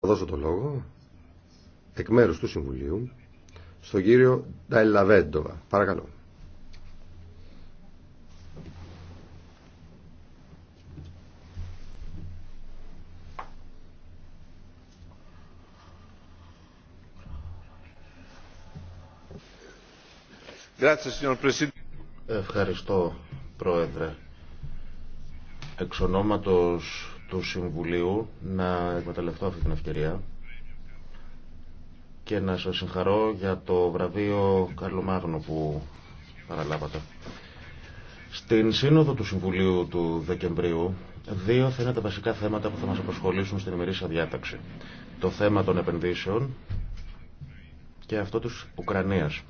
Θα δώσω το λόγο εκ μέρου του Συμβουλίου στον κύριο Νταϊλαβέντοβα. Παρακαλώ. Ευχαριστώ, Πρόεδρε. Εξ ονόματος του Συμβουλίου να εκμεταλλευτώ αυτή την ευκαιρία και να σας συγχαρώ για το βραβείο Καρλομάγνο που παραλάβατε. Στην σύνοδο του Συμβουλίου του Δεκεμβρίου, δύο θα είναι τα βασικά θέματα που θα μας απασχολήσουν στην ημερήσια διάταξη. Το θέμα των επενδύσεων και αυτό της Ουκρανίας.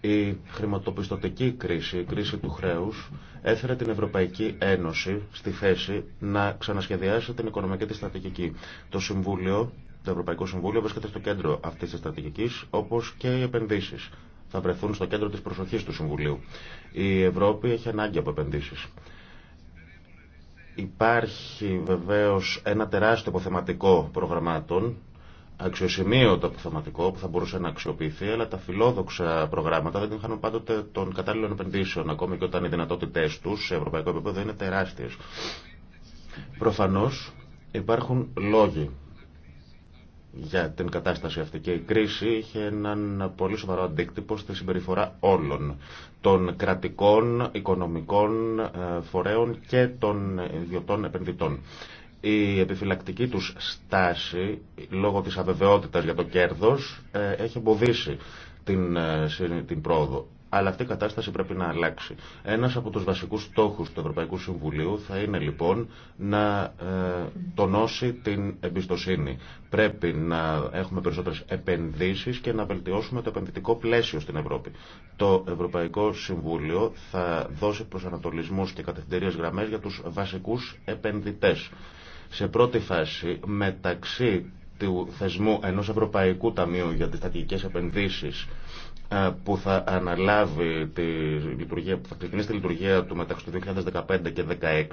Η χρηματοπιστωτική κρίση, η κρίση του χρέους, έφερε την Ευρωπαϊκή Ένωση στη θέση να ξανασχεδιάσει την οικονομική της στρατηγική. Το Συμβούλιο, το Ευρωπαϊκό Συμβούλιο βρίσκεται στο κέντρο αυτής της στρατηγικής, όπως και οι επενδύσεις. Θα βρεθούν στο κέντρο της προσοχής του Συμβουλίου. Η Ευρώπη έχει ανάγκη από επενδύσεις. Υπάρχει βεβαίως ένα τεράστιο αποθεματικό προγραμμάτων αξιοσημείωτο αποθεματικό που θα μπορούσε να αξιοποιηθεί, αλλά τα φιλόδοξα προγράμματα δεν είχαν πάντοτε των κατάλληλων επενδύσεων, ακόμη και όταν οι δυνατότητέ του σε ευρωπαϊκό επίπεδο είναι τεράστιε. Προφανώ υπάρχουν λόγοι για την κατάσταση αυτή και η κρίση είχε έναν πολύ σοβαρό αντίκτυπο στη συμπεριφορά όλων των κρατικών, οικονομικών ε, φορέων και των ιδιωτών επενδυτών. Η επιφυλακτική τους στάση, λόγω της αβεβαιότητας για το κέρδος, ε, έχει εμποδίσει την, ε, την πρόοδο. Αλλά αυτή η κατάσταση πρέπει να αλλάξει. Ένας από τους βασικούς στόχους του Ευρωπαϊκού Συμβουλίου θα είναι λοιπόν να ε, τονώσει την εμπιστοσύνη. Πρέπει να έχουμε περισσότερες επενδύσεις και να βελτιώσουμε το επενδυτικό πλαίσιο στην Ευρώπη. Το Ευρωπαϊκό Συμβούλιο θα δώσει προσανατολισμούς και κατευθυντήριες γραμμές για τους βασικούς επενδυτές σε πρώτη φάση μεταξύ του θεσμού ενός Ευρωπαϊκού Ταμείου για τις Στατικές Επενδύσεις ε, που θα αναλάβει τη λειτουργία, που θα ξεκινήσει τη λειτουργία του μεταξύ του 2015 και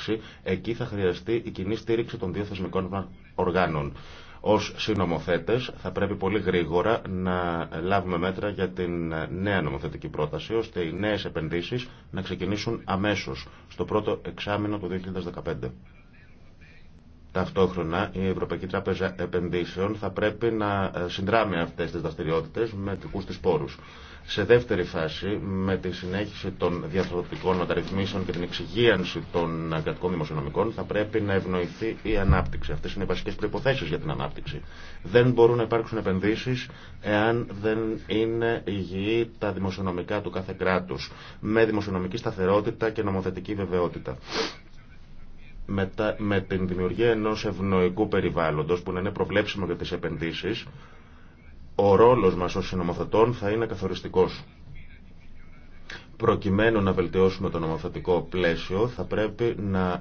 2016, εκεί θα χρειαστεί η κοινή στήριξη των δύο θεσμικών οργάνων. Ω συνομοθέτε, θα πρέπει πολύ γρήγορα να λάβουμε μέτρα για την νέα νομοθετική πρόταση, ώστε οι νέε επενδύσει να ξεκινήσουν αμέσω, στο πρώτο εξάμεινο του 2015. Ταυτόχρονα η Ευρωπαϊκή Τράπεζα Επενδύσεων θα πρέπει να ε, συνδράμει αυτές τις δραστηριότητες με δικούς της πόρους. Σε δεύτερη φάση, με τη συνέχιση των διαφορετικών μεταρρυθμίσεων και την εξυγίανση των κρατικών δημοσιονομικών, θα πρέπει να ευνοηθεί η ανάπτυξη. Αυτέ είναι οι βασικέ προποθέσει για την ανάπτυξη. Δεν μπορούν να υπάρξουν επενδύσει εάν δεν είναι υγιή τα δημοσιονομικά του κάθε κράτου, με δημοσιονομική σταθερότητα και νομοθετική βεβαιότητα με, τα, με την δημιουργία ενός ευνοϊκού περιβάλλοντος που να είναι προβλέψιμο για τις επενδύσεις, ο ρόλος μας ως συνομοθετών θα είναι καθοριστικός. Προκειμένου να βελτιώσουμε το νομοθετικό πλαίσιο θα πρέπει να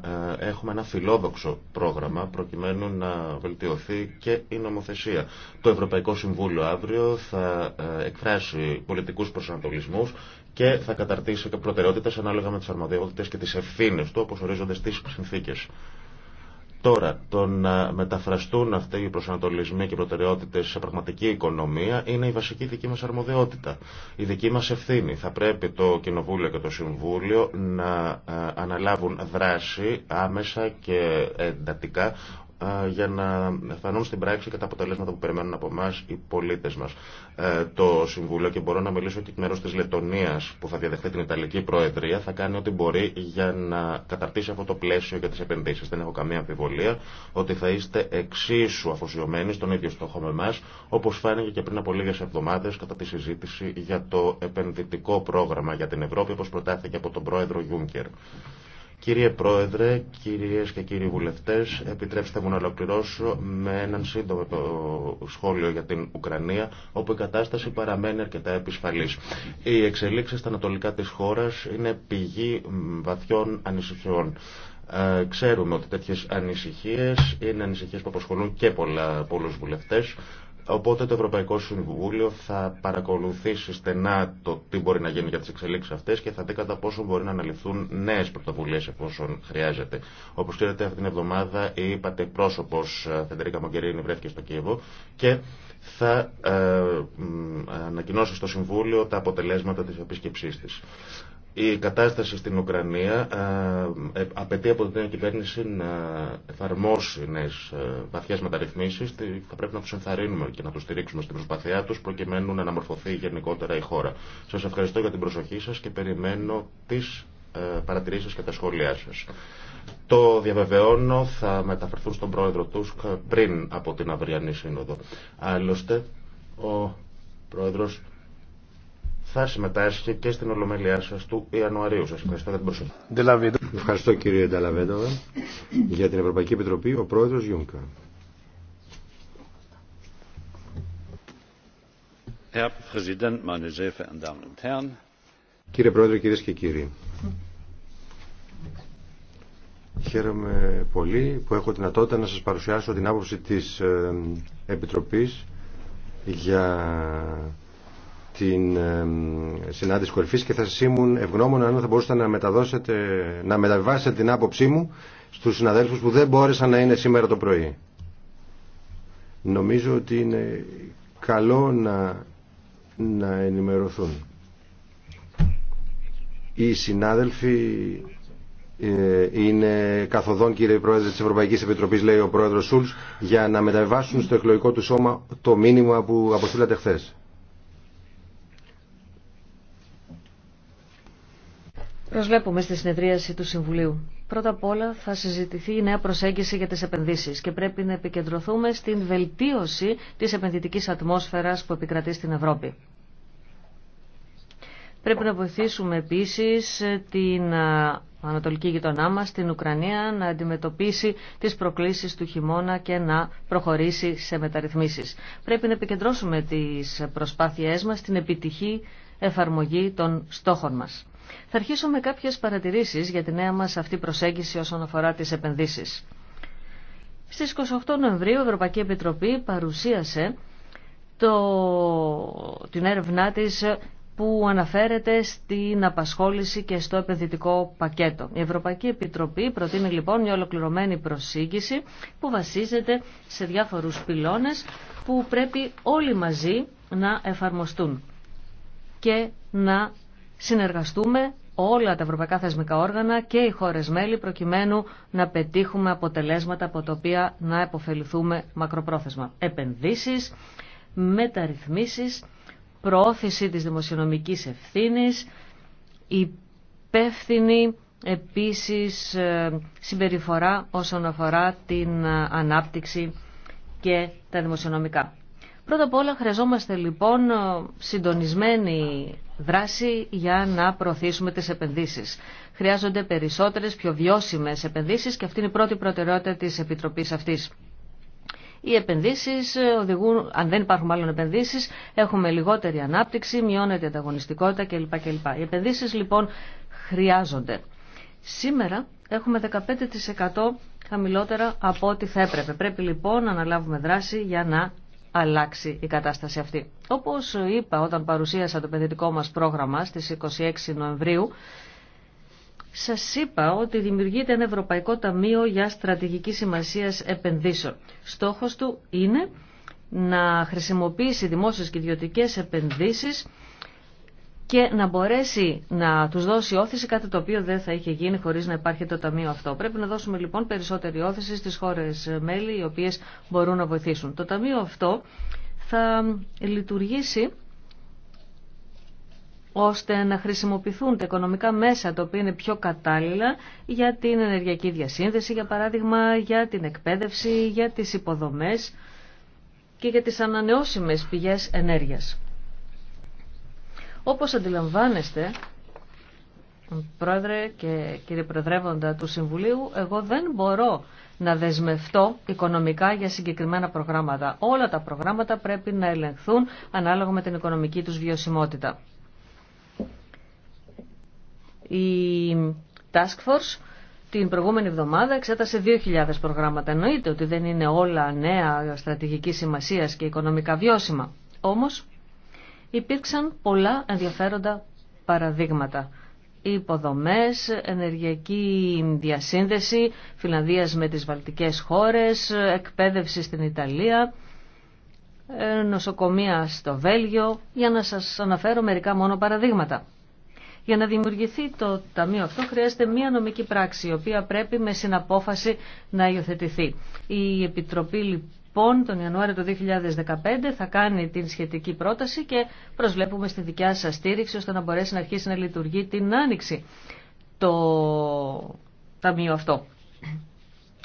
ε, έχουμε ένα φιλόδοξο πρόγραμμα προκειμένου να βελτιωθεί και η νομοθεσία. Το Ευρωπαϊκό Συμβούλιο αύριο θα ε, εκφράσει πολιτικούς προσανατολισμούς και θα καταρτήσει και προτεραιότητε ανάλογα με τι αρμοδιότητε και τι ευθύνε του όπω ορίζονται στι συνθήκε. Τώρα, το να μεταφραστούν αυτοί οι προσανατολισμοί και προτεραιότητε σε πραγματική οικονομία είναι η βασική δική μα αρμοδιότητα. Η δική μα ευθύνη. Θα πρέπει το Κοινοβούλιο και το Συμβούλιο να ε, αναλάβουν δράση άμεσα και εντατικά για να φανούν στην πράξη κατά αποτελέσματα που περιμένουν από εμά οι πολίτε μα. Ε, το Συμβούλιο, και μπορώ να μιλήσω και εκ μέρου τη Λετωνία που θα διαδεχθεί την Ιταλική Προεδρία, θα κάνει ό,τι μπορεί για να καταρτήσει αυτό το πλαίσιο για τι επενδύσει. Δεν έχω καμία αμφιβολία ότι θα είστε εξίσου αφοσιωμένοι στον ίδιο στόχο με εμά, όπω φάνηκε και πριν από λίγε εβδομάδε κατά τη συζήτηση για το επενδυτικό πρόγραμμα για την Ευρώπη, όπω προτάθηκε από τον πρόεδρο Γιούνκερ. Κύριε Πρόεδρε, κυρίες και κύριοι βουλευτές, επιτρέψτε μου να ολοκληρώσω με έναν σύντομο σχόλιο για την Ουκρανία, όπου η κατάσταση παραμένει αρκετά επισφαλής. Οι εξελίξεις στα ανατολικά της χώρας είναι πηγή βαθιών ανησυχιών. Ε, ξέρουμε ότι τέτοιες ανησυχίες είναι ανησυχίες που αποσχολούν και πολλού πολλούς βουλευτές. Οπότε το Ευρωπαϊκό Συμβούλιο θα παρακολουθήσει στενά το τι μπορεί να γίνει για τι εξελίξει αυτέ και θα δει κατά πόσο μπορεί να αναλυθούν νέε πρωτοβουλίε εφόσον χρειάζεται. Όπω ξέρετε, αυτή την εβδομάδα η είπατε πρόσωπο ε, Φεντερίκα Μογκερίνη βρέθηκε στο Κίεβο και θα ε, ανακοινώσει στο Συμβούλιο τα αποτελέσματα τη επίσκεψή τη. Η κατάσταση στην Ουκρανία ε, απαιτεί από την νέα κυβέρνηση να εφαρμόσει νέε βαθιέ μεταρρυθμίσει. Θα πρέπει να του ενθαρρύνουμε και να του στηρίξουμε στην προσπάθειά του προκειμένου να αναμορφωθεί γενικότερα η χώρα. Σα ευχαριστώ για την προσοχή σα και περιμένω τι ε, παρατηρήσει και τα σχόλιά σα. Το διαβεβαιώνω θα μεταφερθούν στον πρόεδρο Τούσκ πριν από την αυριανή σύνοδο. Άλλωστε, ο πρόεδρος θα συμμετάσχει και στην ολομέλειά σας του Ιανουαρίου. Σας ευχαριστώ για την προσοχή. Ευχαριστώ κύριε Νταλαβέντοβα για την Ευρωπαϊκή Επιτροπή, ο πρόεδρος Γιούνκα. Κύριε Πρόεδρε, κυρίες και κύριοι, χαίρομαι πολύ που έχω δυνατότητα να σας παρουσιάσω την άποψη της ε, Επιτροπής για την συνάντηση κορυφής και θα σας ήμουν ευγνώμων αν θα μπορούσατε να μεταδώσετε, να μεταβιβάσετε την άποψή μου στους συναδέλφους που δεν μπόρεσαν να είναι σήμερα το πρωί. Νομίζω ότι είναι καλό να, να ενημερωθούν. Οι συνάδελφοι ε, είναι καθοδόν κύριε Πρόεδρε της Ευρωπαϊκής Επιτροπής λέει ο Πρόεδρος Σούλς για να μεταβάσουν στο εκλογικό του σώμα το μήνυμα που αποστήλατε χθες. Προσβλέπουμε στη συνεδρίαση του Συμβουλίου. Πρώτα απ' όλα θα συζητηθεί η νέα προσέγγιση για τις επενδύσεις και πρέπει να επικεντρωθούμε στην βελτίωση της επενδυτικής ατμόσφαιρας που επικρατεί στην Ευρώπη. Πρέπει να βοηθήσουμε επίσης την ανατολική γειτονά μας, την Ουκρανία, να αντιμετωπίσει τις προκλήσεις του χειμώνα και να προχωρήσει σε μεταρρυθμίσεις. Πρέπει να επικεντρώσουμε τις προσπάθειές μας στην επιτυχή εφαρμογή των στόχων μας. Θα αρχίσω με κάποιες παρατηρήσεις για τη νέα μα αυτή προσέγγιση όσον αφορά τις επενδύσεις. Στις 28 Νοεμβρίου η Ευρωπαϊκή Επιτροπή παρουσίασε το... την έρευνά της που αναφέρεται στην απασχόληση και στο επενδυτικό πακέτο. Η Ευρωπαϊκή Επιτροπή προτείνει λοιπόν μια ολοκληρωμένη προσήγηση που βασίζεται σε διάφορους πυλώνες που πρέπει όλοι μαζί να εφαρμοστούν και να συνεργαστούμε όλα τα ευρωπαϊκά θεσμικά όργανα και οι χώρες μέλη προκειμένου να πετύχουμε αποτελέσματα από τα οποία να επωφεληθούμε μακροπρόθεσμα. Επενδύσεις, μεταρρυθμίσεις, προώθηση της δημοσιονομικής ευθύνης, υπεύθυνη επίσης ε, συμπεριφορά όσον αφορά την ε, ανάπτυξη και τα δημοσιονομικά. Πρώτα απ' όλα χρειαζόμαστε λοιπόν ε, συντονισμένη δράση για να προωθήσουμε τις επενδύσεις. Χρειάζονται περισσότερες, πιο βιώσιμες επενδύσεις και αυτή είναι η πρώτη προτεραιότητα της Επιτροπής αυτής. Οι επενδύσεις οδηγούν, αν δεν υπάρχουν μάλλον επενδύσεις, έχουμε λιγότερη ανάπτυξη, μειώνεται η ανταγωνιστικότητα κλπ. κλπ. Οι επενδύσεις λοιπόν χρειάζονται. Σήμερα έχουμε 15% χαμηλότερα από ό,τι θα έπρεπε. Πρέπει λοιπόν να αναλάβουμε δράση για να αλλάξει η κατάσταση αυτή. Όπως είπα όταν παρουσίασα το παιδιτικό μας πρόγραμμα στις 26 Νοεμβρίου, σας είπα ότι δημιουργείται ένα Ευρωπαϊκό Ταμείο για Στρατηγική Σημασία Επενδύσεων. Στόχος του είναι να χρησιμοποιήσει δημόσιες και ιδιωτικέ επενδύσεις και να μπορέσει να τους δώσει όθηση κάτι το οποίο δεν θα είχε γίνει χωρίς να υπάρχει το ταμείο αυτό. Πρέπει να δώσουμε λοιπόν περισσότερη όθηση στις χώρες μέλη οι οποίες μπορούν να βοηθήσουν. Το ταμείο αυτό θα λειτουργήσει ώστε να χρησιμοποιηθούν τα οικονομικά μέσα τα οποία είναι πιο κατάλληλα για την ενεργειακή διασύνδεση, για παράδειγμα, για την εκπαίδευση, για τις υποδομές και για τις ανανεώσιμες πηγές ενέργειας. Όπως αντιλαμβάνεστε, Πρόεδρε και κύριε Προεδρεύοντα του Συμβουλίου, εγώ δεν μπορώ να δεσμευτώ οικονομικά για συγκεκριμένα προγράμματα. Όλα τα προγράμματα πρέπει να ελεγχθούν ανάλογα με την οικονομική τους βιωσιμότητα. Η Task Force την προηγούμενη εβδομάδα εξέτασε 2.000 προγράμματα. Εννοείται ότι δεν είναι όλα νέα στρατηγική σημασία και οικονομικά βιώσιμα. Όμως Υπήρξαν πολλά ενδιαφέροντα παραδείγματα. Υποδομές, ενεργειακή διασύνδεση Φιλανδίας με τις Βαλτικές χώρες, εκπαίδευση στην Ιταλία, ε, νοσοκομεία στο Βέλγιο, για να σας αναφέρω μερικά μόνο παραδείγματα. Για να δημιουργηθεί το ταμείο αυτό χρειάζεται μία νομική πράξη, η οποία πρέπει με συναπόφαση να υιοθετηθεί. Η Επιτροπή λοιπόν τον Ιανουάριο του 2015 θα κάνει την σχετική πρόταση και προσβλέπουμε στη δικιά σας στήριξη ώστε να μπορέσει να αρχίσει να λειτουργεί την Άνοιξη το ταμείο αυτό.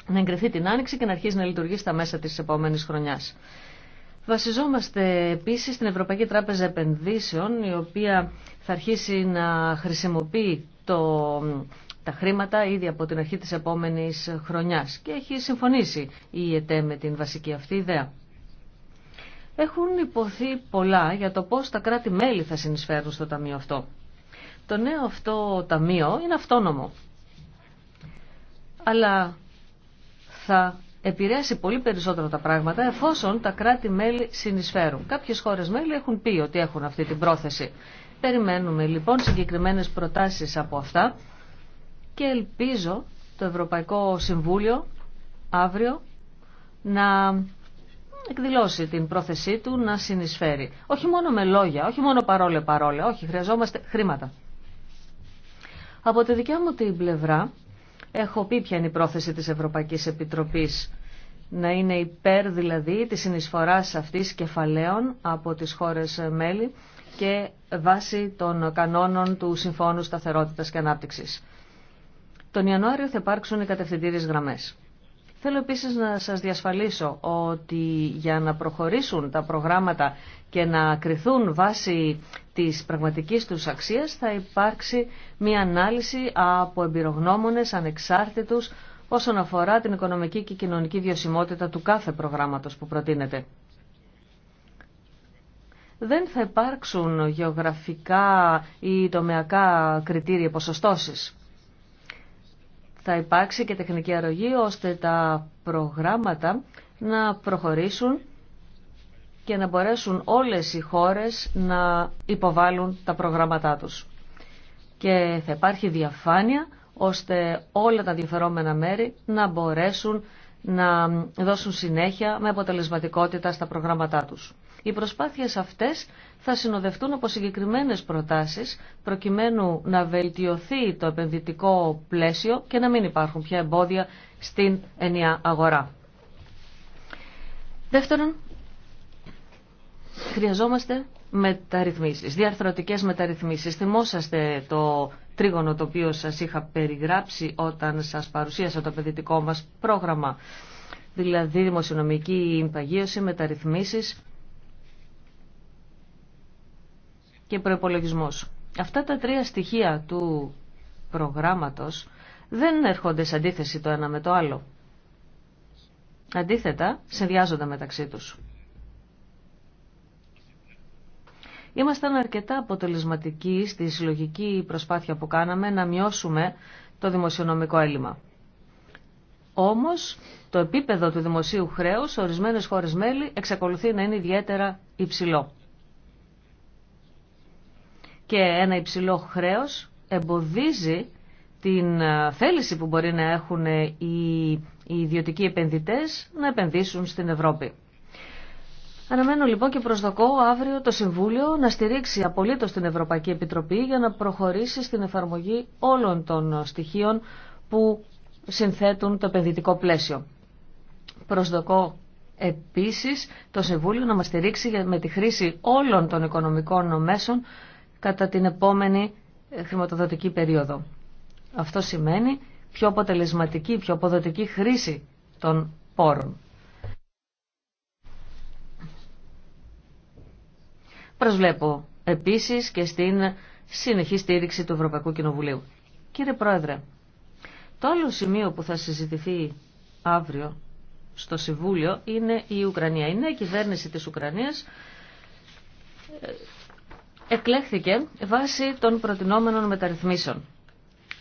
Να εγκριθεί την Άνοιξη και να αρχίσει να λειτουργεί στα μέσα της επόμενης χρονιάς. Βασιζόμαστε επίσης στην Ευρωπαϊκή Τράπεζα Επενδύσεων η οποία θα αρχίσει να χρησιμοποιεί το τα χρήματα ήδη από την αρχή της επόμενης χρονιάς και έχει συμφωνήσει η ΕΤΕ με την βασική αυτή ιδέα. Έχουν υποθεί πολλά για το πώς τα κράτη-μέλη θα συνεισφέρουν στο ταμείο αυτό. Το νέο αυτό ταμείο είναι αυτόνομο, αλλά θα επηρέασει πολύ περισσότερο τα πράγματα εφόσον τα κράτη-μέλη συνεισφέρουν. Κάποιες χώρες-μέλη έχουν πει ότι έχουν αυτή την πρόθεση. Περιμένουμε λοιπόν συγκεκριμένες προτάσεις από αυτά και ελπίζω το Ευρωπαϊκό Συμβούλιο αύριο να εκδηλώσει την πρόθεσή του να συνεισφέρει. Όχι μόνο με λόγια, όχι μόνο παρόλε παρόλε, όχι, χρειαζόμαστε χρήματα. Από τη δικιά μου την πλευρά έχω πει ποια είναι η πρόθεση της Ευρωπαϊκής Επιτροπής να είναι υπέρ δηλαδή της συνεισφοράς αυτής κεφαλαίων από τις χώρες μέλη και βάσει των κανόνων του Συμφώνου Σταθερότητας και Ανάπτυξης. Τον Ιανουάριο θα υπάρξουν οι κατευθυντήριες γραμμές. Θέλω επίσης να σας διασφαλίσω ότι για να προχωρήσουν τα προγράμματα και να κριθούν βάσει της πραγματικής τους αξίας θα υπάρξει μια ανάλυση από εμπειρογνώμονες ανεξάρτητους όσον αφορά την οικονομική και κοινωνική βιωσιμότητα του κάθε προγράμματος που προτείνεται. Δεν θα υπάρξουν γεωγραφικά ή τομεακά κριτήρια ποσοστώσεις θα υπάρξει και τεχνική αρρωγή ώστε τα προγράμματα να προχωρήσουν και να μπορέσουν όλες οι χώρες να υποβάλουν τα προγράμματά τους. Και θα υπάρχει διαφάνεια ώστε όλα τα ενδιαφερόμενα μέρη να μπορέσουν να δώσουν συνέχεια με αποτελεσματικότητα στα προγράμματά τους. Οι προσπάθειες αυτές θα συνοδευτούν από συγκεκριμένες προτάσεις προκειμένου να βελτιωθεί το επενδυτικό πλαίσιο και να μην υπάρχουν πια εμπόδια στην ενιαία αγορά. Δεύτερον, χρειαζόμαστε μεταρρυθμίσεις, διαρθρωτικές μεταρρυθμίσεις. Θυμόσαστε το τρίγωνο το οποίο σας είχα περιγράψει όταν σας παρουσίασα το επενδυτικό μας πρόγραμμα. Δηλαδή δημοσιονομική υπαγίωση, μεταρρυθμίσεις και προϋπολογισμός. Αυτά τα τρία στοιχεία του προγράμματος δεν έρχονται σε αντίθεση το ένα με το άλλο. Αντίθετα, συνδυάζονται μεταξύ τους. Ήμασταν αρκετά αποτελεσματικοί στη συλλογική προσπάθεια που κάναμε να μειώσουμε το δημοσιονομικό έλλειμμα. Όμως, το επίπεδο του δημοσίου χρέους σε ορισμένες χώρες μέλη εξακολουθεί να είναι ιδιαίτερα υψηλό και ένα υψηλό χρέος εμποδίζει την ε, θέληση που μπορεί να έχουν ε, οι ιδιωτικοί επενδυτές να επενδύσουν στην Ευρώπη. Αναμένω λοιπόν και προσδοκώ αύριο το Συμβούλιο να στηρίξει απολύτως την Ευρωπαϊκή Επιτροπή για να προχωρήσει στην εφαρμογή όλων των στοιχείων που συνθέτουν το επενδυτικό πλαίσιο. Προσδοκώ επίσης το Συμβούλιο να μας στηρίξει με τη χρήση όλων των οικονομικών μέσων κατά την επόμενη ε, χρηματοδοτική περίοδο. Αυτό σημαίνει πιο αποτελεσματική, πιο αποδοτική χρήση των πόρων. Προσβλέπω επίσης και στην συνεχή στήριξη του Ευρωπαϊκού Κοινοβουλίου. Κύριε Πρόεδρε, το άλλο σημείο που θα συζητηθεί αύριο στο Συμβούλιο είναι η Ουκρανία. Η κυβέρνηση της Ουκρανίας ε, εκλέχθηκε βάσει των προτινόμενων μεταρρυθμίσεων.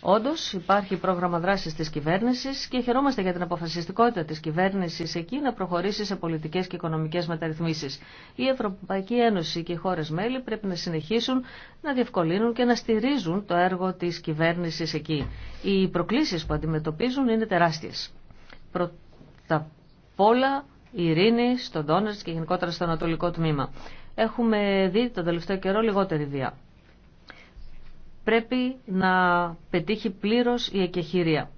Όντω, υπάρχει πρόγραμμα δράση τη κυβέρνηση και χαιρόμαστε για την αποφασιστικότητα τη κυβέρνηση εκεί να προχωρήσει σε πολιτικέ και οικονομικέ μεταρρυθμίσει. Η Ευρωπαϊκή Ένωση και οι χώρε μέλη πρέπει να συνεχίσουν να διευκολύνουν και να στηρίζουν το έργο τη κυβέρνηση εκεί. Οι προκλήσει που αντιμετωπίζουν είναι τεράστιε. Πρώτα απ' όλα, η ειρήνη στον Τόνερτ και γενικότερα στο Ανατολικό Τμήμα έχουμε δει τον τελευταίο καιρό λιγότερη βία. Πρέπει να πετύχει πλήρως η εκεχηρία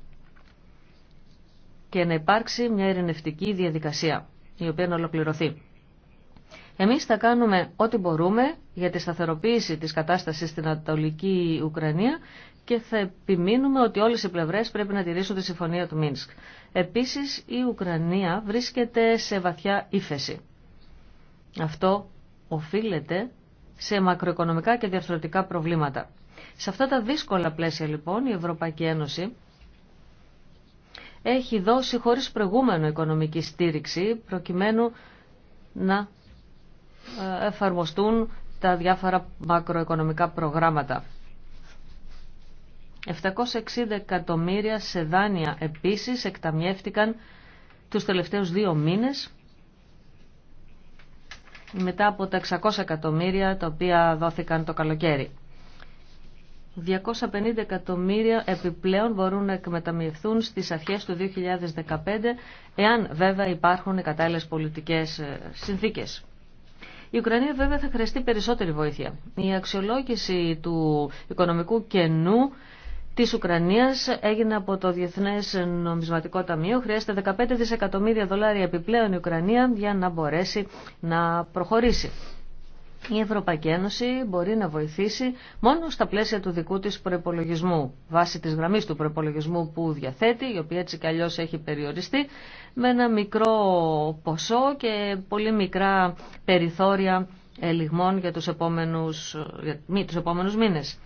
και να υπάρξει μια ειρηνευτική διαδικασία η οποία να ολοκληρωθεί. Εμείς θα κάνουμε ό,τι μπορούμε για τη σταθεροποίηση της κατάστασης στην Ανατολική Ουκρανία και θα επιμείνουμε ότι όλες οι πλευρές πρέπει να τηρήσουν τη συμφωνία του Μίνσκ. Επίσης η Ουκρανία βρίσκεται σε βαθιά ύφεση. Αυτό οφείλεται σε μακροοικονομικά και διαρθρωτικά προβλήματα. Σε αυτά τα δύσκολα πλαίσια λοιπόν η Ευρωπαϊκή Ένωση έχει δώσει χωρίς προηγούμενο οικονομική στήριξη προκειμένου να ε, εφαρμοστούν τα διάφορα μακροοικονομικά προγράμματα. 760 εκατομμύρια σε δάνεια επίσης εκταμιεύτηκαν τους τελευταίους δύο μήνες μετά από τα 600 εκατομμύρια τα οποία δόθηκαν το καλοκαίρι. 250 εκατομμύρια επιπλέον μπορούν να εκμεταμιευθούν στις αρχές του 2015 εάν βέβαια υπάρχουν κατάλληλες πολιτικές ε, συνθήκες. Η Ουκρανία βέβαια θα χρειαστεί περισσότερη βοήθεια. Η αξιολόγηση του οικονομικού κενού της Ουκρανίας έγινε από το Διεθνές Νομισματικό Ταμείο. Χρειάζεται 15 δισεκατομμύρια δολάρια επιπλέον η Ουκρανία για να μπορέσει να προχωρήσει. Η Ευρωπαϊκή Ένωση μπορεί να βοηθήσει μόνο στα πλαίσια του δικού της προπολογισμού, βάσει της γραμμής του προπολογισμού που διαθέτει, η οποία έτσι κι έχει περιοριστεί, με ένα μικρό ποσό και πολύ μικρά περιθώρια ελιγμών για τους επόμενους, για, τους επόμενους μήνες.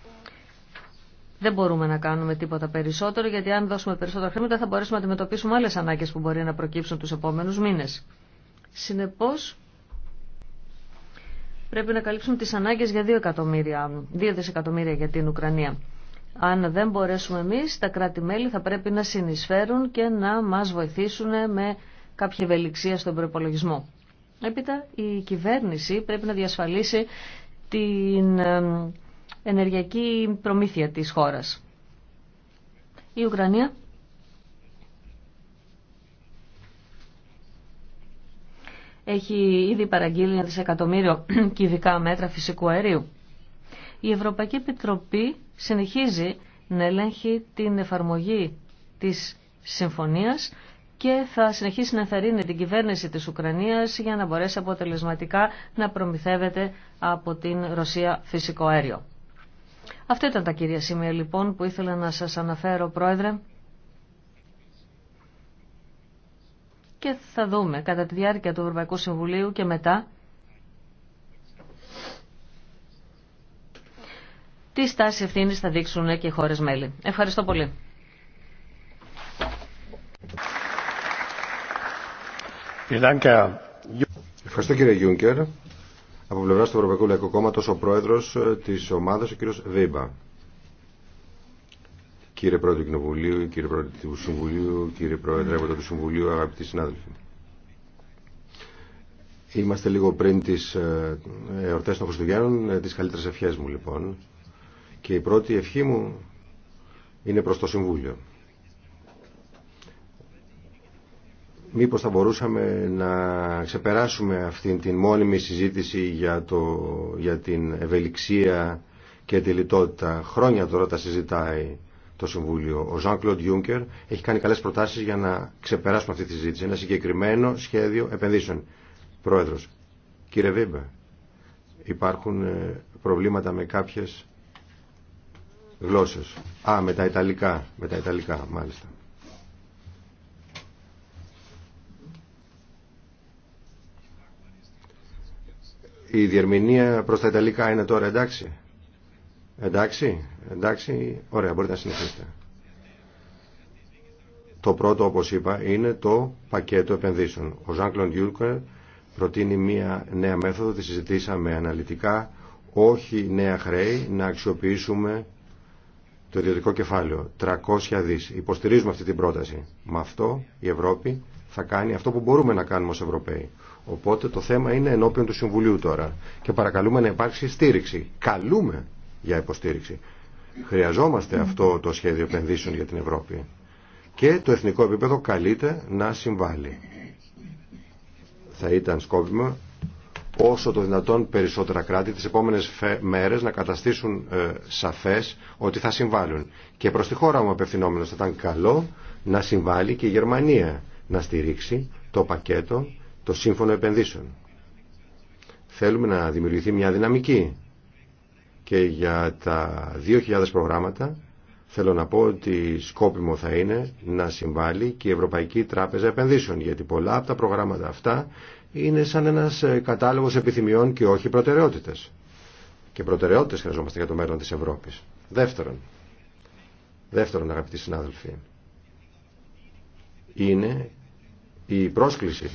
Δεν μπορούμε να κάνουμε τίποτα περισσότερο, γιατί αν δώσουμε περισσότερα χρήματα θα μπορέσουμε να αντιμετωπίσουμε άλλες ανάγκες που μπορεί να προκύψουν τους επόμενους μήνες. Συνεπώς, πρέπει να καλύψουμε τις ανάγκες για 2, εκατομμύρια, δισεκατομμύρια για την Ουκρανία. Αν δεν μπορέσουμε εμείς, τα κράτη-μέλη θα πρέπει να συνεισφέρουν και να μας βοηθήσουν με κάποια ευελιξία στον προπολογισμό. Έπειτα, η κυβέρνηση πρέπει να διασφαλίσει την ενεργειακή προμήθεια της χώρας. Η Ουκρανία έχει ήδη παραγγείλει ένα δισεκατομμύριο κυβικά μέτρα φυσικού αερίου. Η Ευρωπαϊκή Επιτροπή συνεχίζει να ελέγχει την εφαρμογή της συμφωνίας και θα συνεχίσει να θαρρύνει την κυβέρνηση της Ουκρανίας για να μπορέσει αποτελεσματικά να προμηθεύεται από την Ρωσία φυσικό αέριο. Αυτά ήταν τα κυρία σημεία λοιπόν που ήθελα να σας αναφέρω πρόεδρε. Και θα δούμε κατά τη διάρκεια του Ευρωπαϊκού Συμβουλίου και μετά τι στάση ευθύνη θα δείξουν και οι χώρες μέλη. Ευχαριστώ πολύ. Ευχαριστώ κύριε Γιούγκερ από πλευρά του Ευρωπαϊκού Λαϊκού Κόμματο ο πρόεδρο ε, τη ομάδα, ο κύριο Βίμπα. Κύριε Πρόεδρε του Κοινοβουλίου, κύριε Πρόεδρε του Συμβουλίου, κύριε Πρόεδρε, mm. του Συμβουλίου, αγαπητοί συνάδελφοι. Είμαστε λίγο πριν τι ε, εορτέ των Χριστουγέννων, ε, τι καλύτερε ευχέ μου λοιπόν. Και η πρώτη ευχή μου είναι προ το Συμβούλιο. μήπως θα μπορούσαμε να ξεπεράσουμε αυτήν την μόνιμη συζήτηση για, το, για την ευελιξία και τη λιτότητα. Χρόνια τώρα τα συζητάει το Συμβούλιο. Ο Ζαν claude Juncker έχει κάνει καλές προτάσεις για να ξεπεράσουμε αυτή τη συζήτηση. Ένα συγκεκριμένο σχέδιο επενδύσεων. Πρόεδρος, κύριε Βίμπε, υπάρχουν ε, προβλήματα με κάποιες γλώσσες. Α, με τα Ιταλικά, με τα Ιταλικά μάλιστα. η διερμηνία προς τα Ιταλικά είναι τώρα εντάξει. Εντάξει, εντάξει, ωραία, μπορείτε να συνεχίσετε. Το πρώτο, όπως είπα, είναι το πακέτο επενδύσεων. Ο Ζαν Κλοντ προτείνει μία νέα μέθοδο, τη συζητήσαμε αναλυτικά, όχι νέα χρέη, να αξιοποιήσουμε το ιδιωτικό κεφάλαιο. 300 δις. Υποστηρίζουμε αυτή την πρόταση. Με αυτό η Ευρώπη θα κάνει αυτό που μπορούμε να κάνουμε ως Ευρωπαίοι. Οπότε το θέμα είναι ενώπιον του Συμβουλίου τώρα. Και παρακαλούμε να υπάρξει στήριξη. Καλούμε για υποστήριξη. Χρειαζόμαστε αυτό το σχέδιο επενδύσεων για την Ευρώπη. Και το εθνικό επίπεδο καλείται να συμβάλλει. Θα ήταν σκόπιμο όσο το δυνατόν περισσότερα κράτη τις επόμενες μέρες να καταστήσουν ε, σαφές ότι θα συμβάλλουν. Και προς τη χώρα μου απευθυνόμενος θα ήταν καλό να συμβάλλει και η Γερμανία να στηρίξει το πακέτο το σύμφωνο επενδύσεων. Θέλουμε να δημιουργηθεί μια δυναμική και για τα 2.000 προγράμματα θέλω να πω ότι σκόπιμο θα είναι να συμβάλλει και η Ευρωπαϊκή Τράπεζα Επενδύσεων γιατί πολλά από τα προγράμματα αυτά είναι σαν ένας ε, κατάλογος επιθυμιών και όχι προτεραιότητες. Και προτεραιότητες χρειαζόμαστε για το μέλλον της Ευρώπης. Δεύτερον, δεύτερον αγαπητοί συνάδελφοι, είναι η πρόσκληση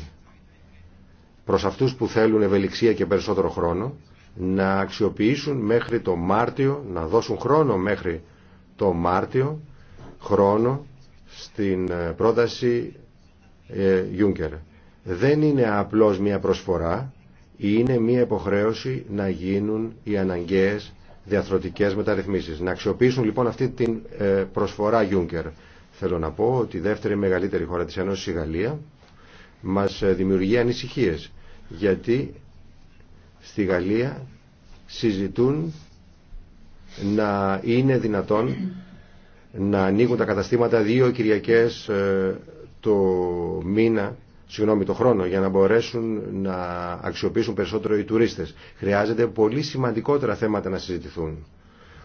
προς αυτούς που θέλουν ευελιξία και περισσότερο χρόνο να αξιοποιήσουν μέχρι το Μάρτιο, να δώσουν χρόνο μέχρι το Μάρτιο, χρόνο στην ε, πρόταση ε, Juncker. Δεν είναι απλώς μια προσφορά, είναι μια υποχρέωση να γίνουν οι αναγκαίες διαθροτικές μεταρρυθμίσεις. Να αξιοποιήσουν λοιπόν αυτή την ε, προσφορά Juncker. Θέλω να πω ότι η δεύτερη μεγαλύτερη χώρα της Ένωσης, η Γαλλία, μας ε, δημιουργεί ανησυχίες γιατί στη Γαλλία συζητούν να είναι δυνατόν να ανοίγουν τα καταστήματα δύο Κυριακές ε, το μήνα συγγνώμη, το χρόνο για να μπορέσουν να αξιοποιήσουν περισσότερο οι τουρίστες. Χρειάζεται πολύ σημαντικότερα θέματα να συζητηθούν,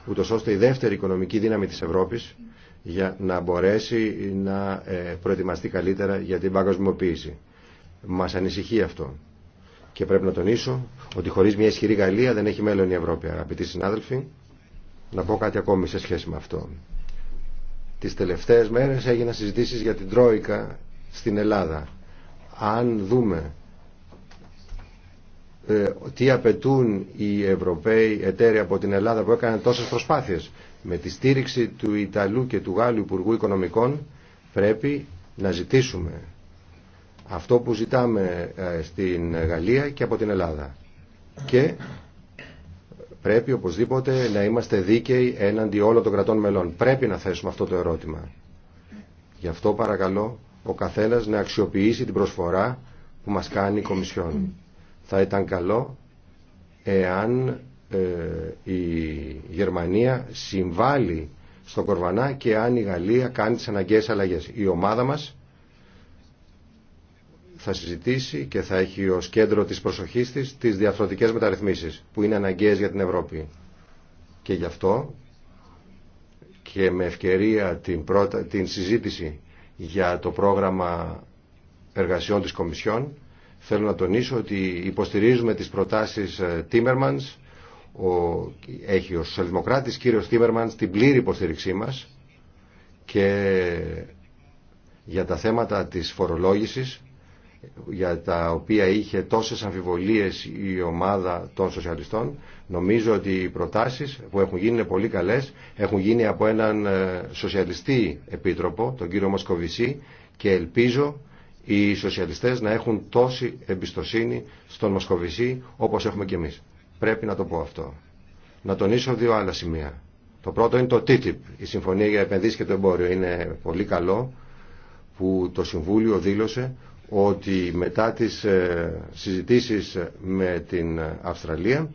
ούτω ώστε η δεύτερη οικονομική δύναμη της Ευρώπης για να μπορέσει να ε, προετοιμαστεί καλύτερα για την παγκοσμιοποίηση. Μας ανησυχεί αυτό. Και πρέπει να τονίσω ότι χωρίς μια ισχυρή Γαλλία δεν έχει μέλλον η Ευρώπη. Αγαπητοί συνάδελφοι, να πω κάτι ακόμη σε σχέση με αυτό. Τις τελευταίες μέρες έγιναν συζητήσεις για την Τρόικα στην Ελλάδα. Αν δούμε ε, τι απαιτούν οι Ευρωπαίοι εταίροι από την Ελλάδα που έκαναν τόσες προσπάθειες. Με τη στήριξη του Ιταλού και του Γάλλου Υπουργού Οικονομικών πρέπει να ζητήσουμε αυτό που ζητάμε ε, στην Γαλλία και από την Ελλάδα. Και πρέπει οπωσδήποτε να είμαστε δίκαιοι έναντι όλων των κρατών μελών. Πρέπει να θέσουμε αυτό το ερώτημα. Γι' αυτό παρακαλώ ο καθένας να αξιοποιήσει την προσφορά που μας κάνει η Κομισιόν. Θα ήταν καλό εάν ε, η Γερμανία συμβάλλει στον Κορβανά και αν η Γαλλία κάνει τις αναγκαίες αλλαγές. Η ομάδα μας θα συζητήσει και θα έχει ως κέντρο της προσοχής της τις διαφορετικές μεταρρυθμίσεις που είναι αναγκαίες για την Ευρώπη. Και γι' αυτό και με ευκαιρία την, συζήτηση για το πρόγραμμα εργασιών της Κομισιόν θέλω να τονίσω ότι υποστηρίζουμε τις προτάσεις ε, Τίμερμανς ο, έχει ο σοσιαλδημοκράτης κύριος Τίμερμανς την πλήρη υποστήριξή μας και για τα θέματα της φορολόγησης για τα οποία είχε τόσες αμφιβολίες η ομάδα των σοσιαλιστών. Νομίζω ότι οι προτάσεις που έχουν γίνει είναι πολύ καλές. Έχουν γίνει από έναν ε, σοσιαλιστή επίτροπο, τον κύριο Μοσκοβισή, και ελπίζω οι σοσιαλιστές να έχουν τόση εμπιστοσύνη στον Μοσκοβισή όπως έχουμε και εμείς. Πρέπει να το πω αυτό. Να τονίσω δύο άλλα σημεία. Το πρώτο είναι το TTIP, η Συμφωνία για Επενδύσεις και το Εμπόριο. Είναι πολύ καλό που το Συμβούλιο δήλωσε ότι μετά τις ε, συζητήσεις με την Αυστραλία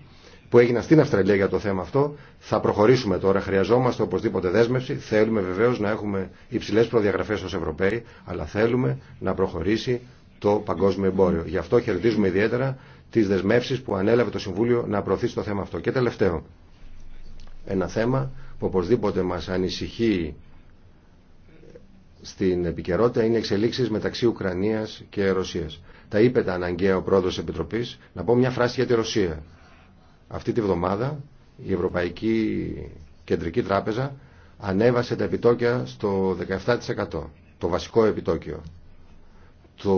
που έγιναν στην Αυστραλία για το θέμα αυτό θα προχωρήσουμε τώρα. Χρειαζόμαστε οπωσδήποτε δέσμευση. Θέλουμε βεβαίως να έχουμε υψηλές προδιαγραφές ως Ευρωπαίοι αλλά θέλουμε να προχωρήσει το παγκόσμιο εμπόριο. Γι' αυτό χαιρετίζουμε ιδιαίτερα τις δεσμεύσεις που ανέλαβε το Συμβούλιο να προωθήσει το θέμα αυτό. Και τελευταίο, ένα θέμα που οπωσδήποτε μας ανησυχεί στην επικαιρότητα είναι εξελίξει εξελίξεις μεταξύ Ουκρανίας και Ρωσίας. Τα είπε τα αναγκαία ο πρόεδρος Επιτροπής. Να πω μια φράση για τη Ρωσία. Αυτή τη βδομάδα η Ευρωπαϊκή Κεντρική Τράπεζα ανέβασε τα επιτόκια στο 17%. Το βασικό επιτόκιο. Το...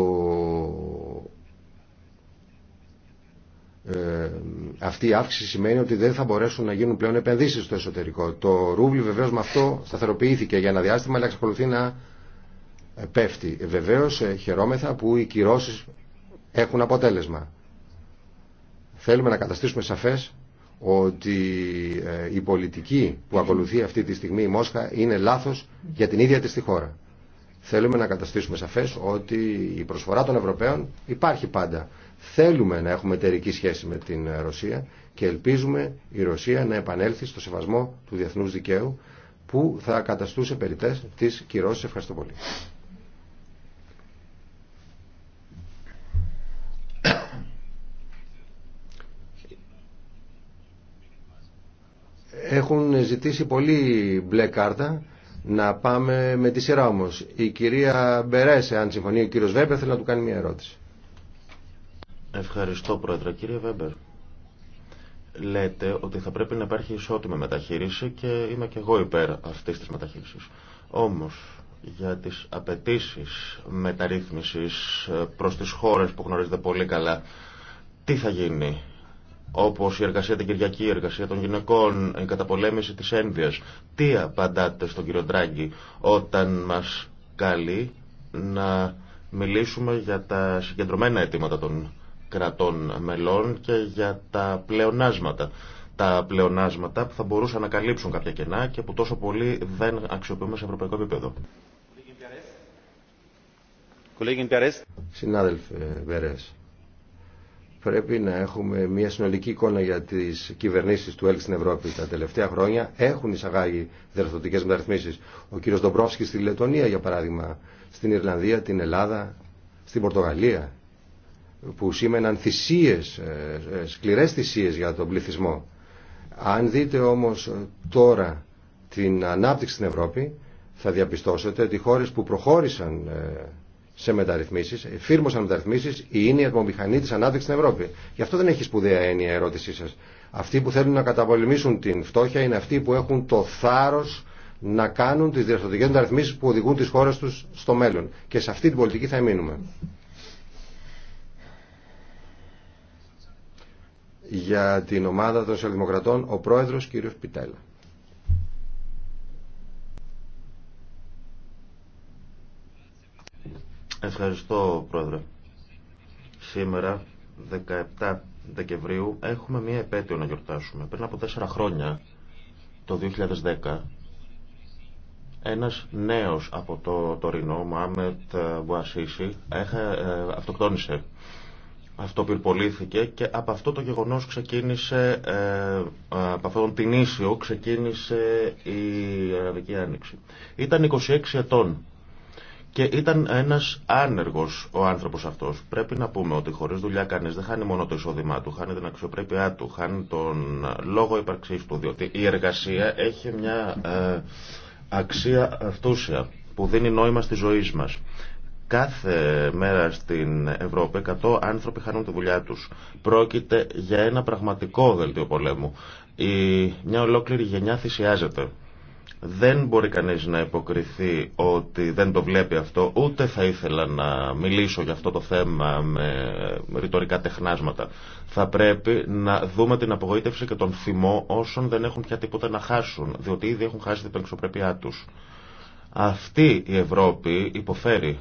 Ε, αυτή η αύξηση σημαίνει ότι δεν θα μπορέσουν να γίνουν πλέον επενδύσεις στο εσωτερικό. Το ρούβλι βεβαίως με αυτό σταθεροποιήθηκε για ένα διάστημα αλλά εξακολουθεί να πέφτει. Ε, βεβαίως ε, χαιρόμεθα που οι κυρώσεις έχουν αποτέλεσμα. Θέλουμε να καταστήσουμε σαφές ότι ε, η πολιτική που ακολουθεί αυτή τη στιγμή η Μόσχα είναι λάθος για την ίδια της τη χώρα. Θέλουμε να καταστήσουμε σαφές ότι η προσφορά των Ευρωπαίων υπάρχει πάντα. Θέλουμε να έχουμε εταιρική σχέση με την Ρωσία και ελπίζουμε η Ρωσία να επανέλθει στο σεβασμό του διεθνούς δικαίου που θα καταστούσε περιτές τις κυρώσεις. Ευχαριστώ πολύ. Έχουν ζητήσει πολύ μπλε κάρτα να πάμε με τη σειρά όμω. Η κυρία Μπερέσε, αν συμφωνεί ο κύριος Βέμπερ, θέλει να του κάνει μια ερώτηση. Ευχαριστώ πρόεδρε. Κύριε Βέμπερ, λέτε ότι θα πρέπει να υπάρχει ισότιμη μεταχείριση και είμαι και εγώ υπέρ αυτής της μεταχείρισης. Όμως, για τις απαιτήσει μεταρρύθμισης προς τις χώρες που γνωρίζετε πολύ καλά, τι θα γίνει όπως η εργασία την Κυριακή, η εργασία των γυναικών, η καταπολέμηση της ένδυας. Τι απαντάτε στον κύριο Ντράγκη όταν μας καλεί να μιλήσουμε για τα συγκεντρωμένα αιτήματα των κρατών μελών και για τα πλεονάσματα. Τα πλεονάσματα που θα μπορούσαν να καλύψουν κάποια κενά και που τόσο πολύ δεν αξιοποιούμε σε ευρωπαϊκό επίπεδο. Συνάδελφε Βερές, πρέπει να έχουμε μια συνολική εικόνα για τι κυβερνήσει του ΕΛΚ στην Ευρώπη τα τελευταία χρόνια. Έχουν εισαγάγει διαρθρωτικέ μεταρρυθμίσει. Ο κύριο Ντομπρόφσκι στη Λετωνία, για παράδειγμα, στην Ιρλανδία, την Ελλάδα, στην Πορτογαλία, που σήμαιναν θυσίε, ε, σκληρέ θυσίε για τον πληθυσμό. Αν δείτε όμω τώρα την ανάπτυξη στην Ευρώπη, θα διαπιστώσετε ότι οι χώρες που προχώρησαν ε, σε μεταρρυθμίσεις, εφήρμοσαν μεταρρυθμίσεις, είναι η ατμομηχανή της ανάδειξης στην Ευρώπη. Γι' αυτό δεν έχει σπουδαία έννοια η ερώτησή σας. Αυτοί που θέλουν να καταπολεμήσουν την φτώχεια είναι αυτοί που έχουν το θάρρος να κάνουν τις διαστοτικές μεταρρυθμίσεις που οδηγούν τις χώρες τους στο μέλλον. Και σε αυτή την πολιτική θα μείνουμε. Για την ομάδα των Σελδημοκρατών ο πρόεδρος κ. Πιτέλα. Ευχαριστώ, Πρόεδρε. Σήμερα, 17 Δεκεμβρίου, έχουμε μία επέτειο να γιορτάσουμε. Πριν από τέσσερα χρόνια, το 2010, ένας νέος από το τωρινό, Μάμετ Μπουασίση, ε, αυτοκτόνησε. Αυτοπυρπολήθηκε και από αυτό το γεγονός ξεκίνησε, ε, από αυτόν την ίσιο ξεκίνησε η Αραβική Άνοιξη. Ήταν 26 ετών και ήταν ένα άνεργο ο άνθρωπο αυτό. Πρέπει να πούμε ότι χωρί δουλειά κανεί δεν χάνει μόνο το εισόδημά του, χάνει την αξιοπρέπειά του, χάνει τον λόγο ύπαρξή του. Διότι η εργασία έχει μια ε, αξία αυτούσια που δίνει νόημα στη ζωή μα. Κάθε μέρα στην Ευρώπη 100 άνθρωποι χάνουν τη δουλειά τους. Πρόκειται για ένα πραγματικό δελτίο πολέμου. Η, μια ολόκληρη γενιά θυσιάζεται δεν μπορεί κανείς να υποκριθεί ότι δεν το βλέπει αυτό, ούτε θα ήθελα να μιλήσω για αυτό το θέμα με ρητορικά τεχνάσματα. Θα πρέπει να δούμε την απογοήτευση και τον θυμό όσων δεν έχουν πια τίποτα να χάσουν, διότι ήδη έχουν χάσει την εξωπρέπειά τους. Αυτή η Ευρώπη υποφέρει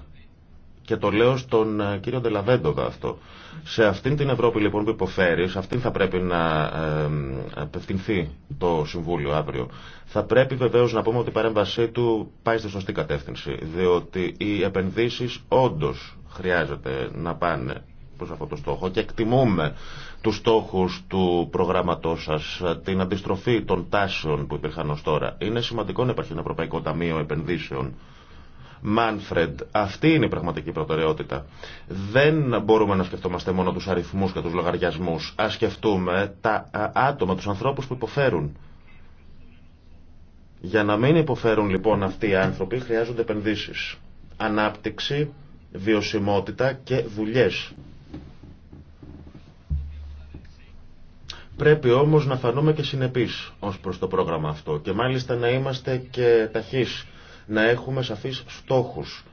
και το λέω στον ε, κύριο Ντελαβέντοβα αυτό. Σε αυτήν την Ευρώπη λοιπόν που υποφέρει, σε αυτήν θα πρέπει να απευθυνθεί το Συμβούλιο αύριο. Θα πρέπει βεβαίω να πούμε ότι η παρέμβασή του πάει στη σωστή κατεύθυνση. Διότι οι επενδύσει όντω χρειάζεται να πάνε προ αυτό το στόχο και εκτιμούμε τους στόχους του προγράμματός σας, την αντιστροφή των τάσεων που υπήρχαν ως τώρα. Είναι σημαντικό να υπάρχει ένα Ευρωπαϊκό Ταμείο Επενδύσεων Μάνφρεντ. Αυτή είναι η πραγματική προτεραιότητα. Δεν μπορούμε να σκεφτόμαστε μόνο τους αριθμούς και τους λογαριασμούς. Ας σκεφτούμε τα άτομα, τους ανθρώπους που υποφέρουν. Για να μην υποφέρουν λοιπόν αυτοί οι άνθρωποι χρειάζονται επενδύσεις. Ανάπτυξη, βιωσιμότητα και δουλειές. Πρέπει όμως να φανούμε και συνεπείς ως προς το πρόγραμμα αυτό και μάλιστα να είμαστε και ταχείς να έχουμε σαφείς στόχους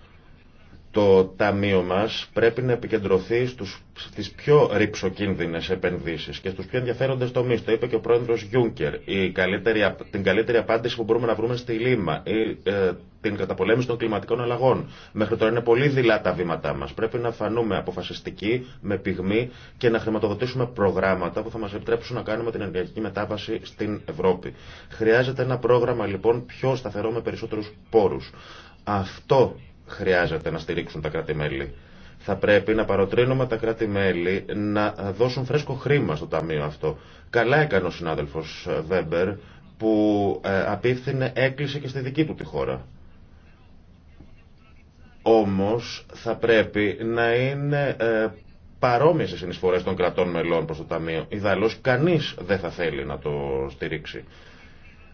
το ταμείο μας πρέπει να επικεντρωθεί στους, στις πιο ρηψοκίνδυνες επενδύσεις και στους πιο ενδιαφέροντες τομείς. Το είπε και ο πρόεδρος Γιούνκερ. Η καλύτερη, την καλύτερη απάντηση που μπορούμε να βρούμε στη Λίμα ή ε, την καταπολέμηση των κλιματικών αλλαγών. Μέχρι τώρα είναι πολύ δειλά τα βήματά μας. Πρέπει να φανούμε αποφασιστικοί, με πυγμή και να χρηματοδοτήσουμε προγράμματα που θα μας επιτρέψουν να κάνουμε την ενεργειακή μετάβαση στην Ευρώπη. Χρειάζεται ένα πρόγραμμα λοιπόν πιο σταθερό με περισσότερους πόρους. Αυτό χρειάζεται να στηρίξουν τα κράτη-μέλη. Θα πρέπει να παροτρύνουμε τα κράτη-μέλη να δώσουν φρέσκο χρήμα στο ταμείο αυτό. Καλά έκανε ο συνάδελφος Βέμπερ που ε, απίφθινε έκκληση και στη δική του τη χώρα. Όμως θα πρέπει να είναι ε, παρόμοιε οι συνεισφορέ των κρατών μελών προ το Ταμείο. Ιδάλω, κανεί δεν θα θέλει να το στηρίξει.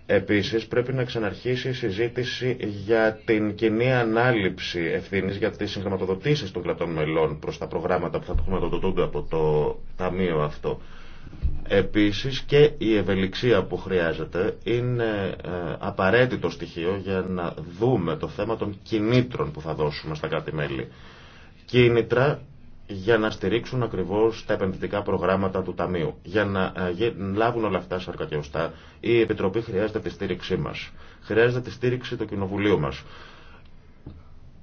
Επίσης πρέπει να ξαναρχίσει η συζήτηση για την κοινή ανάληψη ευθύνης για τις συγχρηματοδοτήσεις των κρατών μελών προς τα προγράμματα που θα χρηματοδοτούνται από το ταμείο αυτό. Επίσης και η ευελιξία που χρειάζεται είναι ε, απαραίτητο στοιχείο για να δούμε το θέμα των κινήτρων που θα δώσουμε στα κράτη-μέλη. Κίνητρα για να στηρίξουν ακριβώς τα επενδυτικά προγράμματα του Ταμείου. Για να ε, λάβουν όλα αυτά σαρκα η Επιτροπή χρειάζεται τη στήριξή μας. Χρειάζεται τη στήριξη του Κοινοβουλίου μας.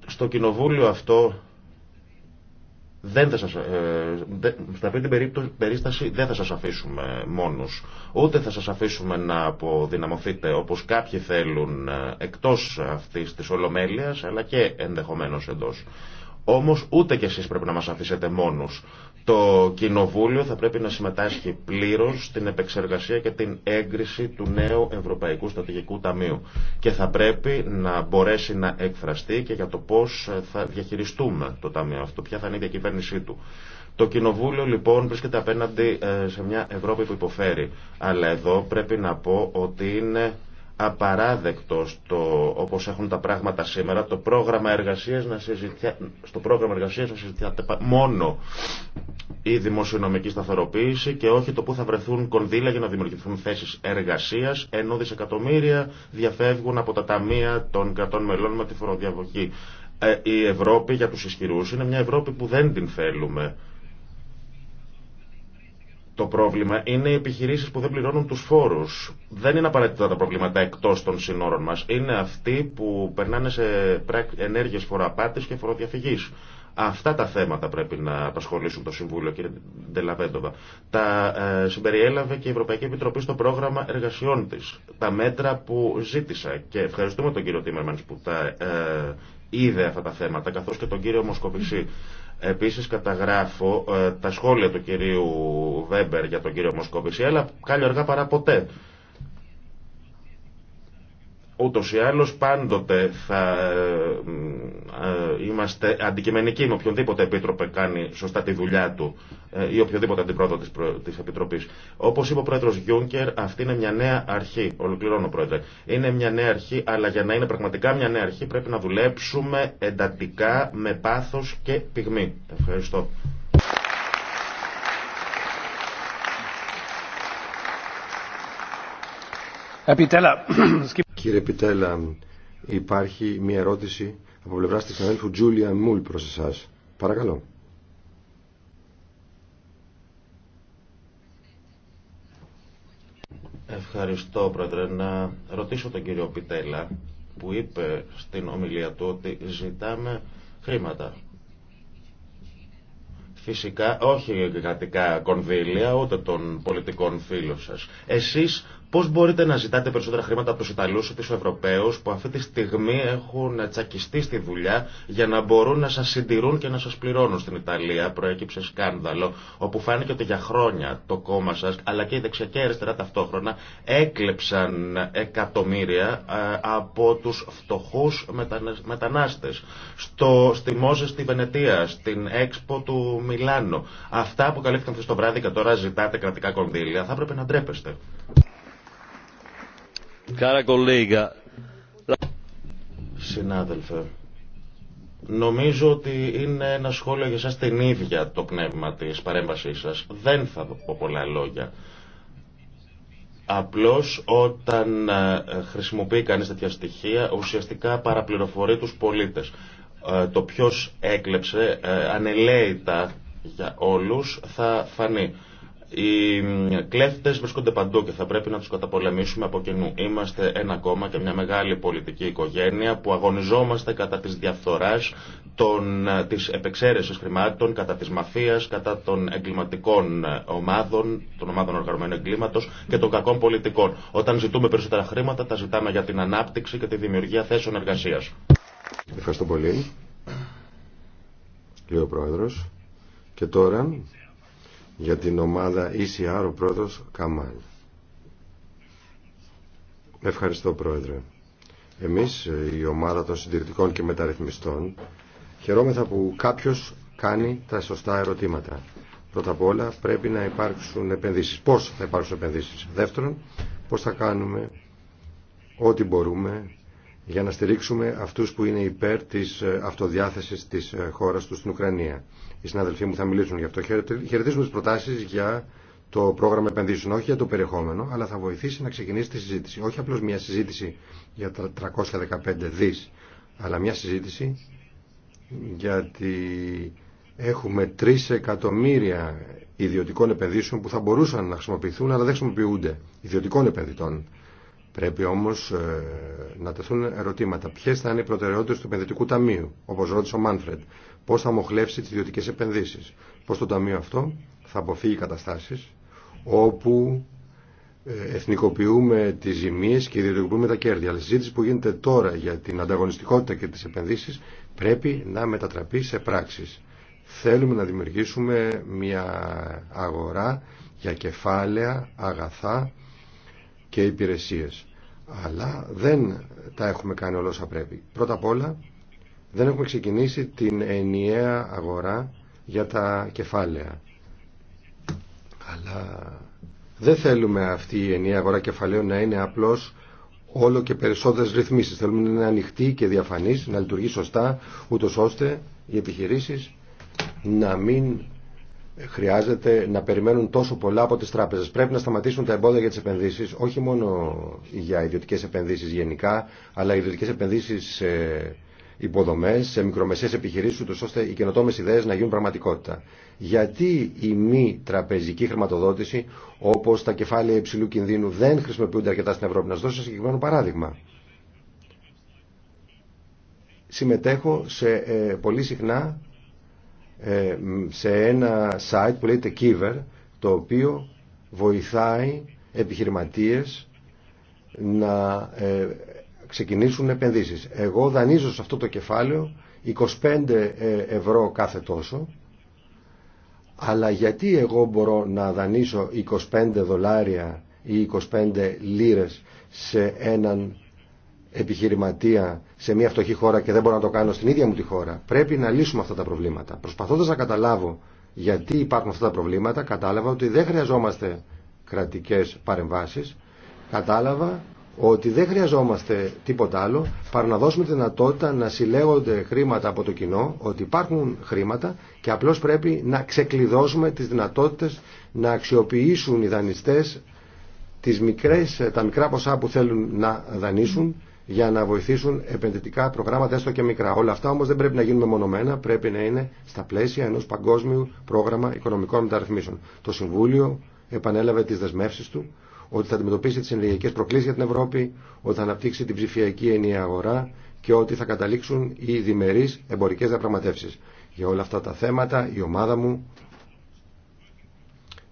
Στο Κοινοβούλιο αυτό δεν θα σας, ε, δε, στα πέντε περίσταση δεν θα σας αφήσουμε μόνους. Ούτε θα σας αφήσουμε να αποδυναμωθείτε όπως κάποιοι θέλουν ε, εκτός αυτής της ολομέλειας αλλά και ενδεχομένως εντός. Όμως ούτε κι εσείς πρέπει να μας αφήσετε μόνους. Το Κοινοβούλιο θα πρέπει να συμμετάσχει πλήρως στην επεξεργασία και την έγκριση του νέου Ευρωπαϊκού Στατηγικού Ταμείου και θα πρέπει να μπορέσει να εκφραστεί και για το πώς θα διαχειριστούμε το Ταμείο αυτό, ποια θα είναι η διακυβέρνησή του. Το Κοινοβούλιο λοιπόν βρίσκεται απέναντι ε, σε μια Ευρώπη που υποφέρει, αλλά εδώ πρέπει να πω ότι είναι απαράδεκτο το όπως έχουν τα πράγματα σήμερα το πρόγραμμα εργασίας να συζητια... στο πρόγραμμα εργασίας να συζητιάται μόνο η δημοσιονομική σταθεροποίηση και όχι το που θα βρεθούν κονδύλια για να δημιουργηθούν θέσεις εργασίας ενώ δισεκατομμύρια διαφεύγουν από τα ταμεία των κρατών μελών με τη φοροδιαγωγή. Ε, η Ευρώπη για τους ισχυρούς είναι μια Ευρώπη που δεν την θέλουμε το πρόβλημα είναι οι επιχειρήσει που δεν πληρώνουν του φόρου. Δεν είναι απαραίτητα τα προβλήματα εκτό των συνόρων μα. Είναι αυτοί που περνάνε σε ενέργειε φοροαπάτη και φοροδιαφυγή. Αυτά τα θέματα πρέπει να απασχολήσουν το Συμβούλιο, κύριε Ντελαβέντοβα. Τα ε, συμπεριέλαβε και η Ευρωπαϊκή Επιτροπή στο πρόγραμμα εργασιών τη. Τα μέτρα που ζήτησα. Και ευχαριστούμε τον κύριο Τίμερμαν που τα ε, είδε αυτά τα θέματα, καθώ και τον κύριο Μοσκοβισή. Επίσης καταγράφω ε, τα σχόλια του κυρίου Βέμπερ για τον κύριο Μοσκοβισή, αλλά κάλλιο αργά παρά ποτέ ούτως ή άλλως πάντοτε θα ε, ε, είμαστε αντικειμενικοί με οποιονδήποτε επίτροπε κάνει σωστά τη δουλειά του ε, ή οποιοδήποτε αντιπρόεδρο της, της Επιτροπής. Όπως είπε ο Πρόεδρος Γιούνκερ, αυτή είναι μια νέα αρχή. Ολοκληρώνω, Πρόεδρε. Είναι μια νέα αρχή, αλλά για να είναι πραγματικά μια νέα αρχή πρέπει να δουλέψουμε εντατικά, με πάθος και πυγμή. Ευχαριστώ. Κύριε Πιτέλα, υπάρχει μια ερώτηση από πλευρά τη συναδέλφου Τζούλια Μούλ προ εσά. Παρακαλώ. Ευχαριστώ, Πρόεδρε. Να ρωτήσω τον κύριο Πιτέλα που είπε στην ομιλία του ότι ζητάμε χρήματα. Φυσικά, όχι κρατικά κονδύλια, ούτε των πολιτικών φίλων σας. Εσείς Πώ μπορείτε να ζητάτε περισσότερα χρήματα από του Ιταλού ή του Ευρωπαίου που αυτή τη στιγμή έχουν τσακιστεί στη δουλειά για να μπορούν να σα συντηρούν και να σα πληρώνουν στην Ιταλία. Προέκυψε σκάνδαλο όπου φάνηκε ότι για χρόνια το κόμμα σα αλλά και η δεξιά και η αριστερά ταυτόχρονα έκλεψαν εκατομμύρια ε, από του φτωχού μετανάστε. Στη Μόζε στη Βενετία, στην Έξπο του Μιλάνο. Αυτά που καλύφθηκαν χθε το βράδυ και τώρα ζητάτε κρατικά κονδύλια θα πρέπει να ντρέπεστε. Συνάδελφε, νομίζω ότι είναι ένα σχόλιο για σας την ίδια το πνεύμα της παρέμβασής σας. Δεν θα πω πολλά λόγια. Απλώς όταν ε, χρησιμοποιεί κανείς τέτοια στοιχεία ουσιαστικά παραπληροφορεί τους πολίτες. Ε, το ποιος έκλεψε ε, ανελαίητα για όλους θα φανεί. Οι κλέφτε βρίσκονται παντού και θα πρέπει να του καταπολεμήσουμε από κοινού. Είμαστε ένα κόμμα και μια μεγάλη πολιτική οικογένεια που αγωνιζόμαστε κατά τη διαφθορά, τη επεξαίρεση χρημάτων, κατά τη μαφία, κατά των εγκληματικών ομάδων, των ομάδων οργανωμένου εγκλήματο και των κακών πολιτικών. Όταν ζητούμε περισσότερα χρήματα, τα ζητάμε για την ανάπτυξη και τη δημιουργία θέσεων εργασία. Ευχαριστώ πολύ. κύριε ο Και τώρα για την ομάδα ECR ο πρόεδρος Καμάλ. Ευχαριστώ πρόεδρε. Εμείς η ομάδα των συντηρητικών και μεταρρυθμιστών χαιρόμεθα που κάποιος κάνει τα σωστά ερωτήματα. Πρώτα απ' όλα πρέπει να υπάρξουν επενδύσεις. Πώς θα υπάρξουν επενδύσεις. Δεύτερον, πώς θα κάνουμε ό,τι μπορούμε για να στηρίξουμε αυτούς που είναι υπέρ της ε, αυτοδιάθεσης της ε, χώρας του στην Ουκρανία οι συναδελφοί μου θα μιλήσουν γι' αυτό. Χαιρετίζουμε τι προτάσει για το πρόγραμμα επενδύσεων, όχι για το περιεχόμενο, αλλά θα βοηθήσει να ξεκινήσει τη συζήτηση. Όχι απλώ μια συζήτηση για τα 315 δι, αλλά μια συζήτηση γιατί έχουμε 3 εκατομμύρια ιδιωτικών επενδύσεων που θα μπορούσαν να χρησιμοποιηθούν αλλά δεν χρησιμοποιούνται ιδιωτικών επενδυτών. Πρέπει όμω ε, να τεθούν ερωτήματα. Ποιε θα είναι οι προτεραιότητε του επενδυτικού ταμείου, όπω ρώτησε ο Μάνφρεντ πώς θα μοχλεύσει τις ιδιωτικέ επενδύσεις. Πώς το Ταμείο αυτό θα αποφύγει καταστάσεις όπου ε, εθνικοποιούμε τις ζημίες και ιδιωτικοποιούμε τα κέρδη. Αλλά η συζήτηση που γίνεται τώρα για την ανταγωνιστικότητα και τις επενδύσεις πρέπει να μετατραπεί σε πράξεις. Θέλουμε να δημιουργήσουμε μια αγορά για κεφάλαια, αγαθά και υπηρεσίες. Αλλά δεν τα έχουμε κάνει όλα όσα πρέπει. Πρώτα απ' όλα δεν έχουμε ξεκινήσει την ενιαία αγορά για τα κεφάλαια. Αλλά δεν θέλουμε αυτή η ενιαία αγορά κεφαλαίων να είναι απλώς όλο και περισσότερες ρυθμίσεις. Θέλουμε να είναι ανοιχτή και διαφανής, να λειτουργεί σωστά, ούτω ώστε οι επιχειρήσεις να μην χρειάζεται να περιμένουν τόσο πολλά από τις τράπεζες. Πρέπει να σταματήσουν τα εμπόδια για τις επενδύσεις, όχι μόνο για ιδιωτικές επενδύσεις γενικά, αλλά ιδιωτικές επενδύσεις σε υποδομέ, σε μικρομεσαίε επιχειρήσει, ούτω ώστε οι καινοτόμε ιδέε να γίνουν πραγματικότητα. Γιατί η μη τραπεζική χρηματοδότηση, όπω τα κεφάλαια υψηλού κινδύνου, δεν χρησιμοποιούνται αρκετά στην Ευρώπη. Να σα δώσω ένα συγκεκριμένο παράδειγμα. Συμμετέχω σε, ε, πολύ συχνά ε, σε ένα site που λέγεται Kiver, το οποίο βοηθάει επιχειρηματίες να ε, ξεκινήσουν επενδύσεις. Εγώ δανείζω σε αυτό το κεφάλαιο 25 ε, ευρώ κάθε τόσο, αλλά γιατί εγώ μπορώ να δανείσω 25 δολάρια ή 25 λίρες σε έναν επιχειρηματία σε μια φτωχή χώρα και δεν μπορώ να το κάνω στην ίδια μου τη χώρα. Πρέπει να λύσουμε αυτά τα προβλήματα. Προσπαθώντας να καταλάβω γιατί υπάρχουν αυτά τα προβλήματα, κατάλαβα ότι δεν χρειαζόμαστε κρατικές παρεμβάσεις. Κατάλαβα ότι δεν χρειαζόμαστε τίποτα άλλο παρά να δώσουμε τη δυνατότητα να συλλέγονται χρήματα από το κοινό, ότι υπάρχουν χρήματα και απλώς πρέπει να ξεκλειδώσουμε τις δυνατότητες να αξιοποιήσουν οι δανειστές τις τα μικρά ποσά που θέλουν να δανείσουν για να βοηθήσουν επενδυτικά προγράμματα έστω και μικρά. Όλα αυτά όμως δεν πρέπει να γίνουν μονομένα, πρέπει να είναι στα πλαίσια ενός παγκόσμιου πρόγραμμα οικονομικών μεταρρυθμίσεων. Το Συμβούλιο επανέλαβε τις δεσμεύσεις του ότι θα αντιμετωπίσει τι ενεργειακέ προκλήσει για την Ευρώπη, ότι θα αναπτύξει την ψηφιακή ενιαία αγορά και ότι θα καταλήξουν οι διμερεί εμπορικέ διαπραγματεύσει. Για όλα αυτά τα θέματα η ομάδα μου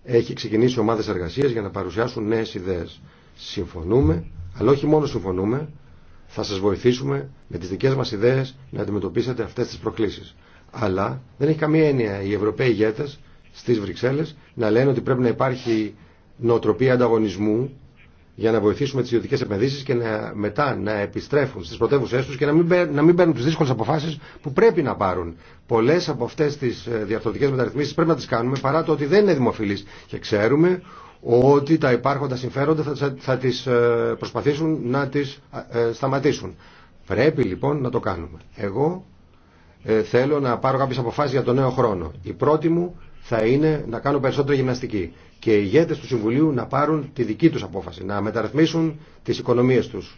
έχει ξεκινήσει ομάδε εργασία για να παρουσιάσουν νέε ιδέε. Συμφωνούμε, αλλά όχι μόνο συμφωνούμε, θα σα βοηθήσουμε με τι δικέ μα ιδέε να αντιμετωπίσετε αυτέ τι προκλήσει. Αλλά δεν έχει καμία έννοια οι Ευρωπαίοι ηγέτε στι Βρυξέλλε να λένε ότι πρέπει να υπάρχει νοοτροπία ανταγωνισμού για να βοηθήσουμε τι ιδιωτικέ επενδύσει και μετά να επιστρέφουν στι πρωτεύουσέ του και να μην, να μην παίρνουν τι δύσκολε αποφάσει που πρέπει να πάρουν. Πολλέ από αυτέ τι ε, διαρθρωτικέ μεταρρυθμίσει πρέπει να τι κάνουμε παρά το ότι δεν είναι δημοφιλεί. Και ξέρουμε ότι τα υπάρχοντα συμφέροντα θα, θα τι ε, προσπαθήσουν να τι ε, σταματήσουν. Πρέπει λοιπόν να το κάνουμε. Εγώ θέλω να πάρω κάποιε αποφάσει για τον νέο χρόνο. Η πρώτη μου θα είναι να κάνουν περισσότερη γυμναστική και οι ηγέτες του Συμβουλίου να πάρουν τη δική τους απόφαση, να μεταρρυθμίσουν τις οικονομίες τους,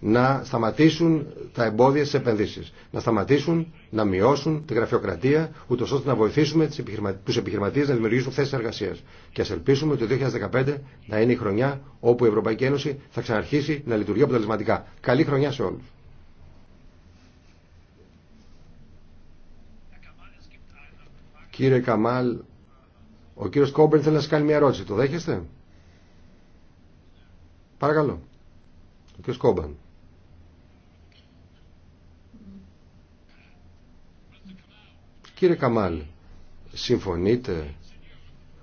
να σταματήσουν τα εμπόδια στις επενδύσεις, να σταματήσουν να μειώσουν τη γραφειοκρατία, ούτως ώστε να βοηθήσουμε τους επιχειρηματίες να δημιουργήσουν θέσεις εργασίας. Και ας ελπίσουμε ότι το 2015 να είναι η χρονιά όπου η Ευρωπαϊκή Ένωση θα ξαναρχίσει να λειτουργεί αποτελεσματικά. Καλή χρονιά σε όλους. Κύριε Καμάλ, ο κύριος Κόμπερν θέλει να σας κάνει μια ερώτηση. Το δέχεστε? Παρακαλώ. Ο κύριος Κόμπερν. Κύριε Καμάλ, συμφωνείτε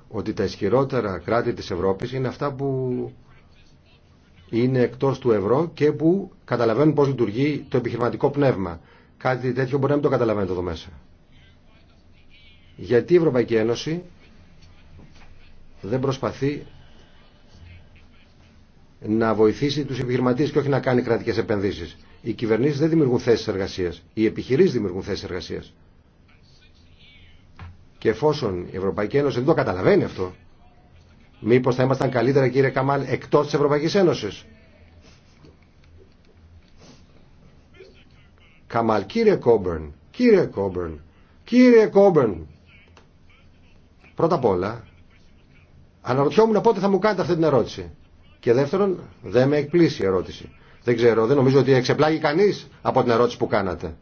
ότι τα ισχυρότερα κράτη της Ευρώπης είναι αυτά που είναι εκτός του ευρώ και που καταλαβαίνουν πώς λειτουργεί το επιχειρηματικό πνεύμα. Κάτι τέτοιο μπορεί να μην το καταλαβαίνετε εδώ μέσα γιατί η Ευρωπαϊκή Ένωση δεν προσπαθεί να βοηθήσει τους επιχειρηματίες και όχι να κάνει κρατικές επενδύσεις. Οι κυβερνήσεις δεν δημιουργούν θέσεις εργασίας. Οι επιχειρήσεις δημιουργούν θέσεις εργασίας. Και εφόσον η Ευρωπαϊκή Ένωση δεν το καταλαβαίνει αυτό, μήπως θα ήμασταν καλύτερα κύριε Καμάλ εκτός της Ευρωπαϊκής Ένωσης. Καμάλ, κύριε Κόμπερν, κύριε Κόμπερν, κύριε Κόμπερν, Πρώτα απ' όλα, αναρωτιόμουν πότε θα μου κάνετε αυτή την ερώτηση. Και δεύτερον, δεν με εκπλήσει η ερώτηση. Δεν ξέρω, δεν νομίζω ότι εξεπλάγει κανεί από την ερώτηση που κάνατε.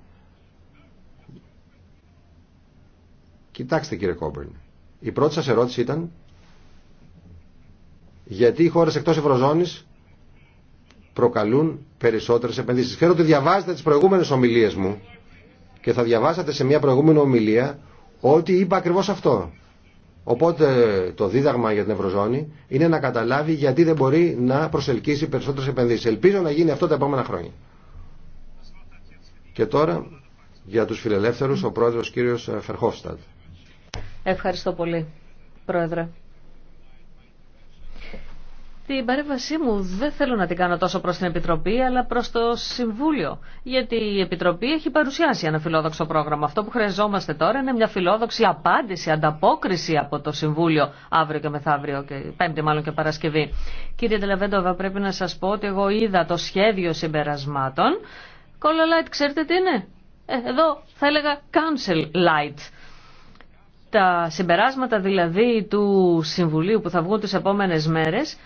Κοιτάξτε κύριε Κόμπερν, η πρώτη σας ερώτηση ήταν γιατί οι χώρες εκτός Ευρωζώνης προκαλούν περισσότερες επενδύσεις. Ξέρω ότι διαβάζετε τις προηγούμενες ομιλίες μου και θα διαβάσατε σε μια προηγούμενη ομιλία ότι είπα ακριβώς αυτό. Οπότε το δίδαγμα για την Ευρωζώνη είναι να καταλάβει γιατί δεν μπορεί να προσελκύσει περισσότερες επενδύσεις. Ελπίζω να γίνει αυτό τα επόμενα χρόνια. Και τώρα για τους φιλελεύθερους ο πρόεδρος κύριος Φερχόφστατ. Ευχαριστώ πολύ πρόεδρε. Την παρέμβασή μου δεν θέλω να την κάνω τόσο προς την Επιτροπή, αλλά προς το Συμβούλιο. Γιατί η Επιτροπή έχει παρουσιάσει ένα φιλόδοξο πρόγραμμα. Αυτό που χρειαζόμαστε τώρα είναι μια φιλόδοξη απάντηση, ανταπόκριση από το Συμβούλιο αύριο και μεθαύριο, και πέμπτη μάλλον και Παρασκευή. Κύριε Τελεβέντοβα, πρέπει να σας πω ότι εγώ είδα το σχέδιο συμπερασμάτων. Κόλλα light, ξέρετε τι είναι. Ε, εδώ θα έλεγα Council light. Τα συμπεράσματα δηλαδή του Συμβουλίου που θα βγουν τις επόμενες μέρες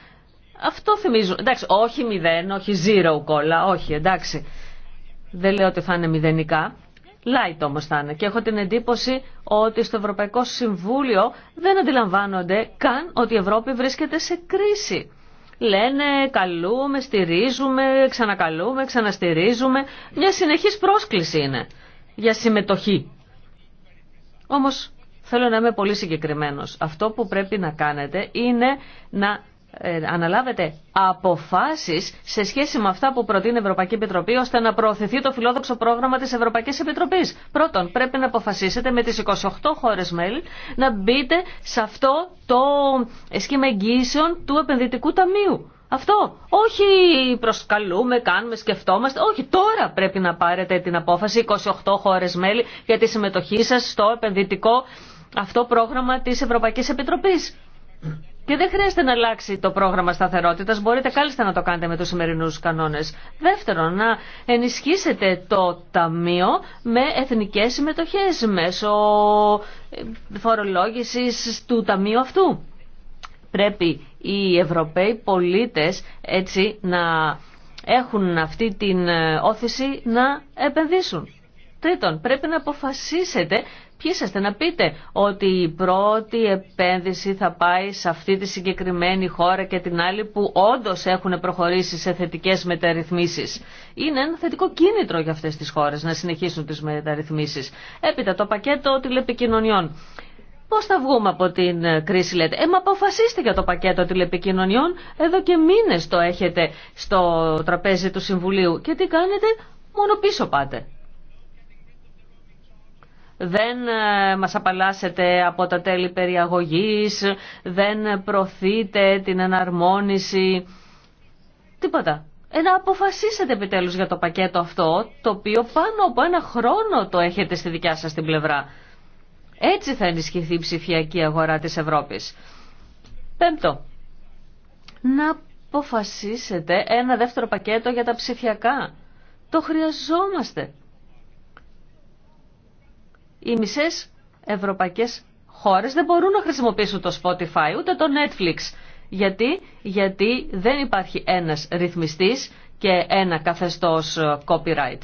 αυτό θυμίζουν. Εντάξει, όχι μηδέν, όχι zero κόλλα, όχι, εντάξει. Δεν λέω ότι θα είναι μηδενικά. Light όμω θα είναι. Και έχω την εντύπωση ότι στο Ευρωπαϊκό Συμβούλιο δεν αντιλαμβάνονται καν ότι η Ευρώπη βρίσκεται σε κρίση. Λένε καλούμε, στηρίζουμε, ξανακαλούμε, ξαναστηρίζουμε. Μια συνεχής πρόσκληση είναι για συμμετοχή. Όμως θέλω να είμαι πολύ συγκεκριμένος. Αυτό που πρέπει να κάνετε είναι να ε, αναλάβετε αποφάσεις σε σχέση με αυτά που προτείνει η Ευρωπαϊκή Επιτροπή ώστε να προωθηθεί το φιλόδοξο πρόγραμμα της Ευρωπαϊκής Επιτροπής. Πρώτον, πρέπει να αποφασίσετε με τις 28 χώρες μέλη να μπείτε σε αυτό το σχήμα εγγύσεων του επενδυτικού ταμείου. Αυτό. Όχι προσκαλούμε, κάνουμε, σκεφτόμαστε. Όχι, τώρα πρέπει να πάρετε την απόφαση 28 χώρες μέλη για τη συμμετοχή σας στο επενδυτικό αυτό πρόγραμμα της Ευρωπαϊκή Επιτροπή. Και δεν χρειάζεται να αλλάξει το πρόγραμμα σταθερότητα. Μπορείτε κάλλιστα να το κάνετε με του σημερινού κανόνε. Δεύτερον, να ενισχύσετε το Ταμείο με εθνικέ συμμετοχέ μέσω ε, φορολόγηση του Ταμείου αυτού. Πρέπει οι Ευρωπαίοι πολίτε έτσι να έχουν αυτή την ε, όθηση να επενδύσουν. Τρίτον, πρέπει να αποφασίσετε πιέσαστε να πείτε ότι η πρώτη επένδυση θα πάει σε αυτή τη συγκεκριμένη χώρα και την άλλη που όντως έχουν προχωρήσει σε θετικές μεταρρυθμίσεις. Είναι ένα θετικό κίνητρο για αυτές τις χώρες να συνεχίσουν τις μεταρρυθμίσεις. Έπειτα το πακέτο τηλεπικοινωνιών. Πώ θα βγούμε από την κρίση, λέτε. Ε, μα αποφασίστε για το πακέτο τηλεπικοινωνιών. Εδώ και μήνε το έχετε στο τραπέζι του Συμβουλίου. Και τι κάνετε, μόνο πίσω πάτε δεν ε, μας απαλλάσσετε από τα τέλη περιαγωγής, δεν προωθείτε την εναρμόνιση, τίποτα. Ε, να αποφασίσετε επιτέλους για το πακέτο αυτό, το οποίο πάνω από ένα χρόνο το έχετε στη δικιά σας την πλευρά. Έτσι θα ενισχυθεί η ψηφιακή αγορά της Ευρώπης. Πέμπτο, να αποφασίσετε ένα δεύτερο πακέτο για τα ψηφιακά. Το χρειαζόμαστε οι μισές ευρωπαϊκές χώρες δεν μπορούν να χρησιμοποιήσουν το Spotify ούτε το Netflix. Γιατί, Γιατί δεν υπάρχει ένας ρυθμιστής και ένα καθεστώς ε, copyright.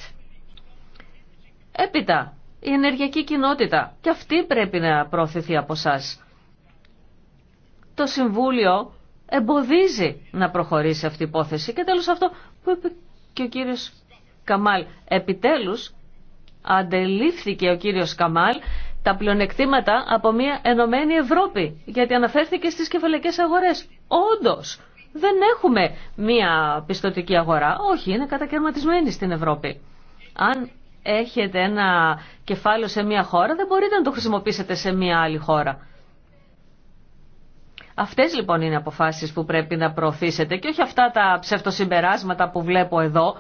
Έπειτα, η ενεργειακή κοινότητα και αυτή πρέπει να προωθηθεί από εσά. Το Συμβούλιο εμποδίζει να προχωρήσει αυτή η υπόθεση. Και τέλος αυτό που είπε και ο κύριος Καμάλ. Επιτέλους αντελήφθηκε ο κύριος Καμάλ τα πλεονεκτήματα από μια ενωμένη Ευρώπη, γιατί αναφέρθηκε στις κεφαλαϊκές αγορές. Όντως, δεν έχουμε μια πιστοτική αγορά. Όχι, είναι κατακαιρματισμένη στην Ευρώπη. Αν έχετε ένα κεφάλαιο σε μια χώρα, δεν μπορείτε να το χρησιμοποιήσετε σε μια άλλη χώρα. Αυτές λοιπόν είναι αποφάσεις που πρέπει να προωθήσετε και όχι αυτά τα ψευτοσυμπεράσματα που βλέπω εδώ,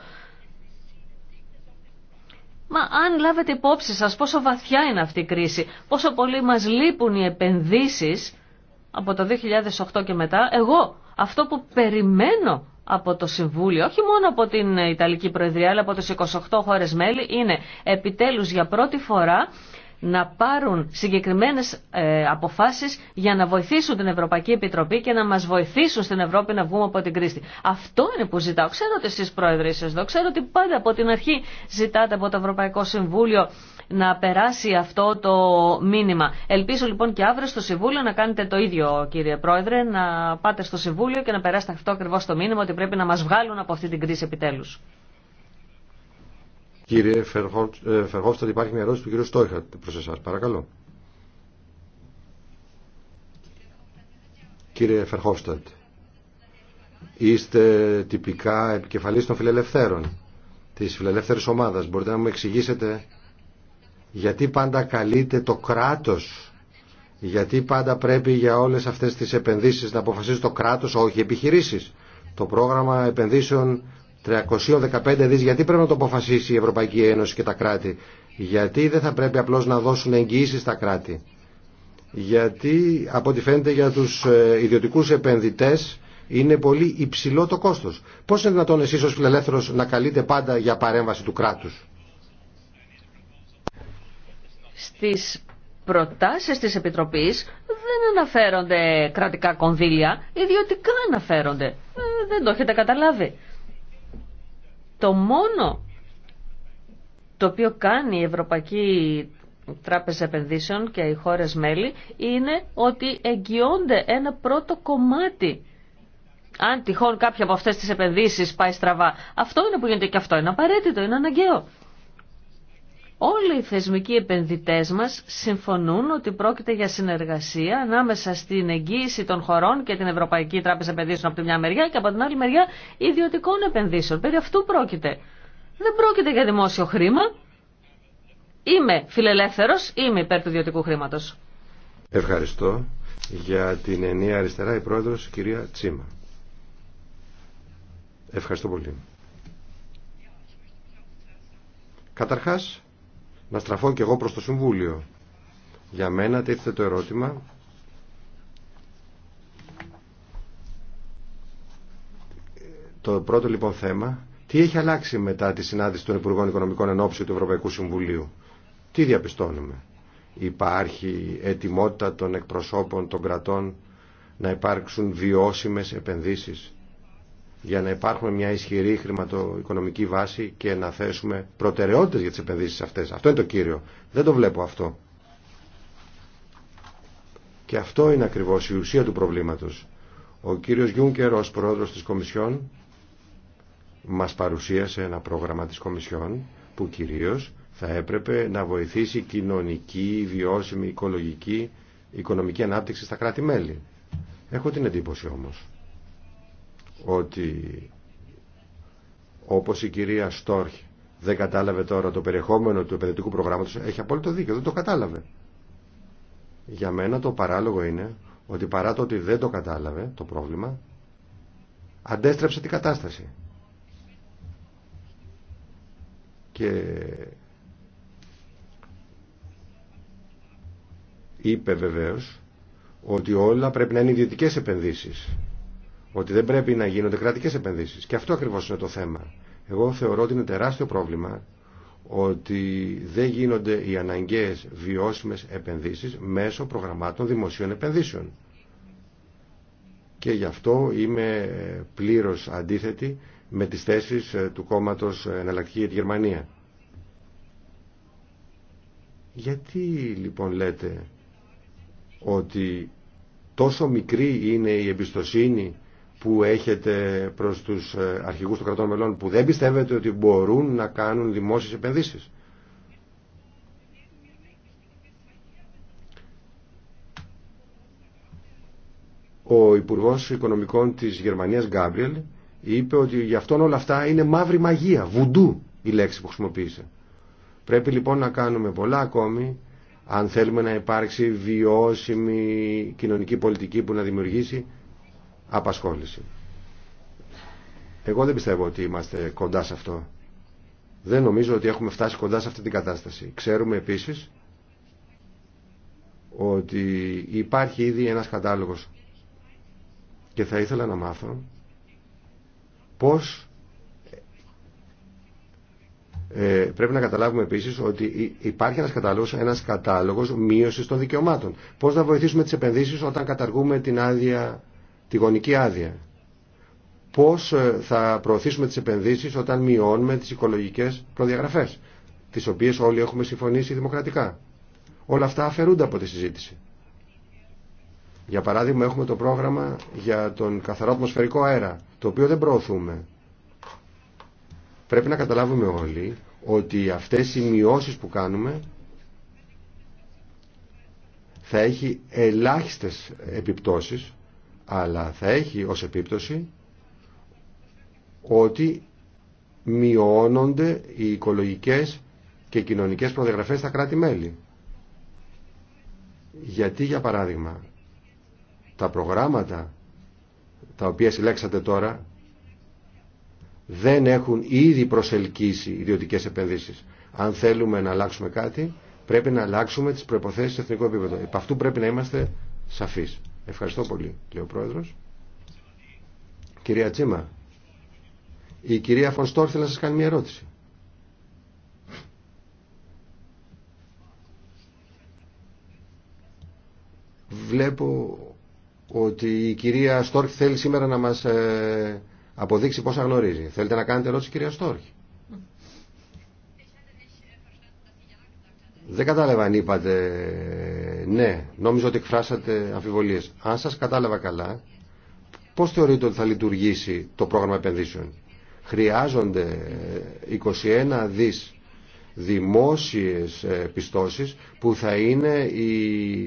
Μα αν λάβετε υπόψη σας πόσο βαθιά είναι αυτή η κρίση, πόσο πολύ μας λείπουν οι επενδύσεις από το 2008 και μετά, εγώ αυτό που περιμένω από το Συμβούλιο, όχι μόνο από την Ιταλική Προεδρία, αλλά από τις 28 χώρες μέλη, είναι επιτέλους για πρώτη φορά να πάρουν συγκεκριμένες ε, αποφάσεις για να βοηθήσουν την Ευρωπαϊκή Επιτροπή και να μας βοηθήσουν στην Ευρώπη να βγούμε από την κρίση. Αυτό είναι που ζητάω. Ξέρω ότι εσείς πρόεδροι είστε εδώ. Ξέρω ότι πάντα από την αρχή ζητάτε από το Ευρωπαϊκό Συμβούλιο να περάσει αυτό το μήνυμα. Ελπίζω λοιπόν και αύριο στο Συμβούλιο να κάνετε το ίδιο κύριε Πρόεδρε, να πάτε στο Συμβούλιο και να περάσετε αυτό ακριβώ το μήνυμα ότι πρέπει να μας βγάλουν από αυτή την κρίση επιτέλους. Κύριε ε, Φερχόφστατ, υπάρχει μια ερώτηση του κύριου Στόιχατ προς εσάς. Παρακαλώ. Κύριε Φερχόφστατ, είστε τυπικά επικεφαλής των φιλελευθέρων, της φιλελεύθερης ομάδας. Μπορείτε να μου εξηγήσετε γιατί πάντα καλείται το κράτος, γιατί πάντα πρέπει για όλες αυτές τις επενδύσεις να αποφασίζει το κράτος, όχι επιχειρήσεις. Το πρόγραμμα επενδύσεων 315 δις γιατί πρέπει να το αποφασίσει η Ευρωπαϊκή Ένωση και τα κράτη γιατί δεν θα πρέπει απλώς να δώσουν εγγυήσει στα κράτη γιατί από ό,τι φαίνεται για τους ε, ιδιωτικούς επενδυτές είναι πολύ υψηλό το κόστος πώς είναι δυνατόν εσείς ως φιλελεύθερος να καλείτε πάντα για παρέμβαση του κράτους Στις προτάσεις της Επιτροπής δεν αναφέρονται κρατικά κονδύλια ιδιωτικά αναφέρονται ε, δεν το έχετε καταλάβει το μόνο το οποίο κάνει η Ευρωπαϊκή Τράπεζα Επενδύσεων και οι χώρες μέλη είναι ότι εγγυώνται ένα πρώτο κομμάτι. Αν τυχόν κάποια από αυτές τις επενδύσεις πάει στραβά. Αυτό είναι που γίνεται και αυτό είναι απαραίτητο, είναι αναγκαίο. Όλοι οι θεσμικοί επενδυτές μας συμφωνούν ότι πρόκειται για συνεργασία ανάμεσα στην εγγύηση των χωρών και την Ευρωπαϊκή Τράπεζα Επενδύσεων από τη μια μεριά και από την άλλη μεριά ιδιωτικών επενδύσεων. Περί αυτού πρόκειται. Δεν πρόκειται για δημόσιο χρήμα. Είμαι φιλελεύθερος, είμαι υπέρ του ιδιωτικού χρήματος. Ευχαριστώ για την ενία αριστερά η πρόεδρος κυρία Τσίμα. Ευχαριστώ πολύ. Καταρχάς, να στραφώ και εγώ προς το Συμβούλιο. Για μένα τίθεται το ερώτημα το πρώτο λοιπόν θέμα τι έχει αλλάξει μετά τη συνάντηση των Υπουργών Οικονομικών Ενόψεων του Ευρωπαϊκού Συμβουλίου. Τι διαπιστώνουμε. Υπάρχει ετοιμότητα των εκπροσώπων των κρατών να υπάρξουν βιώσιμες επενδύσεις για να υπάρχουμε μια ισχυρή χρηματοοικονομική βάση και να θέσουμε προτεραιότητες για τις επενδύσεις αυτές. Αυτό είναι το κύριο. Δεν το βλέπω αυτό. Και αυτό είναι ακριβώς η ουσία του προβλήματος. Ο κύριος Γιούνκερ ως πρόεδρος της Κομισιόν μας παρουσίασε ένα πρόγραμμα της Κομισιόν που κυρίως θα έπρεπε να βοηθήσει κοινωνική, βιώσιμη, οικολογική, οικονομική ανάπτυξη στα κράτη-μέλη. Έχω την εντύπωση όμως ότι όπως η κυρία Στόρχ δεν κατάλαβε τώρα το περιεχόμενο του επενδυτικού προγράμματος, έχει απόλυτο δίκιο, δεν το κατάλαβε. Για μένα το παράλογο είναι ότι παρά το ότι δεν το κατάλαβε το πρόβλημα, αντέστρεψε την κατάσταση. Και είπε βεβαίως ότι όλα πρέπει να είναι ιδιωτικές επενδύσεις ότι δεν πρέπει να γίνονται κρατικές επενδύσεις. Και αυτό ακριβώς είναι το θέμα. Εγώ θεωρώ ότι είναι τεράστιο πρόβλημα ότι δεν γίνονται οι αναγκαίες βιώσιμες επενδύσεις μέσω προγραμμάτων δημοσίων επενδύσεων. Και γι' αυτό είμαι πλήρω αντίθετη με τις θέσεις ε, του κόμματο ε, Εναλλακτική για τη Γερμανία. Γιατί λοιπόν λέτε ότι τόσο μικρή είναι η εμπιστοσύνη που έχετε προς τους ε, αρχηγούς των κρατών μελών που δεν πιστεύετε ότι μπορούν να κάνουν δημόσιες επενδύσεις. Ο Υπουργός Οικονομικών της Γερμανίας Γκάμπριελ είπε ότι για αυτόν όλα αυτά είναι μαύρη μαγεία, βουντού η λέξη που χρησιμοποίησε. Πρέπει λοιπόν να κάνουμε πολλά ακόμη αν θέλουμε να υπάρξει βιώσιμη κοινωνική πολιτική που να δημιουργήσει απασχόληση. Εγώ δεν πιστεύω ότι είμαστε κοντά σε αυτό. Δεν νομίζω ότι έχουμε φτάσει κοντά σε αυτή την κατάσταση. Ξέρουμε επίσης ότι υπάρχει ήδη ένας κατάλογος και θα ήθελα να μάθω πώς ε, πρέπει να καταλάβουμε επίσης ότι υπάρχει ένας κατάλογος, ένας κατάλογος μείωσης των δικαιωμάτων. Πώς να βοηθήσουμε τις επενδύσεις όταν καταργούμε την άδεια τη γονική άδεια. Πώς ε, θα προωθήσουμε τις επενδύσεις όταν μειώνουμε τις οικολογικές προδιαγραφές, τις οποίες όλοι έχουμε συμφωνήσει δημοκρατικά. Όλα αυτά αφαιρούνται από τη συζήτηση. Για παράδειγμα έχουμε το πρόγραμμα για τον καθαρό ατμοσφαιρικό αέρα, το οποίο δεν προωθούμε. Πρέπει να καταλάβουμε όλοι ότι αυτές οι μειώσεις που κάνουμε θα έχει ελάχιστες επιπτώσεις αλλά θα έχει ως επίπτωση ότι μειώνονται οι οικολογικές και κοινωνικές προδιαγραφές στα κράτη-μέλη. Γιατί, για παράδειγμα, τα προγράμματα τα οποία συλλέξατε τώρα δεν έχουν ήδη προσελκύσει ιδιωτικές επενδύσεις. Αν θέλουμε να αλλάξουμε κάτι, πρέπει να αλλάξουμε τις προϋποθέσεις σε εθνικό επίπεδο. Επ' αυτού πρέπει να είμαστε σαφείς. Ευχαριστώ πολύ, λέει ο Πρόεδρος. Κυρία Τσίμα, η κυρία Φωνστόρ θέλει να σας κάνει μια ερώτηση. Βλέπω ότι η κυρία Στόρχ θέλει σήμερα να μας ε, αποδείξει πόσα γνωρίζει. Θέλετε να κάνετε ερώτηση κυρία Στόρχ. Δεν κατάλαβα αν είπατε ναι, νόμιζα ότι εκφράσατε αμφιβολίες. Αν σας κατάλαβα καλά, πώς θεωρείτε ότι θα λειτουργήσει το πρόγραμμα επενδύσεων. Χρειάζονται 21 δις δημόσιες ε, πιστώσεις που θα είναι οι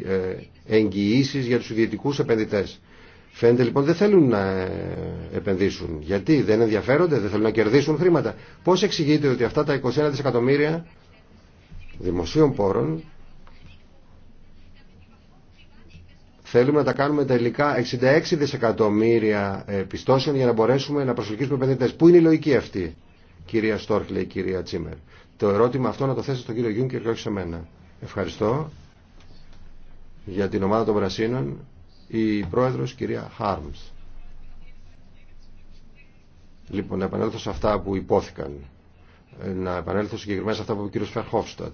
ε, εγγυήσεις για τους ιδιωτικούς επενδυτές. Φαίνεται λοιπόν δεν θέλουν να ε, επενδύσουν. Γιατί δεν ενδιαφέρονται, δεν θέλουν να κερδίσουν χρήματα. Πώς εξηγείτε ότι αυτά τα 21 δισεκατομμύρια δημοσίων πόρων Θέλουμε να τα κάνουμε τελικά 66 δισεκατομμύρια ε, πιστώσεων για να μπορέσουμε να προσελκύσουμε επενδυτέ. Πού είναι η λογική αυτή, κυρία Στόρχ, λέει η κυρία Τσίμερ. Το ερώτημα αυτό να το θέσω στον κύριο Γιούνκερ και όχι σε μένα. Ευχαριστώ για την ομάδα των Πρασίνων η πρόεδρος κυρία Χάρμς. Λοιπόν, να επανέλθω σε αυτά που υπόθηκαν. Ε, να επανέλθω συγκεκριμένα σε αυτά που είπε ο κύριος Φερχόφστατ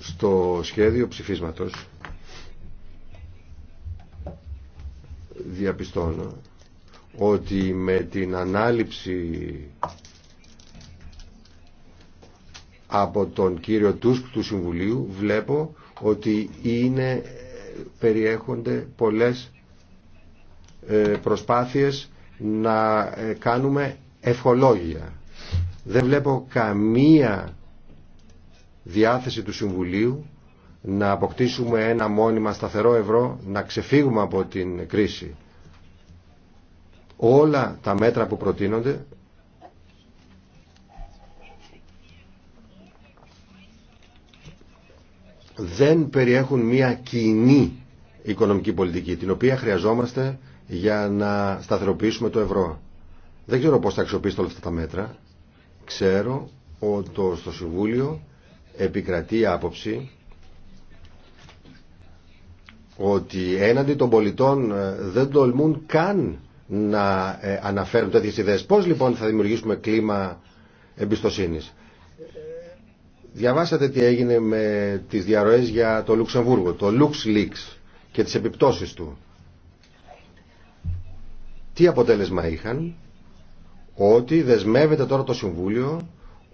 στο σχέδιο ψηφίσματος διαπιστώνω ότι με την ανάληψη από τον κύριο Τούσκ του Συμβουλίου βλέπω ότι είναι, περιέχονται πολλές ε, προσπάθειες να ε, κάνουμε ευχολόγια. Δεν βλέπω καμία διάθεση του Συμβουλίου να αποκτήσουμε ένα μόνιμα σταθερό ευρώ, να ξεφύγουμε από την κρίση. Όλα τα μέτρα που προτείνονται δεν περιέχουν μια κοινή οικονομική πολιτική, την οποία χρειαζόμαστε για να σταθεροποιήσουμε το ευρώ. Δεν ξέρω πώς θα αξιοποιήσετε όλα αυτά τα μέτρα. Ξέρω ότι στο Συμβούλιο επικρατεί άποψη ότι έναντι των πολιτών ε, δεν τολμούν καν να ε, αναφέρουν τέτοιες ιδέες. Πώς λοιπόν θα δημιουργήσουμε κλίμα εμπιστοσύνης. Διαβάσατε τι έγινε με τις διαρροές για το Λουξεμβούργο, το LuxLeaks και τις επιπτώσεις του. Τι αποτέλεσμα είχαν ότι δεσμεύεται τώρα το Συμβούλιο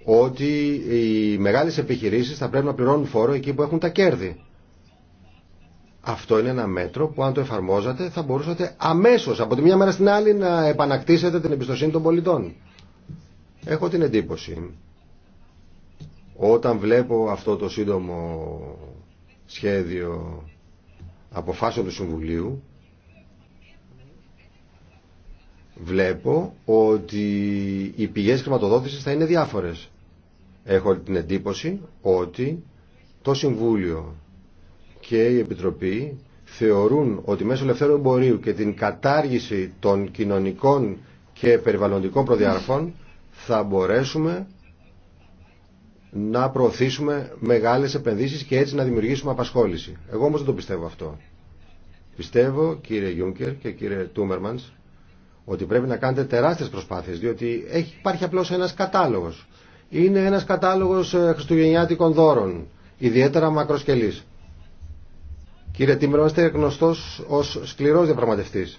ότι οι μεγάλες επιχειρήσεις θα πρέπει να πληρώνουν φόρο εκεί που έχουν τα κέρδη. Αυτό είναι ένα μέτρο που αν το εφαρμόζατε θα μπορούσατε αμέσως από τη μία μέρα στην άλλη να επανακτήσετε την εμπιστοσύνη των πολιτών. Έχω την εντύπωση όταν βλέπω αυτό το σύντομο σχέδιο αποφάσεων του Συμβουλίου βλέπω ότι οι πηγές χρηματοδότησης θα είναι διάφορες. Έχω την εντύπωση ότι το Συμβούλιο και η Επιτροπή θεωρούν ότι μέσω ελευθέρου εμπορίου και την κατάργηση των κοινωνικών και περιβαλλοντικών προδιαρφών θα μπορέσουμε να προωθήσουμε μεγάλες επενδύσεις και έτσι να δημιουργήσουμε απασχόληση. Εγώ όμως δεν το πιστεύω αυτό. Πιστεύω, κύριε Γιούνκερ και κύριε Τούμερμανς, ότι πρέπει να κάνετε τεράστιες προσπάθειες, διότι έχει, υπάρχει απλώς ένας κατάλογος είναι ένας κατάλογος ε, χριστουγεννιάτικων δώρων, ιδιαίτερα μακροσκελής. Κύριε Τίμερο, είστε γνωστός ως σκληρός διαπραγματευτής.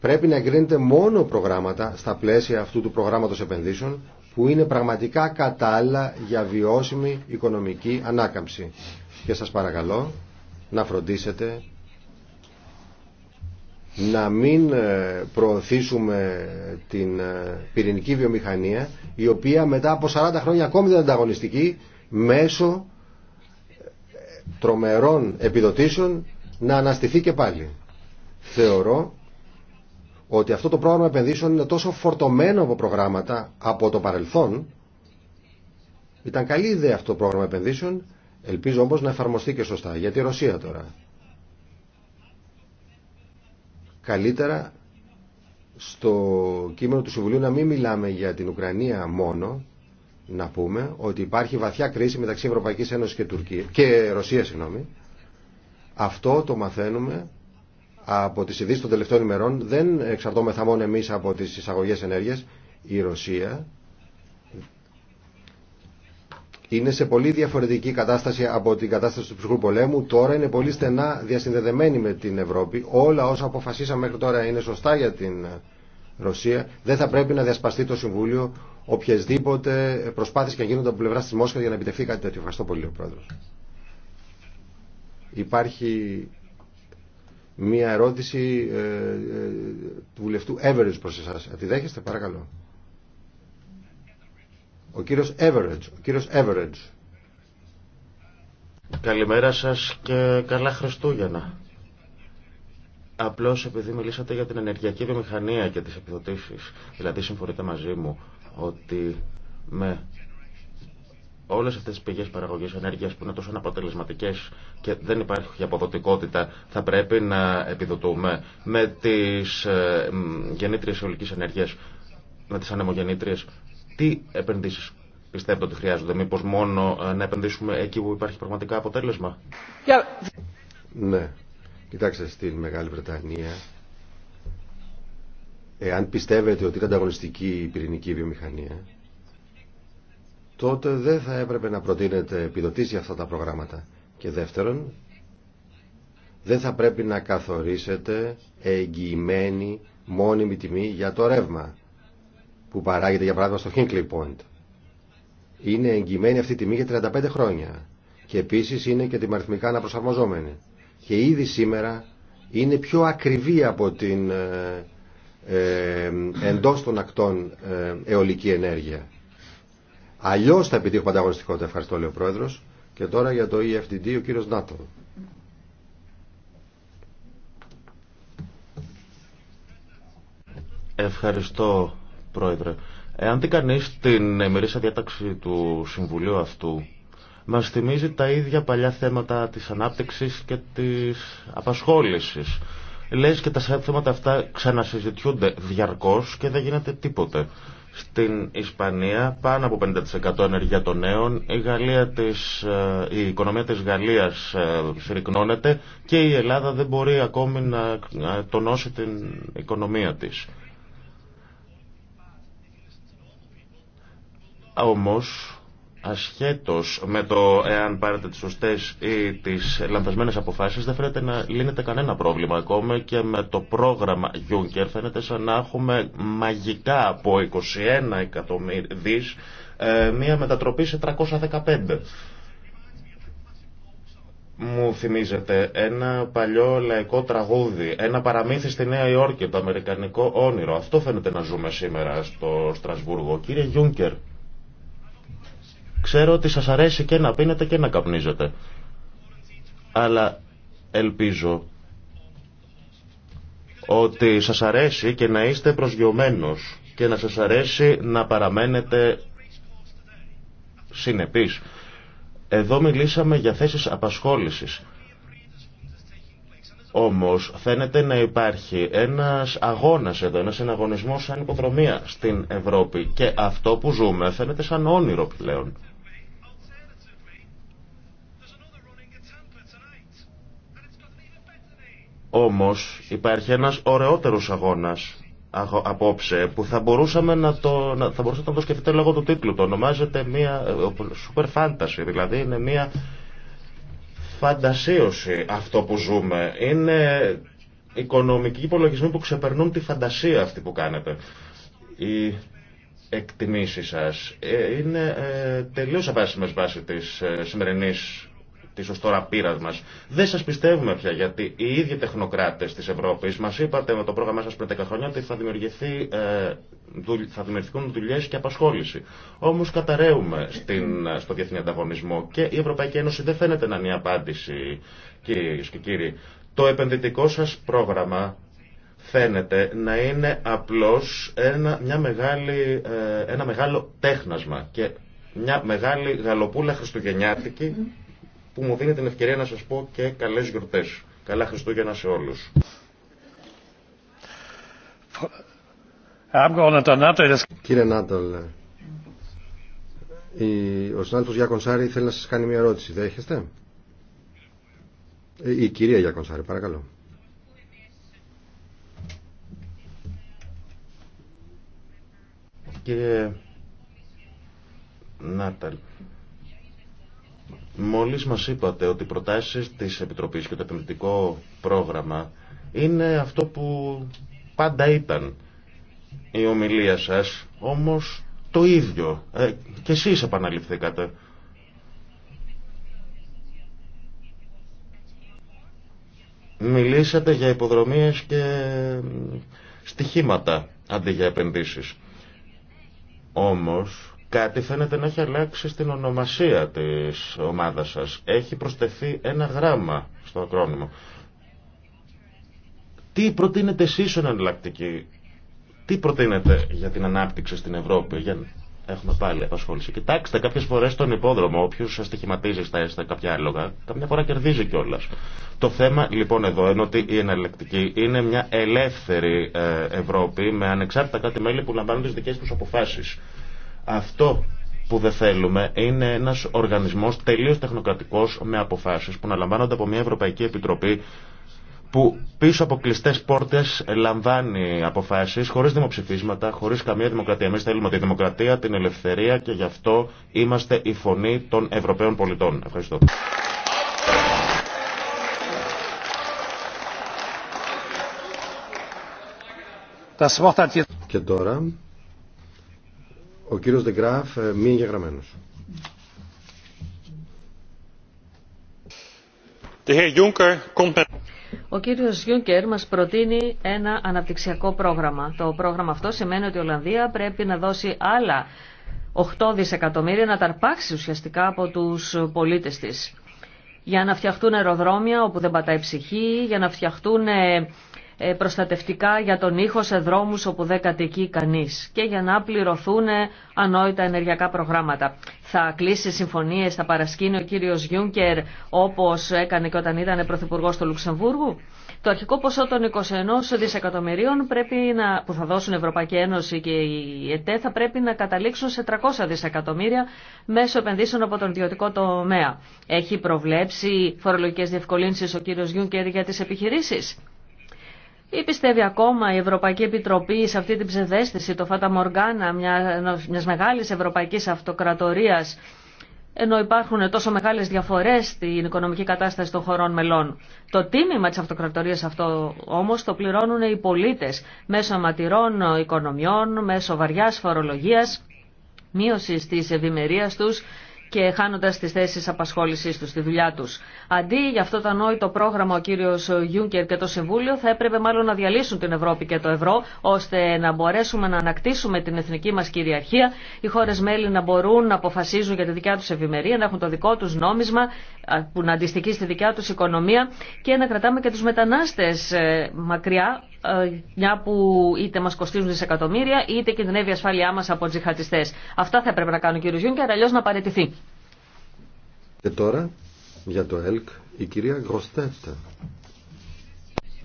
Πρέπει να εγκρίνετε μόνο προγράμματα στα πλαίσια αυτού του προγράμματος επενδύσεων που είναι πραγματικά κατάλληλα για βιώσιμη οικονομική ανάκαμψη. Και σας παρακαλώ να φροντίσετε να μην ε, προωθήσουμε την ε, πυρηνική βιομηχανία η οποία μετά από 40 χρόνια ακόμη δεν ανταγωνιστική μέσω ε, τρομερών επιδοτήσεων να αναστηθεί και πάλι. Θεωρώ ότι αυτό το πρόγραμμα επενδύσεων είναι τόσο φορτωμένο από προγράμματα από το παρελθόν. Ήταν καλή ιδέα αυτό το πρόγραμμα επενδύσεων. Ελπίζω όμως να εφαρμοστεί και σωστά. γιατί η Ρωσία τώρα καλύτερα στο κείμενο του Συμβουλίου να μην μιλάμε για την Ουκρανία μόνο, να πούμε ότι υπάρχει βαθιά κρίση μεταξύ Ευρωπαϊκής Ένωσης και, Τουρκία, και Ρωσίας. Αυτό το μαθαίνουμε από τις ειδήσει των τελευταίων ημερών. Δεν εξαρτώμεθα μόνο εμείς από τις εισαγωγές ενέργειας. Η Ρωσία είναι σε πολύ διαφορετική κατάσταση από την κατάσταση του ψυχρού πολέμου. Τώρα είναι πολύ στενά διασυνδεδεμένη με την Ευρώπη. Όλα όσα αποφασίσαμε μέχρι τώρα είναι σωστά για την ε, Ρωσία. Δεν θα πρέπει να διασπαστεί το Συμβούλιο οποιασδήποτε προσπάθειε και γίνονται από πλευρά τη Μόσχα για να επιτευχθεί κάτι τέτοιο. Ευχαριστώ πολύ, ο Πρόεδρο. Υπάρχει μία ερώτηση ε, ε, του βουλευτού Εύερης προ εσά. Τη παρακαλώ. Ο κύριος Average. Ο κύριος Καλημέρα σας και καλά Χριστούγεννα. Απλώς επειδή μιλήσατε για την ενεργειακή βιομηχανία και τις επιδοτήσεις, δηλαδή συμφωνείτε μαζί μου ότι με όλες αυτές τις πηγές παραγωγής ενέργειας που είναι τόσο αναποτελεσματικές και δεν υπάρχει αποδοτικότητα, θα πρέπει να επιδοτούμε με τις ε, γεννήτριε ενέργειας, ενέργεια, με τι ανεμογεννήτριες. Τι επενδύσεις πιστεύετε ότι χρειάζονται, μήπω μόνο ε, να επενδύσουμε εκεί που υπάρχει πραγματικά αποτέλεσμα. Ναι, κοιτάξτε στην Μεγάλη Βρετανία, εάν πιστεύετε ότι είναι ανταγωνιστική η πυρηνική βιομηχανία, τότε δεν θα έπρεπε να προτείνετε επιδοτήσει για αυτά τα προγράμματα. Και δεύτερον, δεν θα πρέπει να καθορίσετε εγγυημένη μόνιμη τιμή για το ρεύμα που παράγεται για παράδειγμα στο Hinkley Point είναι εγγυημένη αυτή η τιμή για 35 χρόνια και επίσης είναι και τιμαριθμικά αναπροσαρμοζόμενη και ήδη σήμερα είναι πιο ακριβή από την ε, ε, εντός των ακτών ε, αιωλική ενέργεια. Αλλιώς θα επιτύχουμε ανταγωνιστικότητα. Ευχαριστώ, λέει ο Πρόεδρος. Και τώρα για το EFTD ο κύριος Νάτο. Ευχαριστώ, Πρόεδρε. Εάν δει κανεί την ημερήσια διάταξη του Συμβουλίου αυτού, μα θυμίζει τα ίδια παλιά θέματα τη ανάπτυξη και τη απασχόληση. Λε και τα θέματα αυτά ξανασυζητιούνται διαρκώ και δεν γίνεται τίποτε. Στην Ισπανία πάνω από 50% ενεργεία των νέων, η, Γαλλία της, ε, η οικονομία της Γαλλίας ε, συρρυκνώνεται και η Ελλάδα δεν μπορεί ακόμη να τονώσει την οικονομία της. Όμως, ασχέτως με το εάν πάρετε τις σωστές ή τις λανθασμένες αποφάσεις, δεν φαίνεται να λύνεται κανένα πρόβλημα. Ακόμα και με το πρόγραμμα Juncker φαίνεται σαν να έχουμε μαγικά από 21 εκατομμύρια ε, μία μετατροπή σε 315 μου θυμίζεται ένα παλιό λαϊκό τραγούδι, ένα παραμύθι στη Νέα Υόρκη, το αμερικανικό όνειρο. Αυτό φαίνεται να ζούμε σήμερα στο Στρασβούργο. Κύριε Juncker. Ξέρω ότι σας αρέσει και να πίνετε και να καπνίζετε. Αλλά ελπίζω ότι σας αρέσει και να είστε προσγειωμένος και να σας αρέσει να παραμένετε συνεπείς. Εδώ μιλήσαμε για θέσεις απασχόλησης. Όμως φαίνεται να υπάρχει ένας αγώνας εδώ, ένας εναγωνισμός σαν υποδρομία στην Ευρώπη και αυτό που ζούμε φαίνεται σαν όνειρο πλέον. Όμως υπάρχει ένας ωραιότερος αγώνας απόψε που θα μπορούσαμε να το, να, θα μπορούσατε να το σκεφτείτε λόγω του τίτλου. Το ονομάζεται μια ε, super fantasy, δηλαδή είναι μια φαντασίωση αυτό που ζούμε. Είναι οικονομικοί υπολογισμοί που ξεπερνούν τη φαντασία αυτή που κάνετε. Οι εκτιμήσεις σας ε, είναι ε, τελείως απάσιμες βάσει της σημερινής τη ω τώρα πείρα μα. Δεν σα πιστεύουμε πια, γιατί οι ίδιοι τεχνοκράτε τη Ευρώπη μα είπατε με το πρόγραμμά σα πριν 10 χρόνια ότι θα, δημιουργηθεί, ε, θα δημιουργηθούν δουλειέ και απασχόληση. Όμω καταραίουμε στην, στο διεθνή ανταγωνισμό και η Ευρωπαϊκή Ένωση δεν φαίνεται να είναι η απάντηση, κυρίε και κύριοι. Το επενδυτικό σα πρόγραμμα φαίνεται να είναι απλώς ένα, μια ε, ένα μεγάλο τέχνασμα και μια μεγάλη γαλοπούλα χριστουγεννιάτικη που μου δίνει την ευκαιρία να σας πω και καλές γιορτές. Καλά Χριστούγεννα σε όλους. Κύριε Νάτολ, ο συνάδελφος Γιάκον Σάρη θέλει να σας κάνει μια ερώτηση. Δέχεστε? Ε, η κυρία Γιάκον Σάρη, παρακαλώ. Κύριε Νάταλ, Μόλις μας είπατε ότι οι προτάσεις της Επιτροπής και το επενδυτικό πρόγραμμα είναι αυτό που πάντα ήταν η ομιλία σας, όμως το ίδιο. Ε, και εσείς επαναληφθήκατε. Μιλήσατε για υποδρομίες και στοιχήματα αντί για επενδύσεις. Όμως Κάτι φαίνεται να έχει αλλάξει στην ονομασία της ομάδας σας. Έχει προσθεθεί ένα γράμμα στο ακρόνιμο. Τι προτείνετε εσείς εναλλακτική, τι προτείνετε για την ανάπτυξη στην Ευρώπη, για έχουμε πάλι απασχόληση. Κοιτάξτε, κάποιε φορέ στον υπόδρομο, όποιο στοιχηματίζει στα έστα κάποια άλογα, καμιά φορά κερδίζει κιόλα. Το θέμα λοιπόν εδώ είναι ότι η εναλλακτική είναι μια ελεύθερη ε, Ευρώπη με ανεξάρτητα κάτι μέλη που λαμβάνουν τις δικές τους αποφάσεις. Αυτό που δεν θέλουμε είναι ένας οργανισμός τελείως τεχνοκρατικός με αποφάσεις που να λαμβάνονται από μια Ευρωπαϊκή Επιτροπή που πίσω από κλειστέ πόρτε λαμβάνει αποφάσει χωρί δημοψηφίσματα, χωρί καμία δημοκρατία. Εμεί θέλουμε τη δημοκρατία, την ελευθερία και γι' αυτό είμαστε η φωνή των Ευρωπαίων πολιτών. Ευχαριστώ. Και τώρα ο κύριος Δεγκράφ ε, μη εγγεγραμμένος. Ο κύριος Γιούγκερ μας προτείνει ένα αναπτυξιακό πρόγραμμα. Το πρόγραμμα αυτό σημαίνει ότι η Ολλανδία πρέπει να δώσει άλλα 8 δισεκατομμύρια να ταρπάξει ουσιαστικά από τους πολίτες της. Για να φτιαχτούν αεροδρόμια όπου δεν πατάει ψυχή, για να φτιαχτούν ε, προστατευτικά για τον ήχο σε δρόμους όπου δεν κατοικεί κανείς και για να πληρωθούν ανόητα ενεργειακά προγράμματα. Θα κλείσει συμφωνίες, θα παρασκήνει ο κύριος Γιούνκερ όπως έκανε και όταν ήταν πρωθυπουργό του Λουξεμβούργου. Το αρχικό ποσό των 21 δισεκατομμυρίων πρέπει να, που θα δώσουν η Ευρωπαϊκή Ένωση και η ΕΤΕ θα πρέπει να καταλήξουν σε 300 δισεκατομμύρια μέσω επενδύσεων από τον ιδιωτικό τομέα. Έχει προβλέψει φορολογικές διευκολύνσεις ο κύριος Γιούνκερ για τις επιχειρήσεις. Ή πιστεύει ακόμα η Ευρωπαϊκή Επιτροπή σε αυτή την ψευδέστηση, το Φάτα μια, μιας μεγάλης ευρωπαϊκής αυτοκρατορίας, ενώ υπάρχουν τόσο μεγάλες διαφορές στην οικονομική κατάσταση των χωρών μελών. Το τίμημα της αυτοκρατορίας αυτό όμως το πληρώνουν οι πολίτες μέσω αματηρών οικονομιών, μέσω βαριάς φορολογίας, μείωση της ευημερία τους και χάνοντα τι θέσεις απασχόλησής του στη δουλειά του. Αντί για αυτό το ανόητο πρόγραμμα ο κύριος Γιούγκερ και το Συμβούλιο θα έπρεπε μάλλον να διαλύσουν την Ευρώπη και το ευρώ ώστε να μπορέσουμε να ανακτήσουμε την εθνική μας κυριαρχία, οι χώρες μέλη να μπορούν να αποφασίζουν για τη δικιά τους ευημερία, να έχουν το δικό του νόμισμα που να αντιστοιχεί στη δικιά του οικονομία και να κρατάμε και του μετανάστε ε, μακριά ε, μια που είτε μα κοστίζουν δισεκατομμύρια είτε κινδυνεύει η ασφάλειά μα από τζιχατιστέ. Αυτά θα έπρεπε να κάνουν, ο κ. Γιούνκερ, αλλιώ να παραιτηθεί. Και τώρα για το ΕΛΚ η κυρία Γκροστέφτα.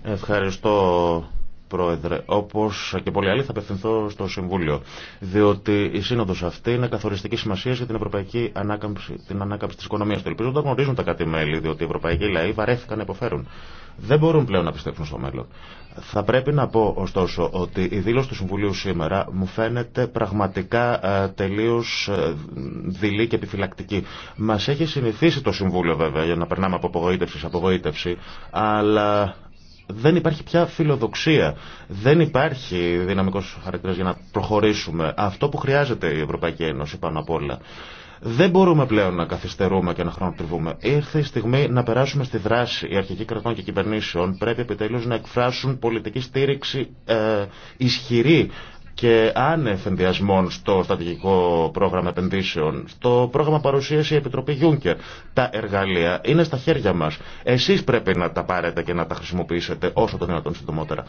Ευχαριστώ Πρόεδρε, όπω και πολλοί άλλοι θα απευθυνθώ στο Συμβούλιο. Διότι η σύνοδο αυτή είναι καθοριστική σημασία για την ευρωπαϊκή ανάκαμψη, την ανάκαμψη τη οικονομία. Το ελπίζω να το γνωρίζουν τα κάτι μέλη, διότι οι ευρωπαϊκοί λαοί βαρέθηκαν να υποφέρουν δεν μπορούν πλέον να πιστέψουν στο μέλλον. Θα πρέπει να πω ωστόσο ότι η δήλωση του Συμβουλίου σήμερα μου φαίνεται πραγματικά ε, τελείω ε, δειλή και επιφυλακτική. Μα έχει συνηθίσει το Συμβούλιο βέβαια για να περνάμε από απογοήτευση σε απογοήτευση, αλλά δεν υπάρχει πια φιλοδοξία. Δεν υπάρχει δυναμικό χαρακτήρα για να προχωρήσουμε. Αυτό που χρειάζεται η Ευρωπαϊκή Ένωση πάνω απ' όλα δεν μπορούμε πλέον να καθυστερούμε και να χρονοτριβούμε. Ήρθε η στιγμή να περάσουμε στη δράση. Οι αρχικοί κρατών και κυβερνήσεων πρέπει επιτέλου να εκφράσουν πολιτική στήριξη ε, ισχυρή και άνευ ενδιασμών στο στρατηγικό πρόγραμμα επενδύσεων, στο πρόγραμμα παρουσίαση η Επιτροπή Juncker. Τα εργαλεία είναι στα χέρια μα. Εσεί πρέπει να τα πάρετε και να τα χρησιμοποιήσετε όσο το δυνατόν συντομότερα.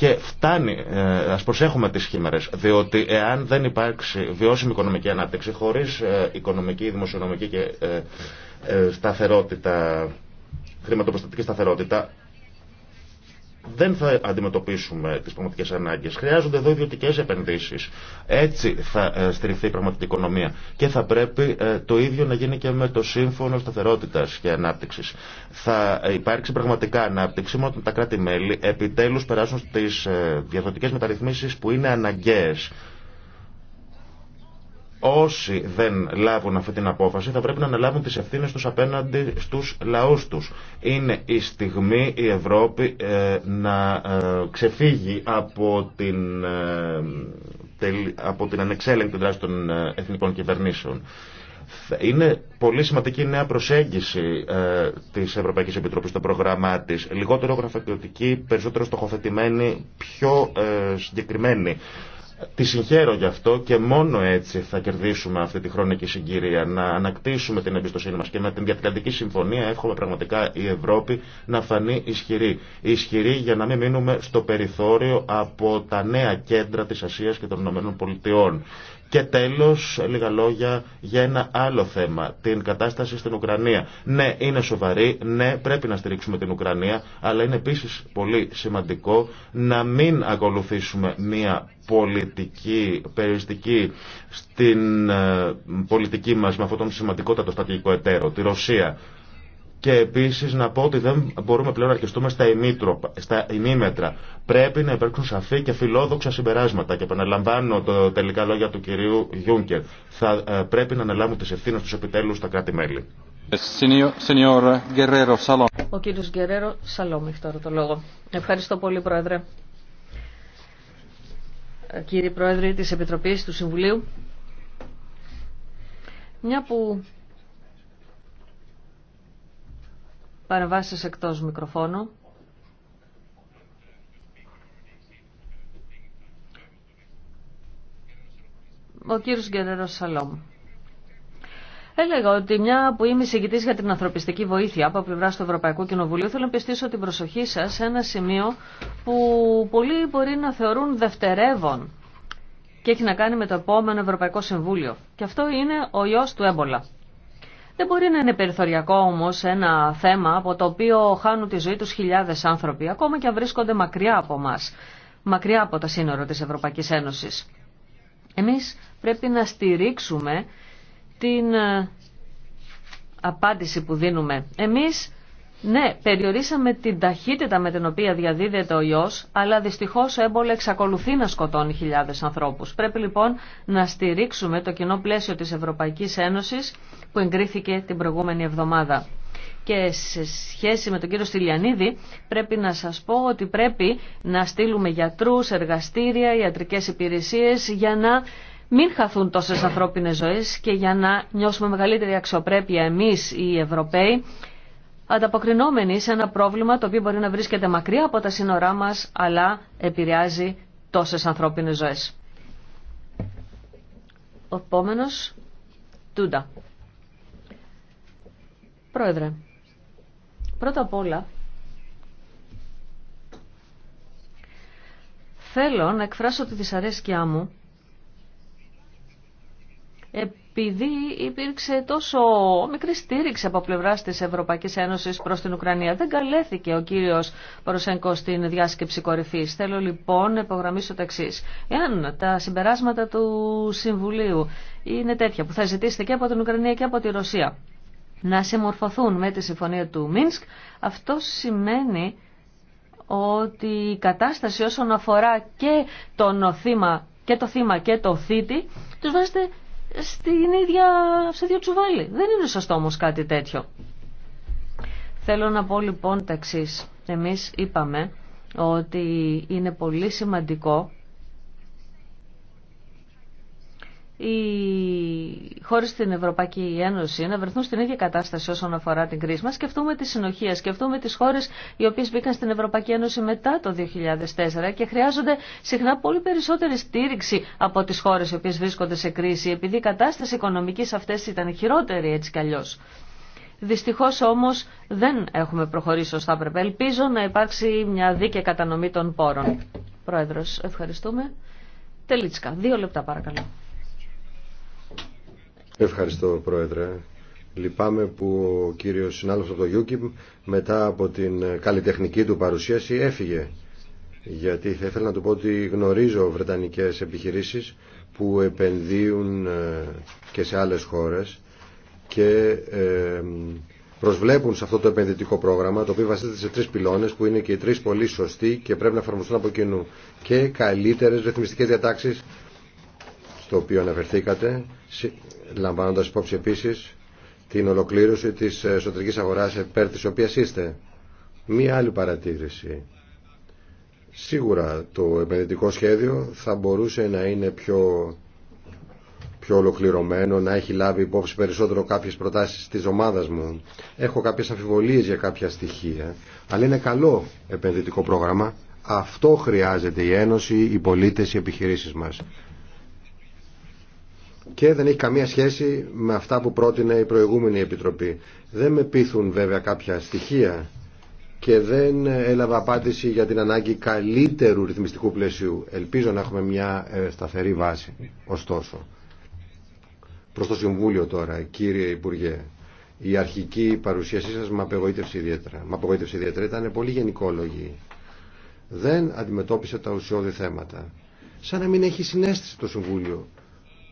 Και φτάνει, ε, α προσέχουμε τι χήμερε, διότι εάν δεν υπάρξει βιώσιμη οικονομική ανάπτυξη, χωρί ε, οικονομική, δημοσιονομική και ε, σταθερότητα, χρηματοπροστατική σταθερότητα, δεν θα αντιμετωπίσουμε τις πραγματικές ανάγκες. Χρειάζονται εδώ ιδιωτικέ επενδύσεις. Έτσι θα ε, στηριχθεί η πραγματική οικονομία. Και θα πρέπει ε, το ίδιο να γίνει και με το Σύμφωνο Σταθερότητας και Ανάπτυξης. Θα ε, υπάρξει πραγματικά ανάπτυξη μόνο όταν τα κράτη-μέλη επιτέλους περάσουν στις ε, μεταρρυθμίσεις που είναι αναγκαίες Όσοι δεν λάβουν αυτή την απόφαση θα πρέπει να αναλάβουν τις ευθύνες τους απέναντι στους λαούς τους. Είναι η στιγμή η Ευρώπη ε, να ε, ξεφύγει από την, ε, από την ανεξέλεγκτη δράση των εθνικών κυβερνήσεων. Είναι πολύ σημαντική η νέα προσέγγιση ε, τη Ευρωπαϊκή Επιτροπή στο πρόγραμμά της. Λιγότερο γραφειοκρατική, περισσότερο στοχοθετημένη, πιο συγκεκριμένη. Τη συγχαίρω γι' αυτό και μόνο έτσι θα κερδίσουμε αυτή τη χρονική συγκυρία, να ανακτήσουμε την εμπιστοσύνη μα και με την Διατλαντική Συμφωνία εύχομαι πραγματικά η Ευρώπη να φανεί ισχυρή. Ισχυρή για να μην μείνουμε στο περιθώριο από τα νέα κέντρα τη Ασία και των Ηνωμένων Πολιτειών. Και τέλο, λίγα λόγια για ένα άλλο θέμα, την κατάσταση στην Ουκρανία. Ναι, είναι σοβαρή, ναι, πρέπει να στηρίξουμε την Ουκρανία, αλλά είναι επίση πολύ σημαντικό να μην ακολουθήσουμε μία πολιτική, περιστική στην ε, πολιτική μας με αυτόν τον σημαντικότατο στρατηγικό εταίρο, τη Ρωσία. Και επίση να πω ότι δεν μπορούμε πλέον να αρκεστούμε στα, στα ημίμετρα. Πρέπει να υπάρξουν σαφή και φιλόδοξα συμπεράσματα. Και επαναλαμβάνω το τελικά λόγια του κυρίου Γιούγκερ. Θα ε, πρέπει να αναλάβουν τι ευθύνε του επιτέλου στα κράτη-μέλη. Ο κύριος Γκερέρο Σαλόμ τώρα το λόγο. Ευχαριστώ πολύ, Πρόεδρε. Ε, Κύριε Πρόεδρε της Επιτροπής του Συμβουλίου, μια που παρεμβάσεις εκτός μικροφώνου. Ο κύριος Γκερέρος Σαλόμ. Έλεγα ότι μια που είμαι εισηγητή για την ανθρωπιστική βοήθεια από πλευρά του Ευρωπαϊκού Κοινοβουλίου, θέλω να πιστήσω την προσοχή σα σε ένα σημείο που πολλοί μπορεί να θεωρούν δευτερεύον και έχει να κάνει με το επόμενο Ευρωπαϊκό Συμβούλιο. Και αυτό είναι ο ιό του έμπολα. Δεν μπορεί να είναι περιθωριακό όμω ένα θέμα από το οποίο χάνουν τη ζωή του χιλιάδε άνθρωποι, ακόμα και αν βρίσκονται μακριά από εμά, μακριά από τα σύνορα τη Ευρωπαϊκή Ένωση. Εμεί πρέπει να στηρίξουμε την ε, απάντηση που δίνουμε. Εμείς, ναι, περιορίσαμε την ταχύτητα με την οποία διαδίδεται ο ιός, αλλά δυστυχώς ο έμπολα εξακολουθεί να σκοτώνει χιλιάδες ανθρώπους. Πρέπει λοιπόν να στηρίξουμε το κοινό πλαίσιο της Ευρωπαϊκής Ένωσης που εγκρίθηκε την προηγούμενη εβδομάδα. Και σε σχέση με τον κύριο Στυλιανίδη πρέπει να σας πω ότι πρέπει να στείλουμε γιατρούς, εργαστήρια, ιατρικές υπηρεσίες για να μην χαθούν τόσες ανθρώπινες ζωές και για να νιώσουμε μεγαλύτερη αξιοπρέπεια εμείς οι Ευρωπαίοι ανταποκρινόμενοι σε ένα πρόβλημα το οποίο μπορεί να βρίσκεται μακριά από τα σύνορά μας αλλά επηρεάζει τόσες ανθρώπινες ζωές. Ο Τούντα. Πρόεδρε, πρώτα απ' όλα θέλω να εκφράσω τη δυσαρέσκειά μου επειδή υπήρξε τόσο μικρή στήριξη από πλευρά τη Ευρωπαϊκή Ένωση προ την Ουκρανία. Δεν καλέθηκε ο κύριο Ποροσέγκο στην διάσκεψη κορυφή. Θέλω λοιπόν να υπογραμμίσω το εξή. Εάν τα συμπεράσματα του Συμβουλίου είναι τέτοια που θα ζητήσετε και από την Ουκρανία και από τη Ρωσία, να συμμορφωθούν με τη συμφωνία του Μίνσκ. Αυτό σημαίνει ότι η κατάσταση όσον αφορά και, τον και το θύμα και το θήτη τους βάζετε στην ίδια, σε δύο τσουβάλι. Δεν είναι σωστό όμως κάτι τέτοιο. Θέλω να πω λοιπόν τα Εμείς είπαμε ότι είναι πολύ σημαντικό οι χώρε στην Ευρωπαϊκή Ένωση να βρεθούν στην ίδια κατάσταση όσον αφορά την κρίση μα. Σκεφτούμε τη συνοχή, σκεφτούμε τι χώρε οι οποίε μπήκαν στην Ευρωπαϊκή Ένωση μετά το 2004 και χρειάζονται συχνά πολύ περισσότερη στήριξη από τι χώρε οι οποίε βρίσκονται σε κρίση, επειδή η κατάσταση οικονομική αυτέ ήταν χειρότερη έτσι κι αλλιώ. Δυστυχώ όμω δεν έχουμε προχωρήσει όσο θα έπρεπε. Ελπίζω να υπάρξει μια δίκαια κατανομή των πόρων. Πρόεδρο, ευχαριστούμε. Τελίτσκα, δύο λεπτά παρακαλώ. Ευχαριστώ Πρόεδρε. Λυπάμαι που ο κύριος συνάδελφος από το UKIP μετά από την καλλιτεχνική του παρουσίαση έφυγε. Γιατί θα ήθελα να του πω ότι γνωρίζω βρετανικές επιχειρήσεις που επενδύουν ε, και σε άλλες χώρες και ε, προσβλέπουν σε αυτό το επενδυτικό πρόγραμμα, το οποίο βασίζεται σε τρεις πυλώνες που είναι και οι τρει πολύ σωστοί και πρέπει να εφαρμοστούν από κοινού. Και καλύτερε ρυθμιστικές διατάξεις το οποίο αναφερθήκατε, λαμβάνοντας υπόψη επίσης την ολοκλήρωση της εσωτερικής αγοράς υπέρ της οποίας είστε. Μία άλλη παρατήρηση. Σίγουρα το επενδυτικό σχέδιο θα μπορούσε να είναι πιο, πιο ολοκληρωμένο, να έχει λάβει υπόψη περισσότερο κάποιες προτάσεις της ομάδας μου. Έχω κάποιες αμφιβολίες για κάποια στοιχεία, αλλά είναι καλό επενδυτικό πρόγραμμα. Αυτό χρειάζεται η Ένωση, οι πολίτες, οι επιχειρήσεις μας και δεν έχει καμία σχέση με αυτά που πρότεινε η προηγούμενη Επιτροπή. Δεν με πείθουν βέβαια κάποια στοιχεία και δεν έλαβα απάντηση για την ανάγκη καλύτερου ρυθμιστικού πλαισίου. Ελπίζω να έχουμε μια ε, σταθερή βάση. Ωστόσο, προς το Συμβούλιο τώρα, κύριε Υπουργέ, η αρχική παρουσίασή σας με απογοήτευσε ιδιαίτερα. Με απογοήτευσε ιδιαίτερα. Ήταν πολύ γενικόλογη. Δεν αντιμετώπισε τα ουσιώδη θέματα. Σαν να μην έχει συνέστηση το Συμβούλιο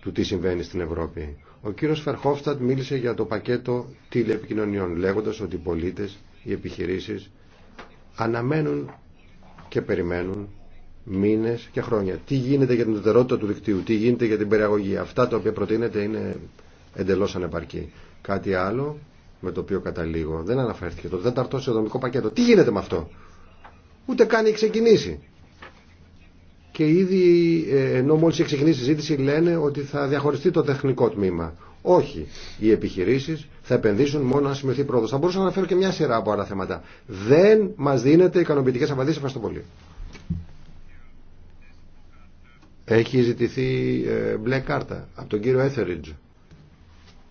του τι συμβαίνει στην Ευρώπη. Ο κύριο Φερχόφστατ μίλησε για το πακέτο τηλεπικοινωνιών λέγοντας ότι οι πολίτες, οι επιχειρήσεις αναμένουν και περιμένουν μήνες και χρόνια. Τι γίνεται για την ουδετερότητα του δικτύου, τι γίνεται για την περιαγωγή. Αυτά τα οποία προτείνεται είναι εντελώς ανεπαρκή. Κάτι άλλο με το οποίο καταλήγω δεν αναφέρθηκε. Το τέταρτο συνδρομικό πακέτο. Τι γίνεται με αυτό. Ούτε καν έχει ξεκινήσει και ήδη ε, ενώ μόλις έχει ξεκινήσει η συζήτηση λένε ότι θα διαχωριστεί το τεχνικό τμήμα. Όχι. Οι επιχειρήσει θα επενδύσουν μόνο αν σημειωθεί πρόοδο. Θα μπορούσα να αναφέρω και μια σειρά από άλλα θέματα. Δεν μα δίνεται ικανοποιητικέ απαντήσει. Ευχαριστώ πολύ. Έχει ζητηθεί ε, μπλε κάρτα από τον κύριο Έθεριτζ.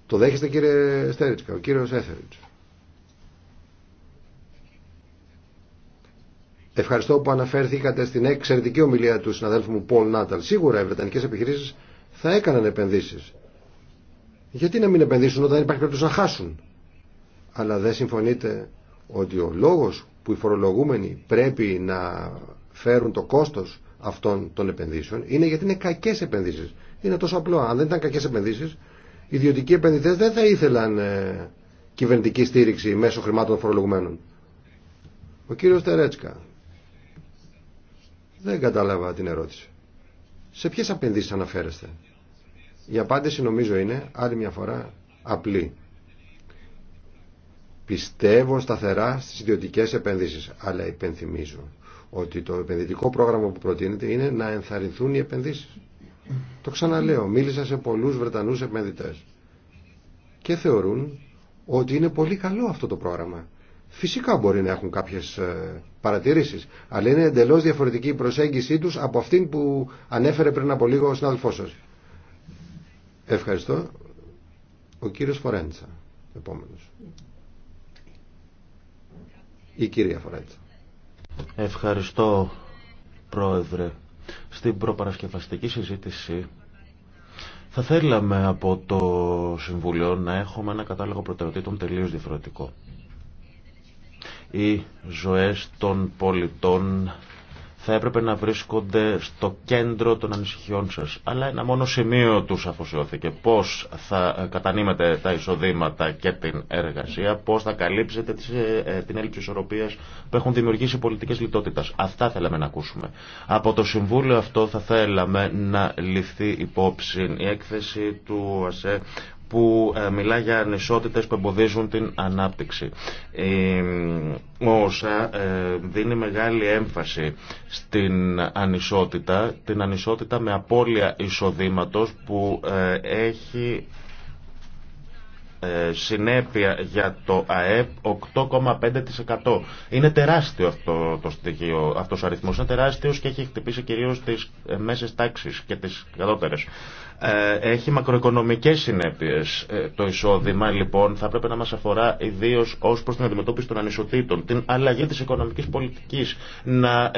Το δέχεστε κύριε Στέριτσκα, ο κύριος Έθεριτζ. Ευχαριστώ που αναφέρθηκατε στην εξαιρετική ομιλία του συναδέλφου μου Πολ Νάταλ. Σίγουρα οι βρετανικέ επιχειρήσει θα έκαναν επενδύσει. Γιατί να μην επενδύσουν όταν υπάρχει περίπτωση να χάσουν. Αλλά δεν συμφωνείτε ότι ο λόγο που οι φορολογούμενοι πρέπει να φέρουν το κόστο αυτών των επενδύσεων είναι γιατί είναι κακέ επενδύσει. Είναι τόσο απλό. Αν δεν ήταν κακέ επενδύσει, οι ιδιωτικοί επενδυτέ δεν θα ήθελαν ε, κυβερνητική στήριξη μέσω χρημάτων φορολογουμένων. Ο κύριος Τερέτσκα. Δεν κατάλαβα την ερώτηση. Σε ποιες επενδύσεις αναφέρεστε. Η απάντηση νομίζω είναι άλλη μια φορά απλή. Πιστεύω σταθερά στις ιδιωτικές επενδύσεις, αλλά υπενθυμίζω ότι το επενδυτικό πρόγραμμα που προτείνεται είναι να ενθαρρυνθούν οι επενδύσεις. Το ξαναλέω, μίλησα σε πολλούς Βρετανούς επενδυτές και θεωρούν ότι είναι πολύ καλό αυτό το πρόγραμμα Φυσικά μπορεί να έχουν κάποιες ε, παρατηρήσεις, αλλά είναι εντελώς διαφορετική η προσέγγιση τους από αυτήν που ανέφερε πριν από λίγο ο συνάδελφός σας. Ευχαριστώ. Ο κύριος Φορέντσα, επόμενος. Η κυρία Φορέντσα. Ευχαριστώ, Πρόεδρε. Στην προπαρασκευαστική συζήτηση θα θέλαμε από το Συμβουλίο να έχουμε ένα κατάλογο προτεραιοτήτων τελείως διαφορετικό. Οι ζωές των πολιτών θα έπρεπε να βρίσκονται στο κέντρο των ανησυχιών σας. Αλλά ένα μόνο σημείο τους αφοσιώθηκε. Πώς θα ε, κατανείμετε τα εισοδήματα και την εργασία, πώς θα καλύψετε ε, ε, την έλλειψη ισορροπίας που έχουν δημιουργήσει πολιτικές λιτότητας. Αυτά θέλαμε να ακούσουμε. Από το Συμβούλιο αυτό θα θέλαμε να ληφθεί υπόψη η έκθεση του ΑΣΕ που ε, μιλά για ανισότητες που εμποδίζουν την ανάπτυξη. όσα ε, δίνει μεγάλη έμφαση στην ανισότητα, την ανισότητα με απώλεια εισοδήματος που ε, έχει ε, συνέπεια για το ΑΕΠ 8,5%. Είναι τεράστιο αυτό το στοιχείο, αυτός ο αριθμός. Είναι τεράστιος και έχει χτυπήσει κυρίως τις ε, μέσες τάξεις και τις κατώτερες. Ε, έχει μακροοικονομικές συνέπειες. το εισόδημα λοιπόν θα πρέπει να μας αφορά ιδίω ως προς την αντιμετώπιση των ανισοτήτων, την αλλαγή της οικονομικής πολιτικής, να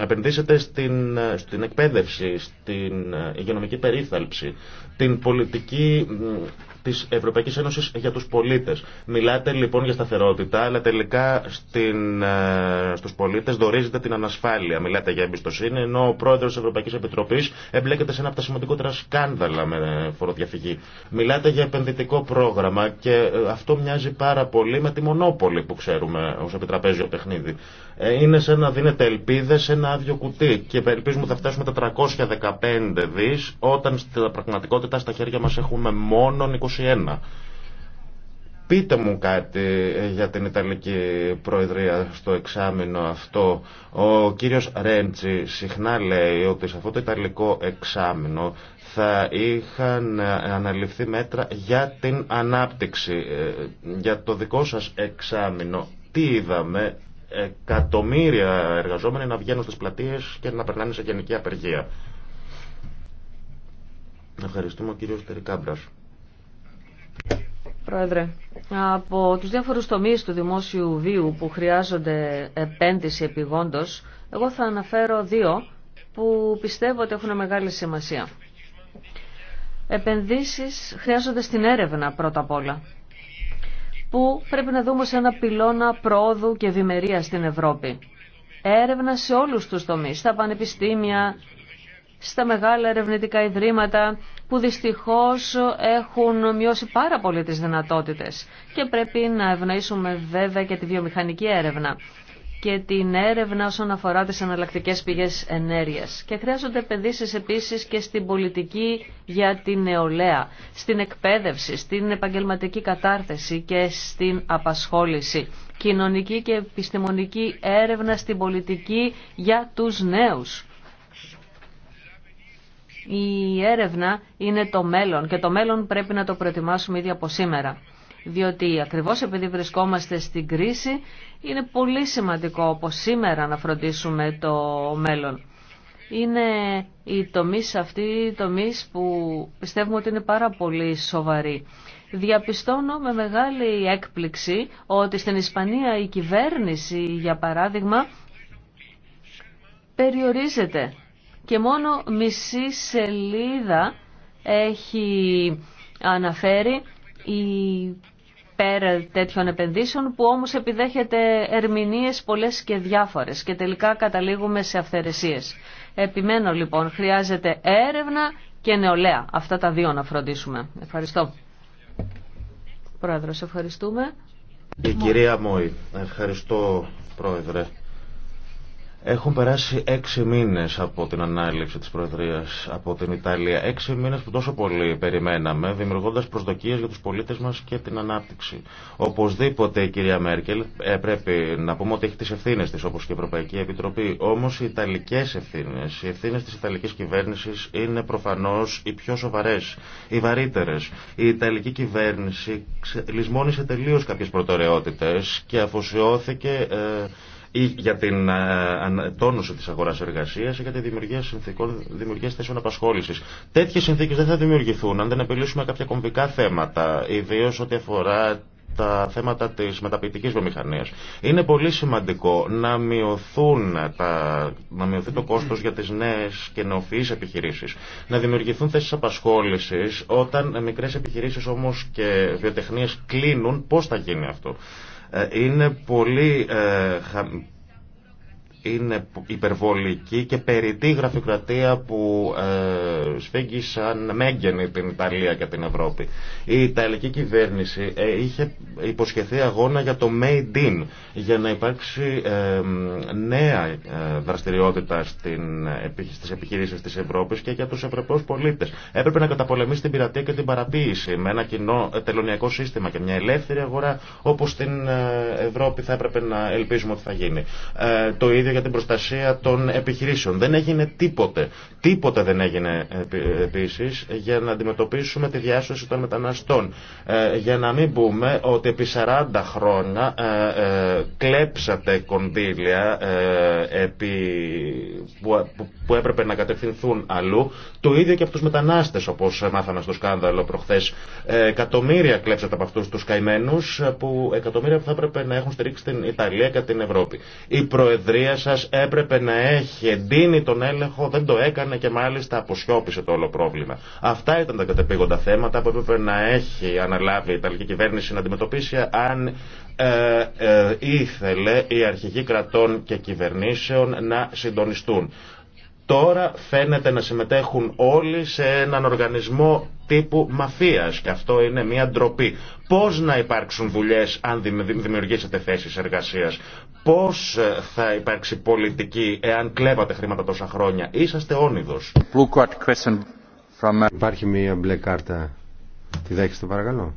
επενδύσετε στην, στην εκπαίδευση, στην υγειονομική περίθαλψη, την πολιτική τη Ευρωπαϊκή Ένωση για του πολίτε. Μιλάτε λοιπόν για σταθερότητα, αλλά τελικά στου ε, στους πολίτες την ανασφάλεια. Μιλάτε για εμπιστοσύνη, ενώ ο πρόεδρος τη Ευρωπαϊκής Επιτροπής εμπλέκεται σε ένα από τα σημαντικότερα σκάνδαλα με φοροδιαφυγή. Μιλάτε για επενδυτικό πρόγραμμα και ε, αυτό μοιάζει πάρα πολύ με τη μονόπολη που ξέρουμε ως επιτραπέζιο παιχνίδι. Ε, είναι σαν να δίνεται ελπίδε σε ένα άδειο κουτί και ελπίζουμε θα φτάσουμε τα 315 δις όταν στην πραγματικότητα στα χέρια μας έχουμε μόνο 21. Πείτε μου κάτι ε, για την Ιταλική Προεδρία στο εξάμεινο αυτό. Ο κύριος Ρέντσι συχνά λέει ότι σε αυτό το Ιταλικό εξάμεινο θα είχαν ε, αναλυφθεί μέτρα για την ανάπτυξη. Για το δικό σας εξάμεινο τι είδαμε, εκατομμύρια εργαζόμενοι να βγαίνουν στις πλατείες και να περνάνε σε γενική απεργία. Ευχαριστούμε ο κύριος Πρόεδρε, από τους διάφορους τομείς του δημόσιου βίου που χρειάζονται επένδυση επιγόντως, εγώ θα αναφέρω δύο που πιστεύω ότι έχουν μεγάλη σημασία. Επενδύσεις χρειάζονται στην έρευνα πρώτα απ' όλα που πρέπει να δούμε σε ένα πυλώνα πρόοδου και ευημερία στην Ευρώπη. Έρευνα σε όλους τους τομείς, στα πανεπιστήμια, στα μεγάλα ερευνητικά ιδρύματα που δυστυχώς έχουν μειώσει πάρα πολύ τις δυνατότητες και πρέπει να ευνοήσουμε βέβαια και τη βιομηχανική έρευνα και την έρευνα όσον αφορά τις εναλλακτικέ πηγές ενέργειας. Και χρειάζονται επενδύσεις επίσης και στην πολιτική για την νεολαία, στην εκπαίδευση, στην επαγγελματική κατάρθεση και στην απασχόληση. Κοινωνική και επιστημονική έρευνα στην πολιτική για τους νέους. Η έρευνα είναι το μέλλον και το μέλλον πρέπει να το προετοιμάσουμε ήδη από σήμερα διότι ακριβώς επειδή βρισκόμαστε στην κρίση είναι πολύ σημαντικό όπως σήμερα να φροντίσουμε το μέλλον. Είναι οι τομείς αυτοί, οι που πιστεύουμε ότι είναι πάρα πολύ σοβαροί. Διαπιστώνω με μεγάλη έκπληξη ότι στην Ισπανία η κυβέρνηση, για παράδειγμα, περιορίζεται και μόνο μισή σελίδα έχει αναφέρει υπέρ τέτοιων επενδύσεων που όμως επιδέχεται ερμηνείες πολλές και διάφορες και τελικά καταλήγουμε σε αυθαιρεσίες. Επιμένω λοιπόν, χρειάζεται έρευνα και νεολαία. Αυτά τα δύο να φροντίσουμε. Ευχαριστώ. Πρόεδρος, ευχαριστούμε. Η κυρία Μόη, ευχαριστώ πρόεδρε. Έχουν περάσει έξι μήνες από την ανάληψη της Προεδρίας από την Ιταλία. Έξι μήνες που τόσο πολύ περιμέναμε, δημιουργώντας προσδοκίες για τους πολίτες μας και την ανάπτυξη. Οπωσδήποτε η κυρία Μέρκελ ε, πρέπει να πούμε ότι έχει τις ευθύνες της όπως και η Ευρωπαϊκή Επιτροπή. Όμως οι ιταλικές ευθύνες, οι ευθύνες της ιταλικής κυβέρνησης είναι προφανώς οι πιο σοβαρές, οι βαρύτερες. Η ιταλική κυβέρνηση λησμόνισε τελείω κάποιες προτεραιότητες και αφοσιώθηκε... Ε, ή για την ε, τόνωση τη αγορά εργασία ή για τη δημιουργία συνθήκων, δημιουργία θέσεων απασχόληση. Τέτοιε συνθήκε δεν θα δημιουργηθούν αν δεν επιλύσουμε κάποια κομβικά θέματα, ιδίω ό,τι αφορά τα θέματα τη μεταποιητική βιομηχανία. Είναι πολύ σημαντικό να, μειωθούν τα, να μειωθεί το κόστο για τι νέε και νεοφυεί επιχειρήσει. Να δημιουργηθούν θέσει απασχόληση. Όταν μικρέ επιχειρήσει όμω και βιοτεχνίε κλείνουν, πώ θα γίνει αυτό. Ε, είναι πολύ ε, είναι υπερβολική και περιττή γραφειοκρατία που ε, σφίγγει σαν μέγενη την Ιταλία και την Ευρώπη. Η Ιταλική κυβέρνηση ε, είχε υποσχεθεί αγώνα για το Made in, για να υπάρξει ε, νέα ε, δραστηριότητα στην, στις επιχειρήσεις της Ευρώπης και για τους Ευρωπαίους πολίτες. Έπρεπε να καταπολεμήσει την πειρατεία και την παραποίηση με ένα κοινό τελωνιακό σύστημα και μια ελεύθερη αγορά όπως στην Ευρώπη θα έπρεπε να ελπίζουμε ότι θα γίνει. το για την προστασία των επιχειρήσεων. Δεν έγινε τίποτε. Τίποτε δεν έγινε επίση για να αντιμετωπίσουμε τη διάσωση των μεταναστών. Ε, για να μην πούμε ότι επί 40 χρόνια ε, ε, κλέψατε κονδύλια που, έπρεπε να κατευθυνθούν αλλού. Το ίδιο και από του μετανάστε, όπω μάθαμε στο σκάνδαλο προχθέ. εκατομμύρια κλέψατε από αυτού του καημένου, που εκατομμύρια που θα έπρεπε να έχουν στηρίξει την Ιταλία και την Ευρώπη. Η Προεδρία σας έπρεπε να έχει εντείνει τον έλεγχο, δεν το έκανε και μάλιστα αποσιώπησε το όλο πρόβλημα. Αυτά ήταν τα κατεπήγοντα θέματα που έπρεπε να έχει αναλάβει η Ιταλική κυβέρνηση να αντιμετωπίσει αν ε, ε ήθελε οι αρχηγοί κρατών και κυβερνήσεων να συντονιστούν. Τώρα φαίνεται να συμμετέχουν όλοι σε έναν οργανισμό τύπου μαφίας και αυτό είναι μια ντροπή. Πώς να υπάρξουν δουλειές αν δημιουργήσετε θέσεις εργασίας. Πώς ε, θα υπάρξει πολιτική εάν κλέβατε χρήματα τόσα χρόνια. Είσαστε όνειδος. Uh, Υπάρχει μία μπλε κάρτα. Τη δέχεστε παρακαλώ.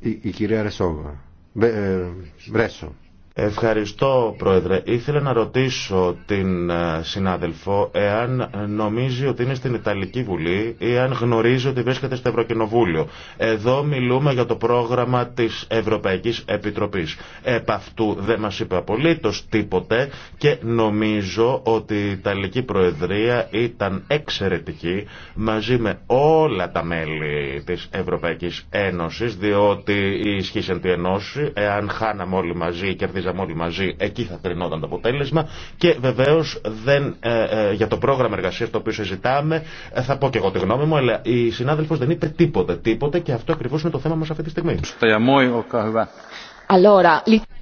Η, η κυρία Ρεσόβα. Ε, Βρέσο. Ευχαριστώ, Πρόεδρε. Ήθελα να ρωτήσω την ε, συνάδελφο εάν νομίζει ότι είναι στην Ιταλική Βουλή ή αν γνωρίζει ότι βρίσκεται στο Ευρωκοινοβούλιο. Εδώ μιλούμε για το πρόγραμμα της Ευρωπαϊκής Επιτροπής. Επ' αυτού δεν μας είπε απολύτω τίποτε και νομίζω ότι η Ιταλική Προεδρία ήταν εξαιρετική μαζί με όλα τα μέλη της Ευρωπαϊκής Ένωσης διότι η τη ενώση, εάν χάναμε όλοι μαζί ψηφίζαμε όλοι μαζί, εκεί θα κρινόταν το αποτέλεσμα. Και βεβαίω ε, ε, για το πρόγραμμα εργασία το οποίο συζητάμε, ε, θα πω και εγώ τη γνώμη μου, αλλά η συνάδελφο δεν είπε τίποτε, τίποτε και αυτό ακριβώ είναι το θέμα μα αυτή τη στιγμή.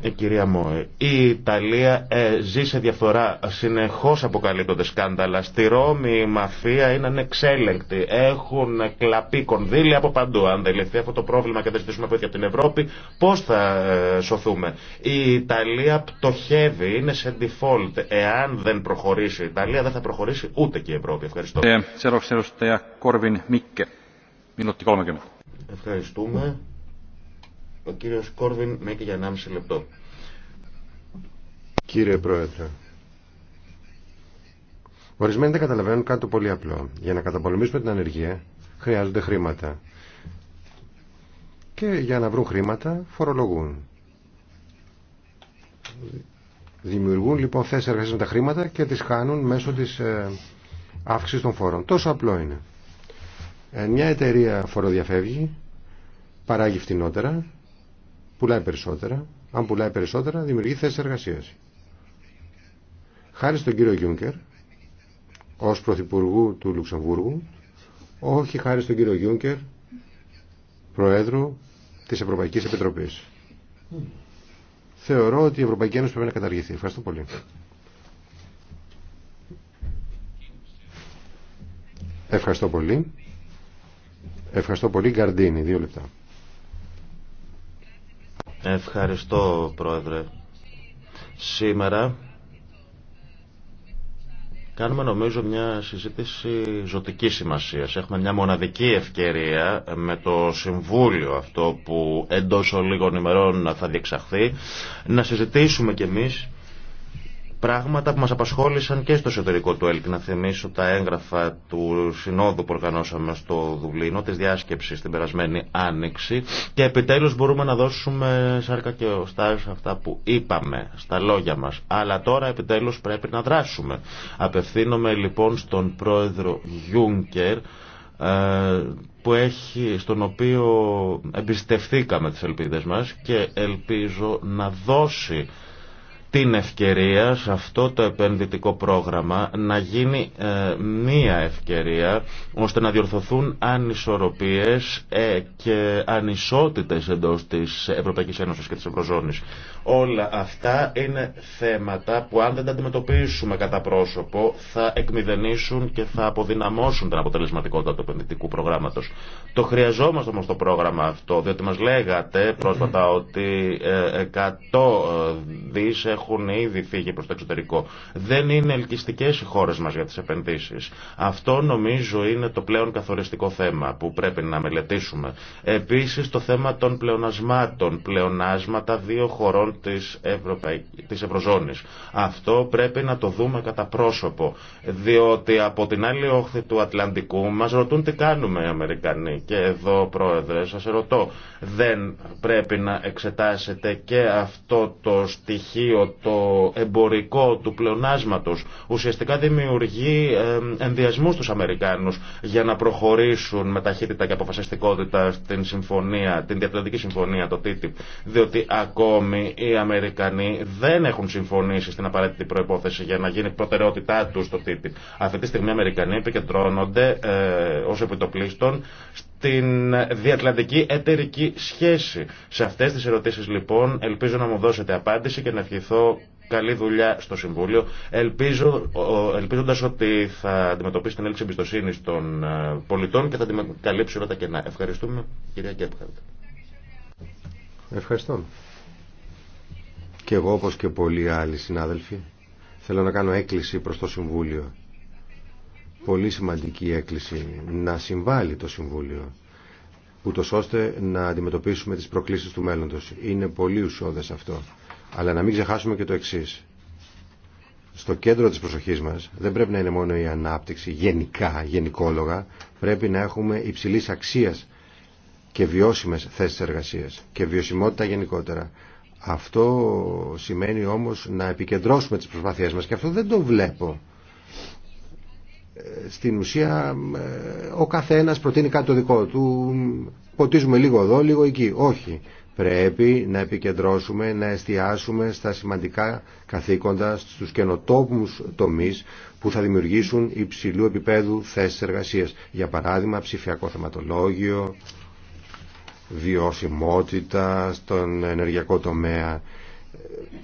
Ε, κυρία Μόε, η Ιταλία ε, ζει σε διαφορά. Συνεχώ αποκαλύπτονται σκάνδαλα. Στη Ρώμη η μαφία είναι ανεξέλεγκτη. Έχουν κλαπεί κονδύλια από παντού. Αν δεν λυθεί αυτό το πρόβλημα και δεν ζητήσουμε βοήθεια από την Ευρώπη, πώ θα ε, σωθούμε. Η Ιταλία πτωχεύει, είναι σε default. Εάν δεν προχωρήσει η Ιταλία, δεν θα προχωρήσει ούτε και η Ευρώπη. Ευχαριστώ. Ε, Ευχαριστούμε. Ο κύριος Κόρβιν μέχρι για 1,5 λεπτό. Κύριε Πρόεδρε, ορισμένοι δεν καταλαβαίνουν κάτι πολύ απλό. Για να καταπολεμήσουμε την ανεργία χρειάζονται χρήματα. Και για να βρουν χρήματα φορολογούν. Δημιουργούν λοιπόν θέσει εργασία με τα χρήματα και τι χάνουν μέσω τη ε, αύξηση των φόρων. Τόσο απλό είναι. Ε, μια εταιρεία φοροδιαφεύγει, παράγει φτηνότερα πουλάει περισσότερα. Αν πουλάει περισσότερα, δημιουργεί θέσει εργασία. Χάρη στον κύριο Γιούνκερ, ω πρωθυπουργού του Λουξεμβούργου, όχι χάρη στον κύριο Γιούνκερ, Προέδρου της Ευρωπαϊκής Επιτροπής. Θεωρώ ότι η Ευρωπαϊκή Ένωση πρέπει να καταργηθεί. Ευχαριστώ πολύ. Ευχαριστώ πολύ. Ευχαριστώ πολύ. Γκαρντίνη, δύο λεπτά. Ευχαριστώ, Πρόεδρε. Σήμερα Κάνουμε νομίζω μια συζήτηση ζωτική σημασίας. Έχουμε μια μοναδική ευκαιρία με το Συμβούλιο αυτό που εντός λίγων ημερών θα διεξαχθεί να συζητήσουμε κι εμείς πράγματα που μας απασχόλησαν και στο εσωτερικό του ΕΛΚ. Να θυμίσω τα έγγραφα του συνόδου που οργανώσαμε στο Δουβλίνο, της διάσκεψης την περασμένη άνοιξη και επιτέλους μπορούμε να δώσουμε σάρκα και οστά αυτά που είπαμε, στα λόγια μας. Αλλά τώρα επιτέλους πρέπει να δράσουμε. Απευθύνομαι λοιπόν στον πρόεδρο Γιούνκερ, ε, που έχει, στον οποίο εμπιστευθήκαμε τις ελπίδες μας και ελπίζω να δώσει την ευκαιρία σε αυτό το επενδυτικό πρόγραμμα να γίνει ε, μία ευκαιρία ώστε να διορθωθούν ανισορροπίες ε, και ανισότητες εντός της Ευρωπαϊκής Ένωσης και της Ευρωζώνης. Όλα αυτά είναι θέματα που αν δεν τα αντιμετωπίσουμε κατά πρόσωπο θα εκμηδενήσουν και θα αποδυναμώσουν την αποτελεσματικότητα του επενδυτικού προγράμματος. Το χρειαζόμαστε όμως το πρόγραμμα αυτό, διότι μας λέγατε πρόσφατα ότι 100 ε, δις έχουν ήδη φύγει προ το εξωτερικό. Δεν είναι ελκυστικέ οι χώρε μα για τι επενδύσει. Αυτό νομίζω είναι το πλέον καθοριστικό θέμα που πρέπει να μελετήσουμε. Επίση, το θέμα των πλεονασμάτων, πλεονάσματα δύο χωρών τη Ευρωπαϊ... της Αυτό πρέπει να το δούμε κατά πρόσωπο, διότι από την άλλη όχθη του Ατλαντικού μα ρωτούν τι κάνουμε οι Αμερικανοί. Και εδώ, Πρόεδρε, Σα ρωτώ, δεν πρέπει να εξετάσετε και αυτό το στοιχείο το εμπορικό του πλεονάσματος ουσιαστικά δημιουργεί ενδιασμού στους Αμερικάνους για να προχωρήσουν με ταχύτητα και αποφασιστικότητα στην συμφωνία, την συμφωνία, το TTIP, διότι ακόμη οι Αμερικανοί δεν έχουν συμφωνήσει στην απαραίτητη προϋπόθεση για να γίνει προτεραιότητά τους το TTIP. Αυτή τη στιγμή οι Αμερικανοί επικεντρώνονται ε, ως επιτοπλίστων την διατλαντική εταιρική σχέση. Σε αυτές τις ερωτήσεις λοιπόν ελπίζω να μου δώσετε απάντηση και να ευχηθώ καλή δουλειά στο Συμβούλιο, ελπίζω, ελπίζοντας ότι θα αντιμετωπίσει την έλλειψη εμπιστοσύνη των ε, πολιτών και θα την καλύψει όλα τα κενά. Ευχαριστούμε, κυρία Κέπχαρτ. Ευχαριστώ. Και εγώ, όπως και πολλοί άλλοι συνάδελφοι, θέλω να κάνω έκκληση προς το Συμβούλιο πολύ σημαντική έκκληση να συμβάλλει το Συμβούλιο ούτως ώστε να αντιμετωπίσουμε τις προκλήσεις του μέλλοντος. Είναι πολύ ουσιώδες αυτό. Αλλά να μην ξεχάσουμε και το εξή. Στο κέντρο της προσοχής μας δεν πρέπει να είναι μόνο η ανάπτυξη γενικά, γενικόλογα. Πρέπει να έχουμε υψηλή αξία και βιώσιμες θέσεις εργασίας και βιωσιμότητα γενικότερα. Αυτό σημαίνει όμως να επικεντρώσουμε τις προσπάθειές μας και αυτό δεν το βλέπω στην ουσία ε, ο καθένας προτείνει κάτι το δικό του ποτίζουμε λίγο εδώ λίγο εκεί όχι πρέπει να επικεντρώσουμε να εστιάσουμε στα σημαντικά καθήκοντα στους καινοτόπους τομείς που θα δημιουργήσουν υψηλού επίπεδου θέσεις εργασίας για παράδειγμα ψηφιακό θεματολόγιο βιωσιμότητα στον ενεργειακό τομέα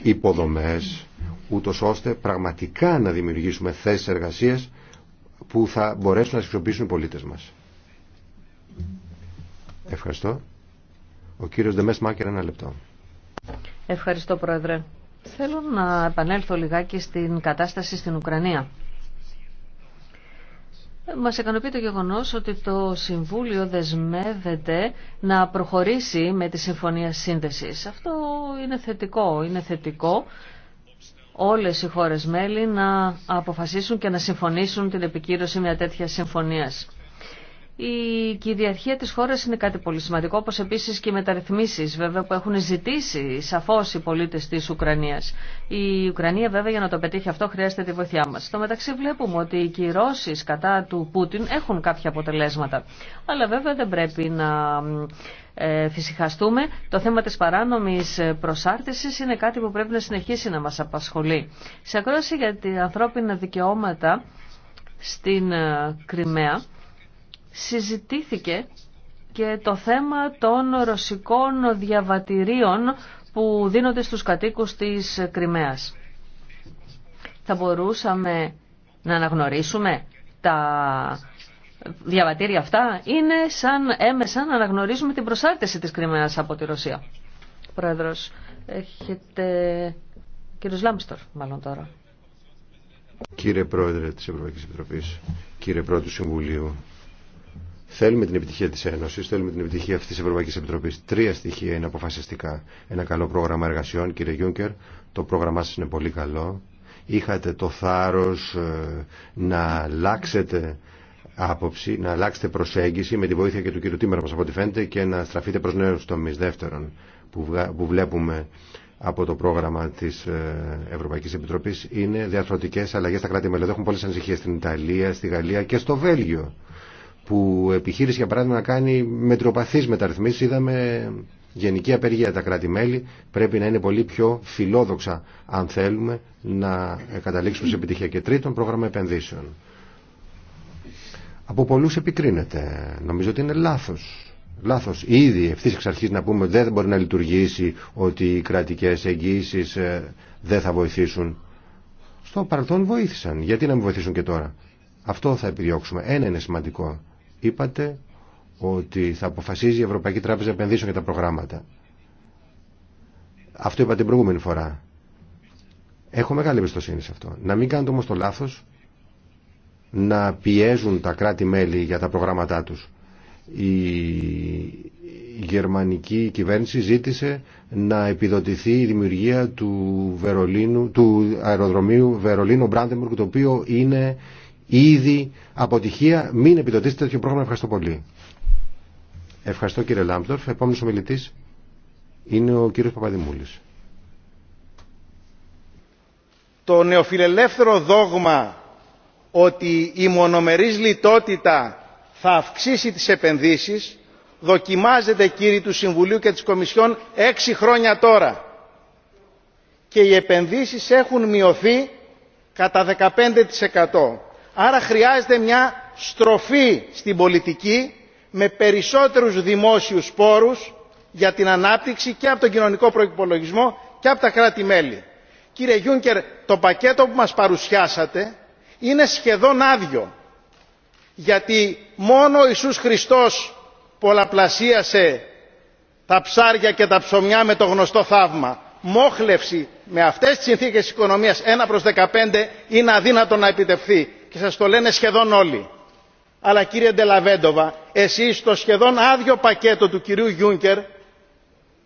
υποδομές ούτως ώστε πραγματικά να δημιουργήσουμε θέσεις εργασίας που θα μπορέσουν να χρησιμοποιήσουν οι πολίτες μας. Ευχαριστώ. Ο κύριος Δεμές Μάκερ, ένα λεπτό. Ευχαριστώ, Πρόεδρε. Θέλω να επανέλθω λιγάκι στην κατάσταση στην Ουκρανία. Μας ικανοποιεί το γεγονός ότι το Συμβούλιο δεσμεύεται να προχωρήσει με τη Συμφωνία Σύνδεσης. Αυτό είναι θετικό. Είναι θετικό όλες οι χώρες μέλη να αποφασίσουν και να συμφωνήσουν την επικύρωση μια τέτοια συμφωνίας. Η κυριαρχία της χώρας είναι κάτι πολύ σημαντικό, όπως επίσης και οι μεταρρυθμίσεις βέβαια που έχουν ζητήσει σαφώς οι πολίτες της Ουκρανίας. Η Ουκρανία βέβαια για να το πετύχει αυτό χρειάζεται τη βοήθειά μας. Στο μεταξύ βλέπουμε ότι οι κυρώσεις κατά του Πούτιν έχουν κάποια αποτελέσματα. Αλλά βέβαια δεν πρέπει να ε, φυσικαστούμε. Το θέμα της παράνομης προσάρτησης είναι κάτι που πρέπει να συνεχίσει να μας απασχολεί. Σε ακρόαση για τα ανθρώπινα δικαιώματα στην ε, Κρυμαία, συζητήθηκε και το θέμα των ρωσικών διαβατηρίων που δίνονται στους κατοίκους της Κρυμαίας. Θα μπορούσαμε να αναγνωρίσουμε τα διαβατήρια αυτά είναι σαν έμεσα να αναγνωρίζουμε την προσάρτηση της Κρυμαίας από τη Ρωσία. Πρόεδρος, έχετε... Κύριος Λάμπστορ, μάλλον τώρα. Κύριε Πρόεδρε της Ευρωπαϊκής Επιτροπής, κύριε Πρόεδρε του Συμβουλίου, Θέλουμε την επιτυχία τη Ένωση, θέλουμε την επιτυχία αυτή τη Ευρωπαϊκή Επιτροπή. Τρία στοιχεία είναι αποφασιστικά. Ένα καλό πρόγραμμα εργασιών, κύριε Γιούγκερ, Το πρόγραμμά σα είναι πολύ καλό. Είχατε το θάρρο ε, να αλλάξετε άποψη, να αλλάξετε προσέγγιση με τη βοήθεια και του κύριου Τίμερα, μα από ό,τι φαίνεται, και να στραφείτε προ νέου τομεί. Δεύτερον, που βλέπουμε από το πρόγραμμα τη ε, Ευρωπαϊκή Επιτροπή είναι διαρθρωτικέ αλλαγέ στα κρατη Έχουν πολλέ ανησυχίε στην Ιταλία, στη Γαλλία και στο Βέλγιο που επιχείρησε για παράδειγμα να κάνει μετροπαθείς μεταρρυθμίσεις είδαμε γενική απεργία τα κράτη-μέλη πρέπει να είναι πολύ πιο φιλόδοξα αν θέλουμε να καταλήξουμε σε επιτυχία και τρίτον πρόγραμμα επενδύσεων από πολλούς επικρίνεται νομίζω ότι είναι λάθος λάθος ήδη ευθύς εξ αρχής να πούμε ότι δεν μπορεί να λειτουργήσει ότι οι κρατικές εγγύησεις ε, δεν θα βοηθήσουν στο παρελθόν βοήθησαν γιατί να μην βοηθήσουν και τώρα αυτό θα επιδιώξουμε ένα είναι σημαντικό Είπατε ότι θα αποφασίζει η Ευρωπαϊκή Τράπεζα Επενδύσεων για τα προγράμματα. Αυτό είπατε την προηγούμενη φορά. Έχω μεγάλη εμπιστοσύνη σε αυτό. Να μην κάνετε όμως το λάθος να πιέζουν τα κράτη-μέλη για τα προγράμματά τους. Η γερμανική κυβέρνηση ζήτησε να επιδοτηθεί η δημιουργία του, του αεροδρομίου Βερολίνο-Μπράντεμπουργκ, το οποίο είναι ήδη αποτυχία. Μην επιδοτήσετε τέτοιο πρόγραμμα. Ευχαριστώ πολύ. Ευχαριστώ κύριε Λάμπτορφ. Επόμενος ομιλητής είναι ο κύριος Παπαδημούλης. Το νεοφιλελεύθερο δόγμα ότι η μονομερής λιτότητα θα αυξήσει τις επενδύσεις δοκιμάζεται κύριοι του Συμβουλίου και της Κομισιόν έξι χρόνια τώρα και οι επενδύσεις έχουν μειωθεί κατά 15% άρα χρειάζεται μια στροφή στην πολιτική με περισσότερους δημόσιους πόρους για την ανάπτυξη και από τον κοινωνικό προϋπολογισμό και από τα κράτη μέλη. κύριε Γιούνκερ, το πακέτο που μας παρουσιάσατε είναι σχεδόν άδειο γιατί μόνο ο ιησούς χριστός πολλαπλασίασε τα ψάρια και τα ψωμιά με το γνωστό θαύμα. μόχλευση με αυτές τις συνθήκες οικονομίας 1 προς 15 είναι αδύνατο να επιτευχθεί και σας το λένε σχεδόν όλοι. Αλλά κύριε Ντελαβέντοβα, εσείς στο σχεδόν άδειο πακέτο του κυρίου Γιούνκερ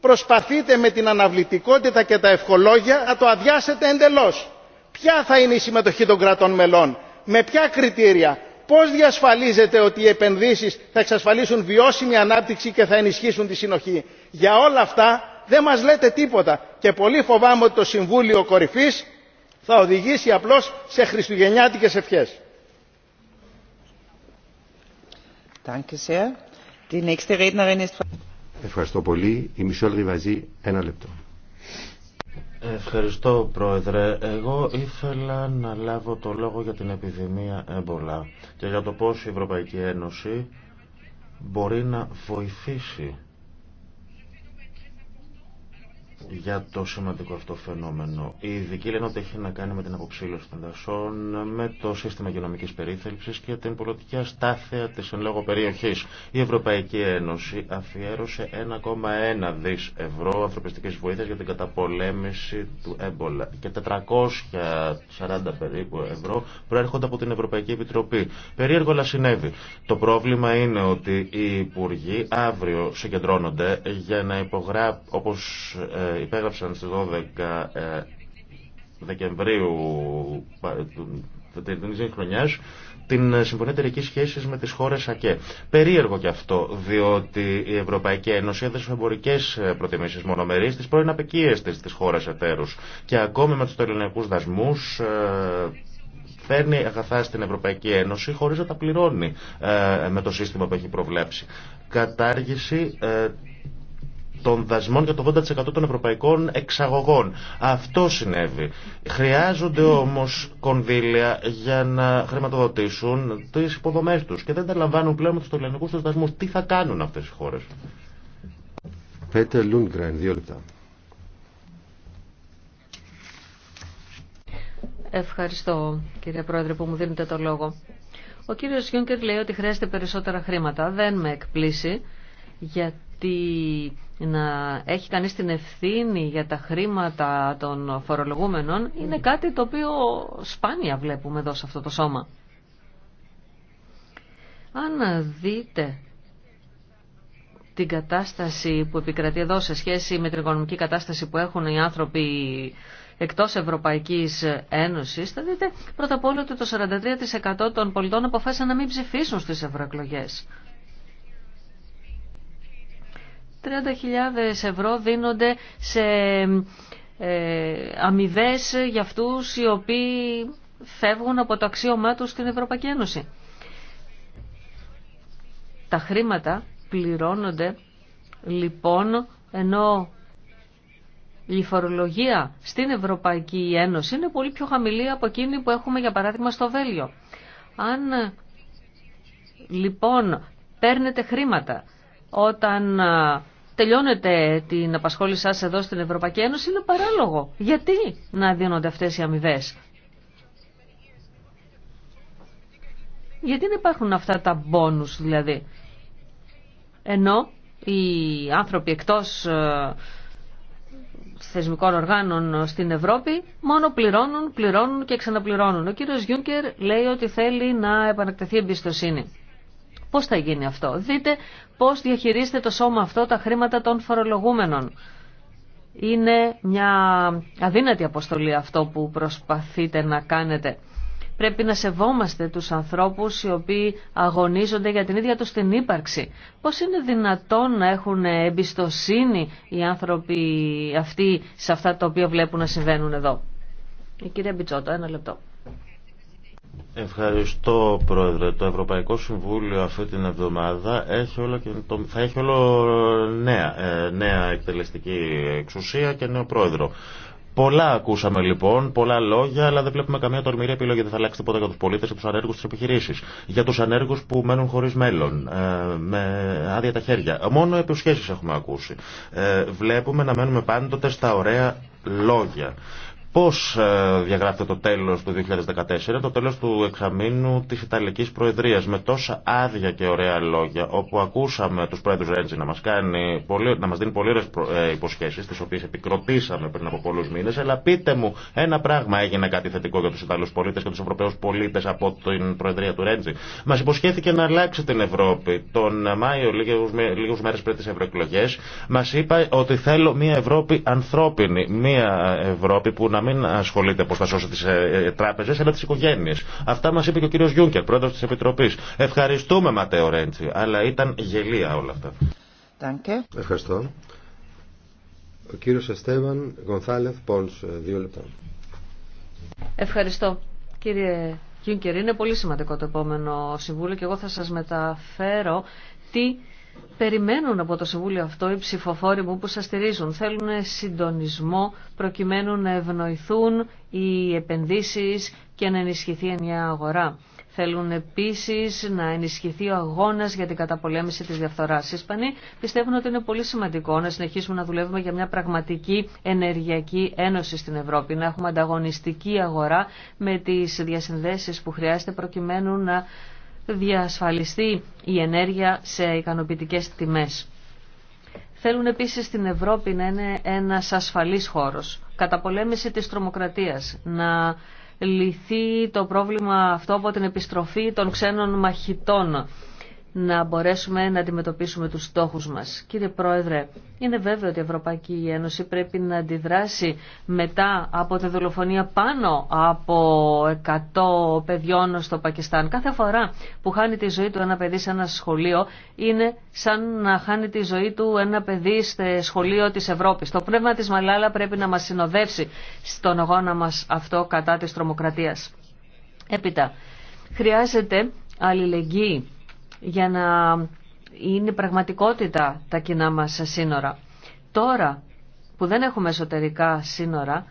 προσπαθείτε με την αναβλητικότητα και τα ευχολόγια να το αδειάσετε εντελώς. Ποια θα είναι η συμμετοχή των κρατών μελών, με ποια κριτήρια, πώς διασφαλίζετε ότι οι επενδύσεις θα εξασφαλίσουν βιώσιμη ανάπτυξη και θα ενισχύσουν τη συνοχή. Για όλα αυτά δεν μας λέτε τίποτα και πολύ φοβάμαι ότι το Συμβούλιο Κορυφής θα οδηγήσει απλώς σε χριστουγεννιάτικες ευχές. Ευχαριστώ πολύ. Η Μισόλ Ριβαζή, ένα λεπτό. Ευχαριστώ Πρόεδρε. Εγώ ήθελα να λάβω το λόγο για την επιδημία έμπολα και για το πώς η Ευρωπαϊκή Ένωση μπορεί να βοηθήσει για το σημαντικό αυτό φαινόμενο. Οι ειδικοί λένε ότι έχει να κάνει με την αποψήλωση των δασών, με το σύστημα υγειονομική περίθαλψη και την πολιτική αστάθεια τη εν λόγω περιοχή. Η Ευρωπαϊκή Ένωση αφιέρωσε 1,1 δι ευρώ ανθρωπιστική βοήθεια για την καταπολέμηση του έμπολα και 440 περίπου ευρώ προέρχονται από την Ευρωπαϊκή Επιτροπή. Περίεργο αλλά συνέβη. Το πρόβλημα είναι ότι οι υπουργοί αύριο συγκεντρώνονται για να υπογράψουν, υπέγραψαν στις 12 ε, Δεκεμβρίου την ίδια χρονιά την ε, Συμφωνία Εταιρική Σχέση με τις χώρες ΑΚΕ. Περίεργο και αυτό, διότι η Ευρωπαϊκή Ένωση έδωσε εμπορικέ ε, προτιμήσει μονομερεί στι πρώην απικίε τη στι εταίρου και ακόμη με του δασμούς δασμού παίρνει αγαθά στην Ευρωπαϊκή Ένωση χωρίς να τα πληρώνει με το σύστημα που έχει προβλέψει. Κατάργηση των δασμών για το 80% των ευρωπαϊκών εξαγωγών. Αυτό συνέβη. Χρειάζονται όμως κονδύλια για να χρηματοδοτήσουν τις υποδομές τους και δεν τα λαμβάνουν πλέον με τους του τους δασμούς. Τι θα κάνουν αυτές οι χώρες. Πέτερ δύο Ευχαριστώ κύριε Πρόεδρε που μου δίνετε το λόγο. Ο κύριος Γιούνκερ λέει ότι χρειάζεται περισσότερα χρήματα. Δεν με εκπλήσει γιατί ότι να έχει κανείς την ευθύνη για τα χρήματα των φορολογούμενων είναι κάτι το οποίο σπάνια βλέπουμε εδώ σε αυτό το σώμα. Αν δείτε την κατάσταση που επικρατεί εδώ σε σχέση με την οικονομική κατάσταση που έχουν οι άνθρωποι εκτός Ευρωπαϊκής Ένωσης, θα δείτε πρώτα απ' όλα ότι το 43% των πολιτών αποφάσισαν να μην ψηφίσουν στις ευρωεκλογές. 30.000 ευρώ δίνονται σε ε, αμοιβέ για αυτούς οι οποίοι φεύγουν από το αξίωμά τους στην Ευρωπαϊκή Ένωση. Τα χρήματα πληρώνονται λοιπόν ενώ η φορολογία στην Ευρωπαϊκή Ένωση είναι πολύ πιο χαμηλή από εκείνη που έχουμε για παράδειγμα στο Βέλιο. Αν λοιπόν παίρνετε χρήματα όταν τελειώνετε την απασχόλησή σας εδώ στην Ευρωπαϊκή Ένωση είναι παράλογο. Γιατί να δίνονται αυτές οι αμοιβέ. Γιατί δεν υπάρχουν αυτά τα μπόνους δηλαδή. Ενώ οι άνθρωποι εκτός ε, θεσμικών οργάνων στην Ευρώπη μόνο πληρώνουν, πληρώνουν και ξαναπληρώνουν. Ο κύριος Γιούνκερ λέει ότι θέλει να επανακτεθεί εμπιστοσύνη. Πώς θα γίνει αυτό. Δείτε πώς διαχειρίζεται το σώμα αυτό τα χρήματα των φορολογούμενων. Είναι μια αδύνατη αποστολή αυτό που προσπαθείτε να κάνετε. Πρέπει να σεβόμαστε τους ανθρώπους οι οποίοι αγωνίζονται για την ίδια τους την ύπαρξη. Πώς είναι δυνατόν να έχουν εμπιστοσύνη οι άνθρωποι αυτοί σε αυτά τα οποία βλέπουν να συμβαίνουν εδώ. Η κυρία Μπιτσότο, ένα λεπτό. Ευχαριστώ Πρόεδρε. Το Ευρωπαϊκό Συμβούλιο αυτή την εβδομάδα έχει όλο και το... θα έχει όλο νέα, ε, νέα εκτελεστική εξουσία και νέο Πρόεδρο. Πολλά ακούσαμε λοιπόν, πολλά λόγια, αλλά δεν βλέπουμε καμία τολμηρή επιλογή. Δεν θα αλλάξει τίποτα για του πολίτε, για του ανέργου, τη επιχειρήση. Για του ανέργου που μένουν χωρί μέλλον, ε, με άδεια τα χέρια. Μόνο επιουσχέσει έχουμε ακούσει. Ε, βλέπουμε να μένουμε πάντοτε στα ωραία λόγια πώς ε, διαγράφεται το τέλος του 2014, το τέλος του εξαμήνου της Ιταλικής Προεδρίας, με τόσα άδεια και ωραία λόγια, όπου ακούσαμε τους πρόεδρους Ρέντζι να μας, κάνει, να μας δίνει πολύ ε, υποσχέσεις, τις οποίες επικροτήσαμε πριν από πολλούς μήνες, αλλά πείτε μου, ένα πράγμα έγινε κάτι θετικό για τους Ιταλούς πολίτες και τους Ευρωπαίους πολίτες από την Προεδρία του Ρέντζι. Μας υποσχέθηκε να αλλάξει την Ευρώπη. Τον Μάιο, λίγου μέρε πριν τι ευρωεκλογέ. μας είπα ότι θέλω μια Ευρώπη ανθρώπινη, μια Ευρώπη που να μην ασχολείται πώ θα σώσει τι ε, ε, τράπεζε, αλλά τι οικογένειε. Αυτά μα είπε και ο κύριο Γιούγκερ, πρόεδρο τη Επιτροπή. Ευχαριστούμε, Ματέο Ρέντσι, αλλά ήταν γελία όλα αυτά. Ευχαριστώ. Ο κύριος Εστέβαν Γονθάλεφ Πόνς, ε, δύο λεπτά. Ευχαριστώ. Κύριε Γιούγκερ. είναι πολύ σημαντικό το επόμενο συμβούλιο και εγώ θα σα μεταφέρω τι περιμένουν από το Συμβούλιο αυτό οι ψηφοφόροι μου που σας στηρίζουν. Θέλουν συντονισμό προκειμένου να ευνοηθούν οι επενδύσεις και να ενισχυθεί μια αγορά. Θέλουν επίσης να ενισχυθεί ο αγώνας για την καταπολέμηση της διαφθοράς. Οι Ισπανοί πιστεύουν ότι είναι πολύ σημαντικό να συνεχίσουμε να δουλεύουμε για μια πραγματική ενεργειακή ένωση στην Ευρώπη, να έχουμε ανταγωνιστική αγορά με τις διασυνδέσεις που χρειάζεται προκειμένου να διασφαλιστεί η ενέργεια σε ικανοποιητικές τιμές. Θέλουν επίσης στην Ευρώπη να είναι ένας ασφαλής χώρος. πολέμηση της τρομοκρατίας, να λυθεί το πρόβλημα αυτό από την επιστροφή των ξένων μαχητών να μπορέσουμε να αντιμετωπίσουμε τους στόχους μας. Κύριε Πρόεδρε, είναι βέβαιο ότι η Ευρωπαϊκή Ένωση πρέπει να αντιδράσει μετά από τη δολοφονία πάνω από 100 παιδιών στο Πακιστάν. Κάθε φορά που χάνει τη ζωή του ένα παιδί σε ένα σχολείο είναι σαν να χάνει τη ζωή του ένα παιδί στο σχολείο της Ευρώπης. Το πνεύμα της Μαλάλα πρέπει να μας συνοδεύσει στον αγώνα μας αυτό κατά της τρομοκρατίας. Έπειτα, χρειάζεται αλληλεγγύη για να είναι πραγματικότητα τα κοινά μας σύνορα. Τώρα που δεν έχουμε εσωτερικά σύνορα,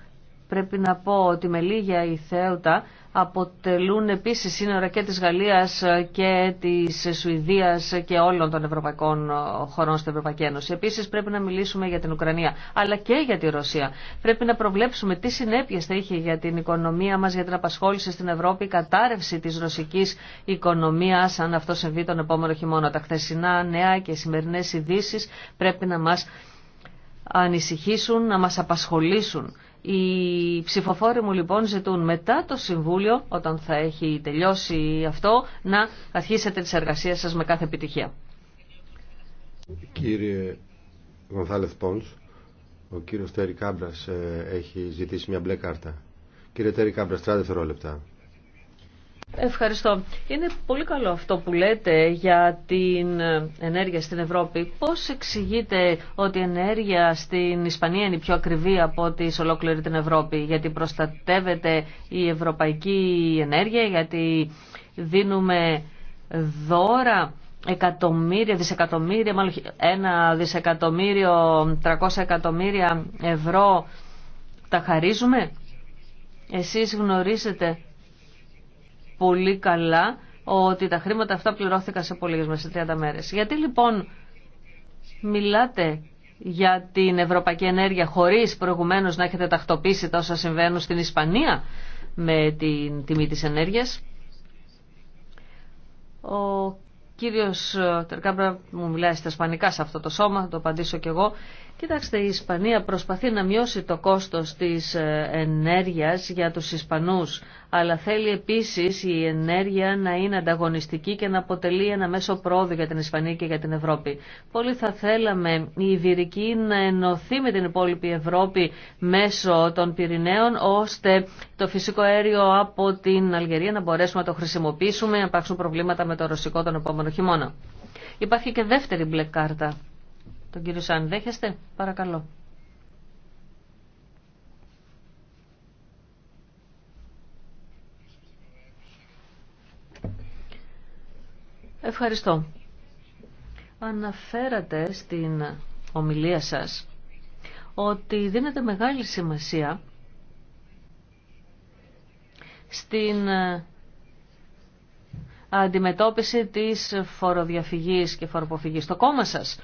πρέπει να πω ότι με λίγια η Θέουτα αποτελούν επίσης σύνορα και της Γαλλίας και της Σουηδίας και όλων των ευρωπαϊκών χωρών στην Ευρωπαϊκή Ένωση. Επίσης πρέπει να μιλήσουμε για την Ουκρανία αλλά και για τη Ρωσία. Πρέπει να προβλέψουμε τι συνέπειες θα είχε για την οικονομία μας, για την απασχόληση στην Ευρώπη, η κατάρρευση της ρωσικής οικονομίας αν αυτό συμβεί τον επόμενο χειμώνα. Τα χθεσινά νέα και σημερινές ειδήσει πρέπει να μας ανησυχήσουν, να μας απασχολήσουν οι ψηφοφόροι μου λοιπόν ζητούν μετά το Συμβούλιο, όταν θα έχει τελειώσει αυτό, να αρχίσετε τις εργασίες σας με κάθε επιτυχία. Κύριε Γονθάλεθ Πόντς, ο κύριος Τέρη Κάμπρας ε, έχει ζητήσει μια μπλε κάρτα. Κύριε Τέρη Κάμπρας, 30 δευτερόλεπτα. Ευχαριστώ. Είναι πολύ καλό αυτό που λέτε για την ενέργεια στην Ευρώπη. Πώς εξηγείτε ότι η ενέργεια στην Ισπανία είναι πιο ακριβή από ό,τι σε ολόκληρη την Ευρώπη, γιατί προστατεύεται η ευρωπαϊκή ενέργεια, γιατί δίνουμε δώρα εκατομμύρια, δισεκατομμύρια, μάλλον ένα δισεκατομμύριο, 300 εκατομμύρια ευρώ τα χαρίζουμε. Εσείς γνωρίζετε πολύ καλά ότι τα χρήματα αυτά πληρώθηκαν σε πολύ μέσα σε 30 μέρες. Γιατί λοιπόν μιλάτε για την ευρωπαϊκή ενέργεια χωρίς προηγουμένως να έχετε τακτοποιήσει τα όσα συμβαίνουν στην Ισπανία με την τιμή της ενέργειας. Ο κύριος Τερκάμπρα μου μιλάει στα ισπανικά σε αυτό το σώμα, το απαντήσω κι εγώ. Κοιτάξτε, η Ισπανία προσπαθεί να μειώσει το κόστος της ε, ενέργειας για τους Ισπανούς, αλλά θέλει επίσης η ενέργεια να είναι ανταγωνιστική και να αποτελεί ένα μέσο πρόοδο για την Ισπανία και για την Ευρώπη. Πολύ θα θέλαμε η Ιβηρική να ενωθεί με την υπόλοιπη Ευρώπη μέσω των Πυρηναίων, ώστε το φυσικό αέριο από την Αλγερία να μπορέσουμε να το χρησιμοποιήσουμε, να υπάρξουν προβλήματα με το ρωσικό τον επόμενο χειμώνα. Υπάρχει και δεύτερη μπλε κάρτα τον κύριο Σαν, δέχεστε, παρακαλώ. Ευχαριστώ. Αναφέρατε στην ομιλία σας ότι δίνεται μεγάλη σημασία στην αντιμετώπιση της φοροδιαφυγής και φοροποφυγής. Το κόμμα σας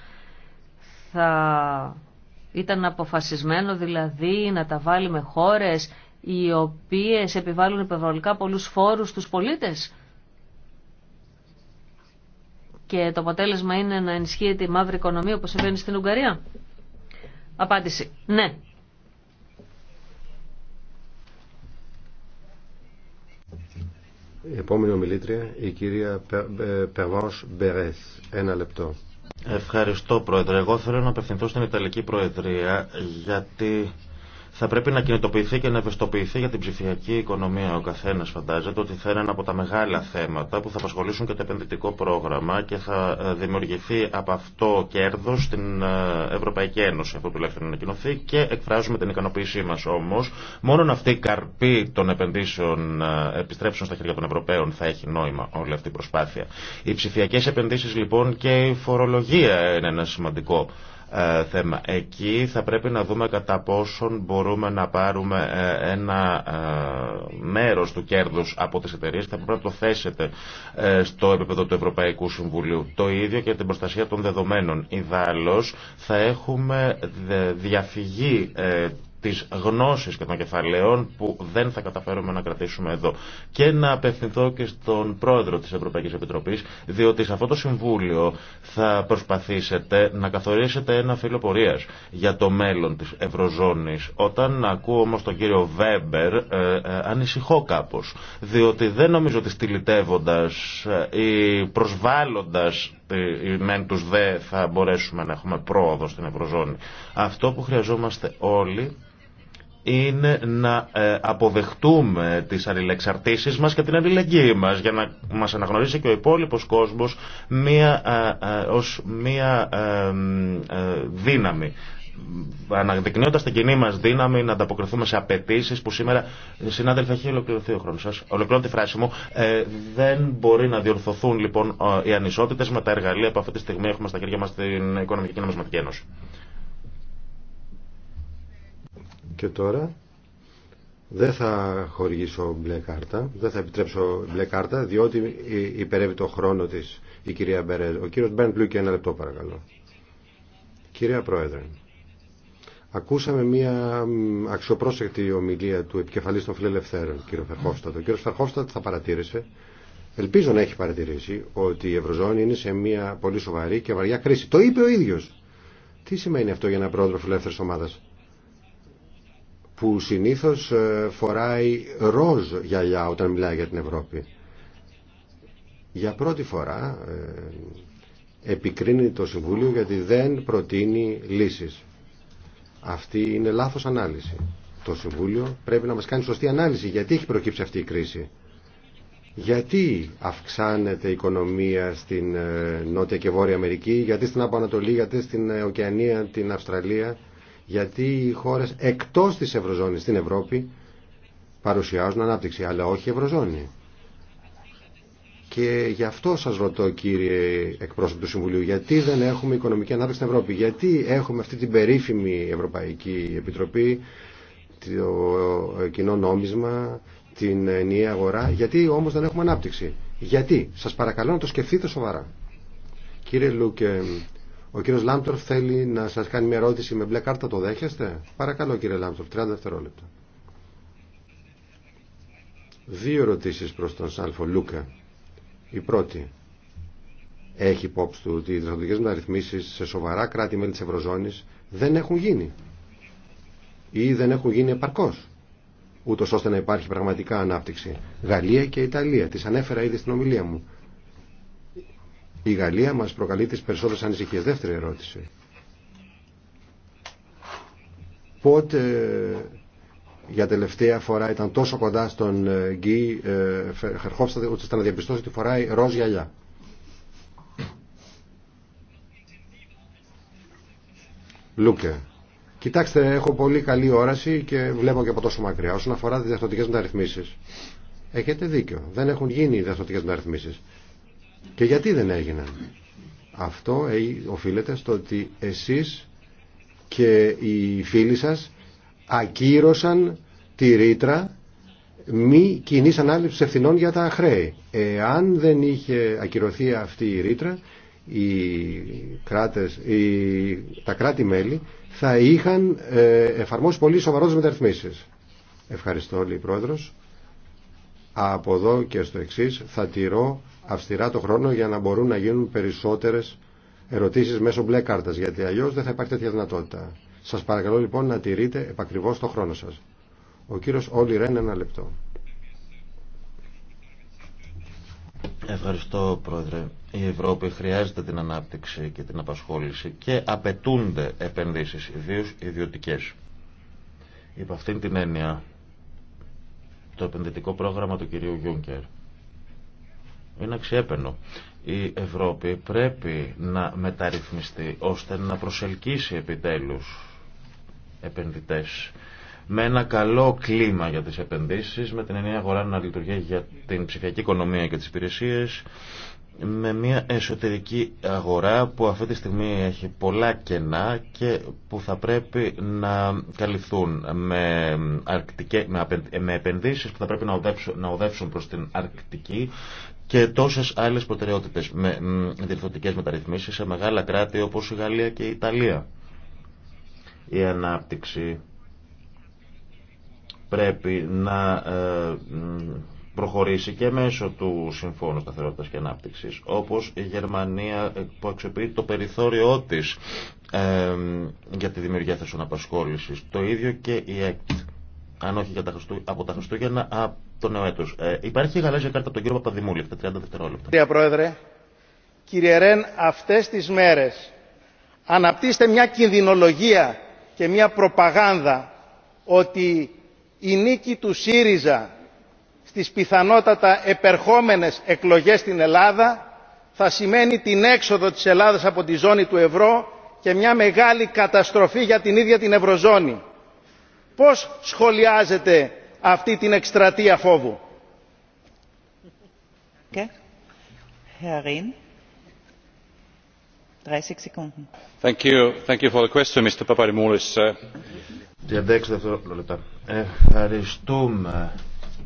θα ήταν αποφασισμένο δηλαδή να τα βάλει με χώρες οι οποίες επιβάλλουν υπερβολικά πολλούς φόρους στους πολίτες. Και το αποτέλεσμα είναι να ενισχύεται η μαύρη οικονομία όπως συμβαίνει στην Ουγγαρία. Απάντηση. Ναι. Η επόμενη ομιλήτρια, η κυρία Περβάνς Μπερές. Ένα λεπτό. Ευχαριστώ, Πρόεδρε. Εγώ θέλω να απευθυνθώ στην Ιταλική Προεδρία γιατί θα πρέπει να κινητοποιηθεί και να ευαισθητοποιηθεί για την ψηφιακή οικονομία. Ο καθένα φαντάζεται ότι θα είναι ένα από τα μεγάλα θέματα που θα απασχολήσουν και το επενδυτικό πρόγραμμα και θα ε, δημιουργηθεί από αυτό κέρδο στην ε, Ευρωπαϊκή Ένωση. Αυτό τουλάχιστον ανακοινωθεί και εκφράζουμε την ικανοποίησή μα όμω. Μόνον αυτή η καρπή των επενδύσεων ε, επιστρέψεων στα χέρια των Ευρωπαίων θα έχει νόημα όλη αυτή η προσπάθεια. Οι ψηφιακέ επενδύσει λοιπόν και η φορολογία είναι ένα σημαντικό ε, θέμα. Εκεί θα πρέπει να δούμε κατά πόσον μπορούμε να πάρουμε ε, ένα ε, μέρος του κέρδους από τις εταιρείε θα πρέπει να το θέσετε στο επίπεδο του Ευρωπαϊκού Συμβουλίου. Το ίδιο και την προστασία των δεδομένων. Ιδάλλως θα έχουμε διαφυγή τις γνώσεις και των κεφαλαίων που δεν θα καταφέρουμε να κρατήσουμε εδώ. Και να απευθυνθώ και στον πρόεδρο της Ευρωπαϊκής Επιτροπής, διότι σε αυτό το Συμβούλιο θα προσπαθήσετε να καθορίσετε ένα φύλλο πορείας για το μέλλον της Ευρωζώνης. Όταν ακούω όμως τον κύριο Βέμπερ, ε, ε, ανησυχώ κάπως, διότι δεν νομίζω ότι στυλιτεύοντας ε, ή προσβάλλοντας ε, μεν τους δε θα μπορέσουμε να έχουμε πρόοδο στην Ευρωζώνη. Αυτό που χρειαζόμαστε όλοι είναι να ε, αποδεχτούμε τις αλληλεξαρτήσεις μας και την αλληλεγγύη μας για να μας αναγνωρίσει και ο υπόλοιπος κόσμος μία, ε, ως μία δύναμη αναδεικνύοντα την κοινή μα δύναμη να ανταποκριθούμε σε απαιτήσει που σήμερα, συνάδελφοι, έχει ολοκληρωθεί ο χρόνο σα, Ολοκληρώνω τη φράση μου. Ε, δεν μπορεί να διορθωθούν λοιπόν οι ανισότητε με τα εργαλεία που αυτή τη στιγμή έχουμε στα χέρια μα στην Οικονομική και Νομισματική Ένωση. Και τώρα δεν θα χορηγήσω μπλε κάρτα, δεν θα επιτρέψω μπλε κάρτα, διότι υπερεύει το χρόνο της η κυρία Μπερέζ. Ο κύριος Μπέρντ και ένα λεπτό παρακαλώ. Κυρία Πρόεδρε, Ακούσαμε μια αξιοπρόσεκτη ομιλία του επικεφαλής των φιλελευθέρων, κύριο Φερχόφστατ. Ο κύριος Φερχόφστατ θα παρατήρησε, ελπίζω να έχει παρατηρήσει, ότι η Ευρωζώνη είναι σε μια πολύ σοβαρή και βαριά κρίση. Το είπε ο ίδιος. Τι σημαίνει αυτό για ένα πρόεδρο φιλελεύθερης ομάδας που συνήθως ε, φοράει ροζ γυαλιά όταν μιλάει για την Ευρώπη. Για πρώτη φορά ε, επικρίνει το Συμβούλιο γιατί δεν προτείνει λύσεις. Αυτή είναι λάθος ανάλυση. Το Συμβούλιο πρέπει να μας κάνει σωστή ανάλυση. Γιατί έχει προκύψει αυτή η κρίση. Γιατί αυξάνεται η οικονομία στην ε, Νότια και Βόρεια Αμερική, γιατί στην Αποανατολή, γιατί στην Οκεανία, ε, την Αυστραλία, γιατί οι χώρες εκτός της Ευρωζώνης στην Ευρώπη παρουσιάζουν ανάπτυξη, αλλά όχι Ευρωζώνη. Και γι' αυτό σα ρωτώ, κύριε εκπρόσωπο του Συμβουλίου, γιατί δεν έχουμε οικονομική ανάπτυξη στην Ευρώπη, γιατί έχουμε αυτή την περίφημη Ευρωπαϊκή Επιτροπή, το κοινό νόμισμα, την ενιαία αγορά, γιατί όμω δεν έχουμε ανάπτυξη. Γιατί, σα παρακαλώ να το σκεφτείτε σοβαρά. Κύριε Λούκε, ο κύριο Λάμπτορφ θέλει να σα κάνει μια ερώτηση με μπλε κάρτα, το δέχεστε. Παρακαλώ κύριε Λάμπτορφ, 30 δευτερόλεπτα. Δύο ερωτήσει προ τον Σάλφο Λούκα. Η πρώτη έχει υπόψη του ότι οι δραστηριοτικέ μεταρρυθμίσει σε σοβαρά κράτη-μέλη τη Ευρωζώνη δεν έχουν γίνει ή δεν έχουν γίνει επαρκώ, ούτω ώστε να υπάρχει πραγματικά ανάπτυξη. Γαλλία και Ιταλία, τι ανέφερα ήδη στην ομιλία μου. Η Γαλλία μα προκαλεί τι περισσότερε ανησυχίε. Δεύτερη ερώτηση. Πότε για τελευταία φορά ήταν τόσο κοντά στον ε, Γκί ε, Φερχόφστατ ώστε να διαπιστώσει ότι φοράει ροζ γυαλιά. Λούκε. Κοιτάξτε, έχω πολύ καλή όραση και βλέπω και από τόσο μακριά. Όσον αφορά τι διαστοτικέ μεταρρυθμίσει, έχετε δίκιο. Δεν έχουν γίνει οι διαστοτικέ μεταρρυθμίσει. Και γιατί δεν έγιναν. Αυτό οφείλεται στο ότι εσεί και οι φίλοι σας ακύρωσαν τη ρήτρα μη κοινή ανάληψη ευθυνών για τα χρέη. Εάν δεν είχε ακυρωθεί αυτή η ρήτρα, οι κράτες, οι, τα κράτη-μέλη θα είχαν ε, εφαρμόσει πολύ σοβαρότερε μεταρρυθμίσεις. Ευχαριστώ, λέει Πρόεδρος. Από εδώ και στο εξή θα τηρώ αυστηρά το χρόνο για να μπορούν να γίνουν περισσότερες ερωτήσεις μέσω μπλε κάρτας, γιατί αλλιώς δεν θα υπάρχει τέτοια δυνατότητα. Σας παρακαλώ λοιπόν να τηρείτε επακριβώς το χρόνο σας. Ο κύριο Όλη Ρέν ένα λεπτό. Ευχαριστώ Πρόεδρε. Η Ευρώπη χρειάζεται την ανάπτυξη και την απασχόληση και απαιτούνται επενδύσεις, ιδίω ιδιωτικές. Υπ' αυτήν την έννοια, το επενδυτικό πρόγραμμα του κυρίου Γιούνκερ είναι αξιέπαινο. Η Ευρώπη πρέπει να μεταρρυθμιστεί ώστε να προσελκύσει επιτέλους επενδυτές με ένα καλό κλίμα για τις επενδύσεις, με την ενιαία αγορά να λειτουργεί για την ψηφιακή οικονομία και τις υπηρεσίες, με μια εσωτερική αγορά που αυτή τη στιγμή έχει πολλά κενά και που θα πρέπει να καλυφθούν με, αρκτικές, με επενδύσεις που θα πρέπει να οδεύσουν, να οδεύσουν προς την Αρκτική και τόσες άλλες προτεραιότητες με διευθυντικές μεταρρυθμίσεις σε μεγάλα κράτη όπως η Γαλλία και η Ιταλία η ανάπτυξη πρέπει να ε, προχωρήσει και μέσω του Συμφώνου Σταθερότητας και Ανάπτυξης, όπως η Γερμανία ε, που αξιοποιεί το περιθώριό της ε, για τη δημιουργία θέσεων απασχόλησης. Το ίδιο και η ΕΚΤ, αν όχι από τα Χριστούγεννα, από το νέο έτος. υπάρχει η γαλάζια κάρτα από τον κύριο Παπαδημούλη, τα 30 δευτερόλεπτα. Κύριε Πρόεδρε, κύριε Ρεν, αυτές τις μέρες αναπτύστε μια κινδυνολογία και μια προπαγάνδα ότι η νίκη του ΣΥΡΙΖΑ στις πιθανότατα επερχόμενες εκλογές στην Ελλάδα θα σημαίνει την έξοδο της Ελλάδας από τη ζώνη του ευρώ και μια μεγάλη καταστροφή για την ίδια την ευρωζώνη. Πώς σχολιάζετε αυτή την εκστρατεία φόβου. Okay.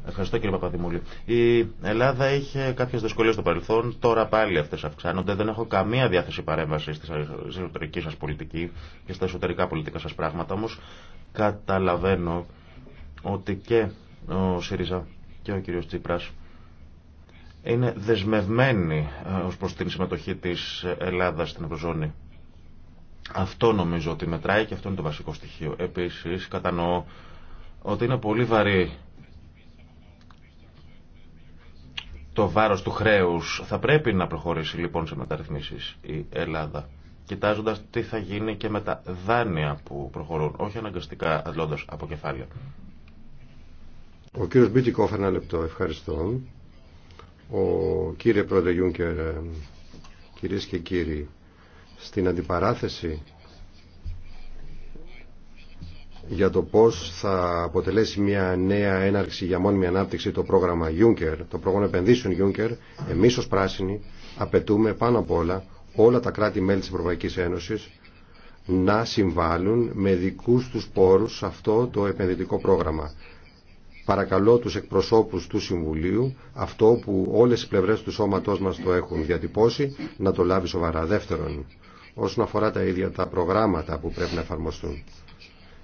Ευχαριστώ κύριε Παπαδημούλη. Η Ελλάδα είχε κάποιε δυσκολίε στο παρελθόν, τώρα πάλι αυτέ αυξάνονται. Δεν έχω καμία διάθεση παρέμβαση στη εσωτερική σα πολιτική και στα εσωτερικά πολιτικά σα πράγματα. Όμω καταλαβαίνω ότι και ο ΣΥΡΙΖΑ και ο κύριο Τσίπρα είναι δεσμευμένη ε, ως προς την συμμετοχή της Ελλάδας στην Ευρωζώνη. Αυτό νομίζω ότι μετράει και αυτό είναι το βασικό στοιχείο. Επίσης κατανοώ ότι είναι πολύ βαρύ το βάρος του χρέους. Θα πρέπει να προχωρήσει λοιπόν σε μεταρρυθμίσεις η Ελλάδα. Κοιτάζοντας τι θα γίνει και με τα δάνεια που προχωρούν, όχι αναγκαστικά αντλώντας από κεφάλαια. Ο κύριος Μπίτικοφ, ένα λεπτό, ευχαριστώ. Ο κύριε Πρόεδρε Γιούγκερ, ε, κυρίες και κύριοι, στην αντιπαράθεση για το πώς θα αποτελέσει μια νέα έναρξη για μόνιμη ανάπτυξη το πρόγραμμα Juncker, το πρόγραμμα επενδύσεων Juncker, εμείς ως πράσινοι απαιτούμε πάνω απ' όλα όλα τα κράτη-μέλη της Ευρωπαϊκής Ένωσης να συμβάλλουν με δικούς τους πόρους σε αυτό το επενδυτικό πρόγραμμα. Παρακαλώ τους εκπροσώπους του Συμβουλίου, αυτό που όλες οι πλευρές του σώματός μας το έχουν διατυπώσει, να το λάβει σοβαρά. Δεύτερον, όσον αφορά τα ίδια τα προγράμματα που πρέπει να εφαρμοστούν,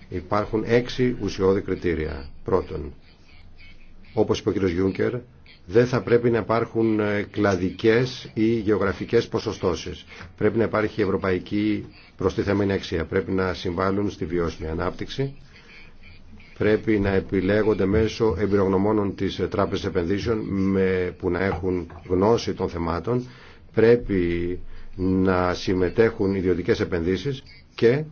υπάρχουν έξι ουσιώδη κριτήρια. Πρώτον, όπως είπε ο κ. Γιούνκερ, δεν θα πρέπει να υπάρχουν ε, κλαδικές ή γεωγραφικές ποσοστώσεις. Πρέπει να υπάρχει ευρωπαϊκή προστιθέμενη αξία. Πρέπει να συμβάλλουν στη βιώσιμη ανάπτυξη πρέπει να επιλέγονται μέσω εμπειρογνωμόνων της Τράπεζας Επενδύσεων με, που να έχουν γνώση των θεμάτων. Πρέπει να συμμετέχουν ιδιωτικές επενδύσεις και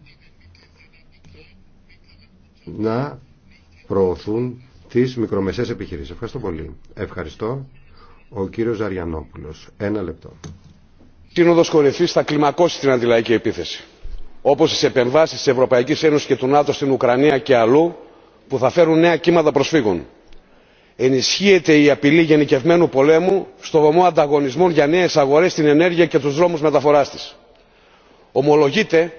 να προωθούν τις μικρομεσαίες επιχειρήσεις. Ευχαριστώ πολύ. Ευχαριστώ. Ο κύριος Ζαριανόπουλος. Ένα λεπτό. Σύνοδος κορυφής θα κλιμακώσει την αντιλαϊκή επίθεση. Όπως τις επεμβάσεις της Ευρωπαϊκής Ένωσης και του ΝΑΤΟ στην Ουκρανία και αλλού, που θα φέρουν νέα κύματα προσφύγων. ενισχύεται η απειλή γενικευμένου πολέμου στο βωμό ανταγωνισμών για νέες αγορές στην ενέργεια και τους δρόμους μεταφοράς της. ομολογείται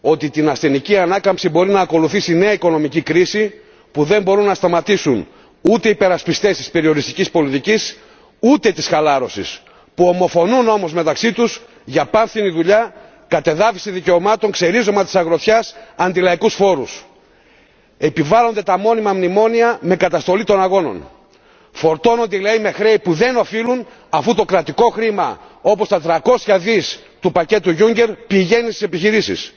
ότι την ασθενική ανάκαμψη μπορεί να ακολουθήσει νέα οικονομική κρίση που δεν μπορούν να σταματήσουν ούτε οι υπερασπιστές της περιοριστικής πολιτικής ούτε της χαλάρωσης που ομοφωνούν όμως μεταξύ τους για πάνθινη δουλειά κατεδάφιση δικαιωμάτων ξερίζωμα της αγροτιάς αντιλαϊκούς φόρους επιβάλλονται τα μόνιμα μνημόνια με καταστολή των αγώνων. φορτώνονται οι λαοί με χρέη που δεν οφείλουν αφού το κρατικό χρήμα όπως τα 300 δις του πακέτου Γιούγκερ, πηγαίνει στις επιχειρήσεις.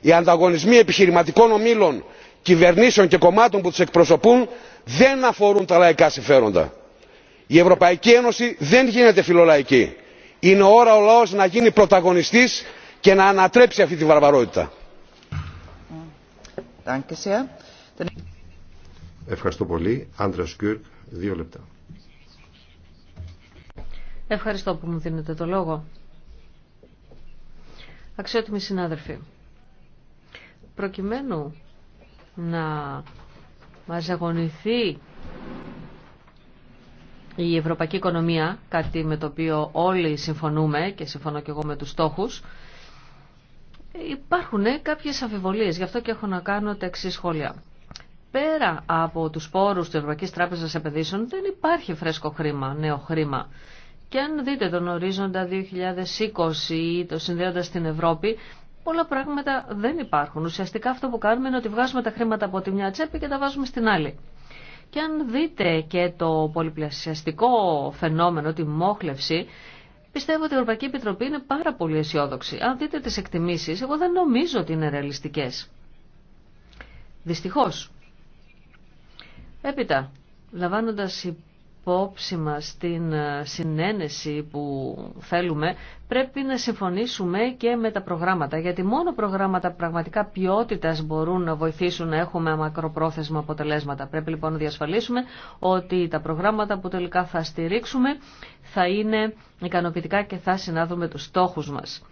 οι ανταγωνισμοί επιχειρηματικών ομίλων κυβερνήσεων και κομμάτων που τους εκπροσωπούν δεν αφορούν τα λαϊκά συμφέροντα. η ευρωπαϊκή ένωση δεν γίνεται φιλολαϊκή. είναι ώρα ο λαός να γίνει πρωταγωνιστής και να ανατρέψει αυτή τη βαρβαρότητα. Ευχαριστώ πολύ. Άντρα Κιούρκ, δύο λεπτά. Ευχαριστώ που μου δίνετε το λόγο. Αξιότιμοι συνάδελφοι, προκειμένου να μας η ευρωπαϊκή οικονομία, κάτι με το οποίο όλοι συμφωνούμε και συμφωνώ και εγώ με τους στόχους, υπάρχουν κάποιες αμφιβολίες, γι' αυτό και έχω να κάνω τα σχόλια πέρα από τους πόρους της Ευρωπαϊκής Τράπεζας Επενδύσεων δεν υπάρχει φρέσκο χρήμα, νέο χρήμα. Και αν δείτε τον ορίζοντα 2020 ή το συνδέοντα στην Ευρώπη, πολλά πράγματα δεν υπάρχουν. Ουσιαστικά αυτό που κάνουμε είναι ότι βγάζουμε τα χρήματα από τη μια τσέπη και τα βάζουμε στην άλλη. Και αν δείτε και το πολυπλασιαστικό φαινόμενο, τη μόχλευση, πιστεύω ότι η Ευρωπαϊκή Επιτροπή είναι πάρα πολύ αισιόδοξη. Αν δείτε τις εκτιμήσει, εγώ δεν νομίζω ότι είναι ρεαλιστικέ. Δυστυχώς. Έπειτα, λαμβάνοντας υπόψη μας την ε, συνένεση που θέλουμε, πρέπει να συμφωνήσουμε και με τα προγράμματα, γιατί μόνο προγράμματα πραγματικά ποιότητας μπορούν να βοηθήσουν να έχουμε μακροπρόθεσμα αποτελέσματα. Πρέπει λοιπόν να διασφαλίσουμε ότι τα προγράμματα που τελικά θα στηρίξουμε θα είναι ικανοποιητικά και θα συνάδουν με τους στόχους μας.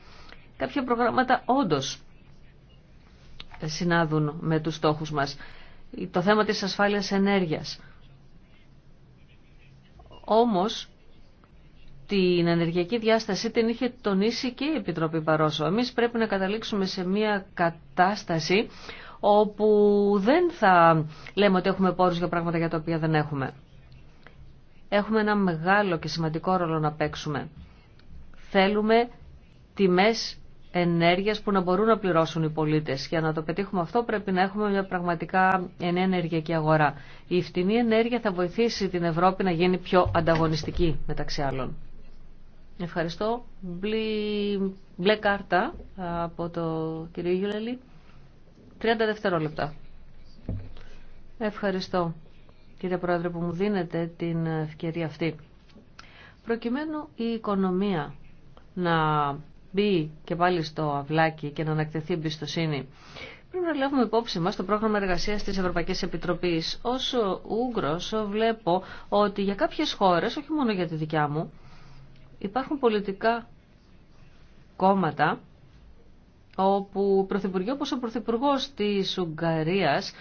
Κάποια προγράμματα όντως συνάδουν με τους στόχους μας το θέμα της ασφάλειας ενέργειας. Όμως, την ενεργειακή διάσταση την είχε τονίσει και η Επιτροπή Παρόσο. Εμείς πρέπει να καταλήξουμε σε μια κατάσταση όπου δεν θα λέμε ότι έχουμε πόρους για πράγματα για τα οποία δεν έχουμε. Έχουμε ένα μεγάλο και σημαντικό ρόλο να παίξουμε. Θέλουμε τιμές ενέργειας που να μπορούν να πληρώσουν οι πολίτες. Για να το πετύχουμε αυτό πρέπει να έχουμε μια πραγματικά ενέργειακή αγορά. Η φτηνή ενέργεια θα βοηθήσει την Ευρώπη να γίνει πιο ανταγωνιστική μεταξύ άλλων. Ευχαριστώ. Μπλε κάρτα από το κύριο Γιουλελή. 30 δευτερόλεπτα. Ευχαριστώ κύριε Πρόεδρε που μου δίνετε την ευκαιρία αυτή. Προκειμένου η οικονομία να μπει και πάλι στο αυλάκι και να ανακτηθεί εμπιστοσύνη. Πρέπει να λάβουμε υπόψη μας το πρόγραμμα εργασίας της Ευρωπαϊκής Επιτροπής. Ως Ούγγρος βλέπω ότι για κάποιες χώρες, όχι μόνο για τη δικιά μου, υπάρχουν πολιτικά κόμματα όπου ο Πρωθυπουργό όπως ο Πρωθυπουργό της Ουγγαρίας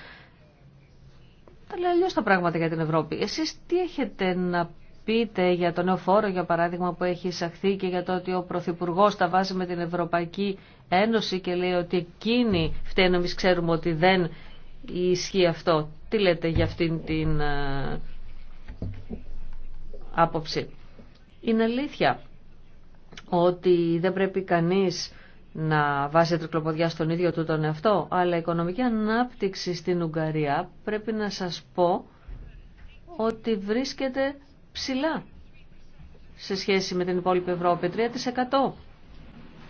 τα λέει αλλιώ τα πράγματα για την Ευρώπη. Εσείς τι έχετε να πείτε για το νέο φόρο, για παράδειγμα, που έχει εισαχθεί και για το ότι ο Πρωθυπουργό τα βάζει με την Ευρωπαϊκή Ένωση και λέει ότι εκείνη φταίνει, εμεί ξέρουμε ότι δεν ισχύει αυτό. Τι λέτε για αυτήν την ε, άποψη. Είναι αλήθεια ότι δεν πρέπει κανείς να βάζει τρικλοποδιά στον ίδιο του τον εαυτό, αλλά η οικονομική ανάπτυξη στην Ουγγαρία πρέπει να σας πω ότι βρίσκεται ψηλά σε σχέση με την υπόλοιπη Ευρώπη, 3%.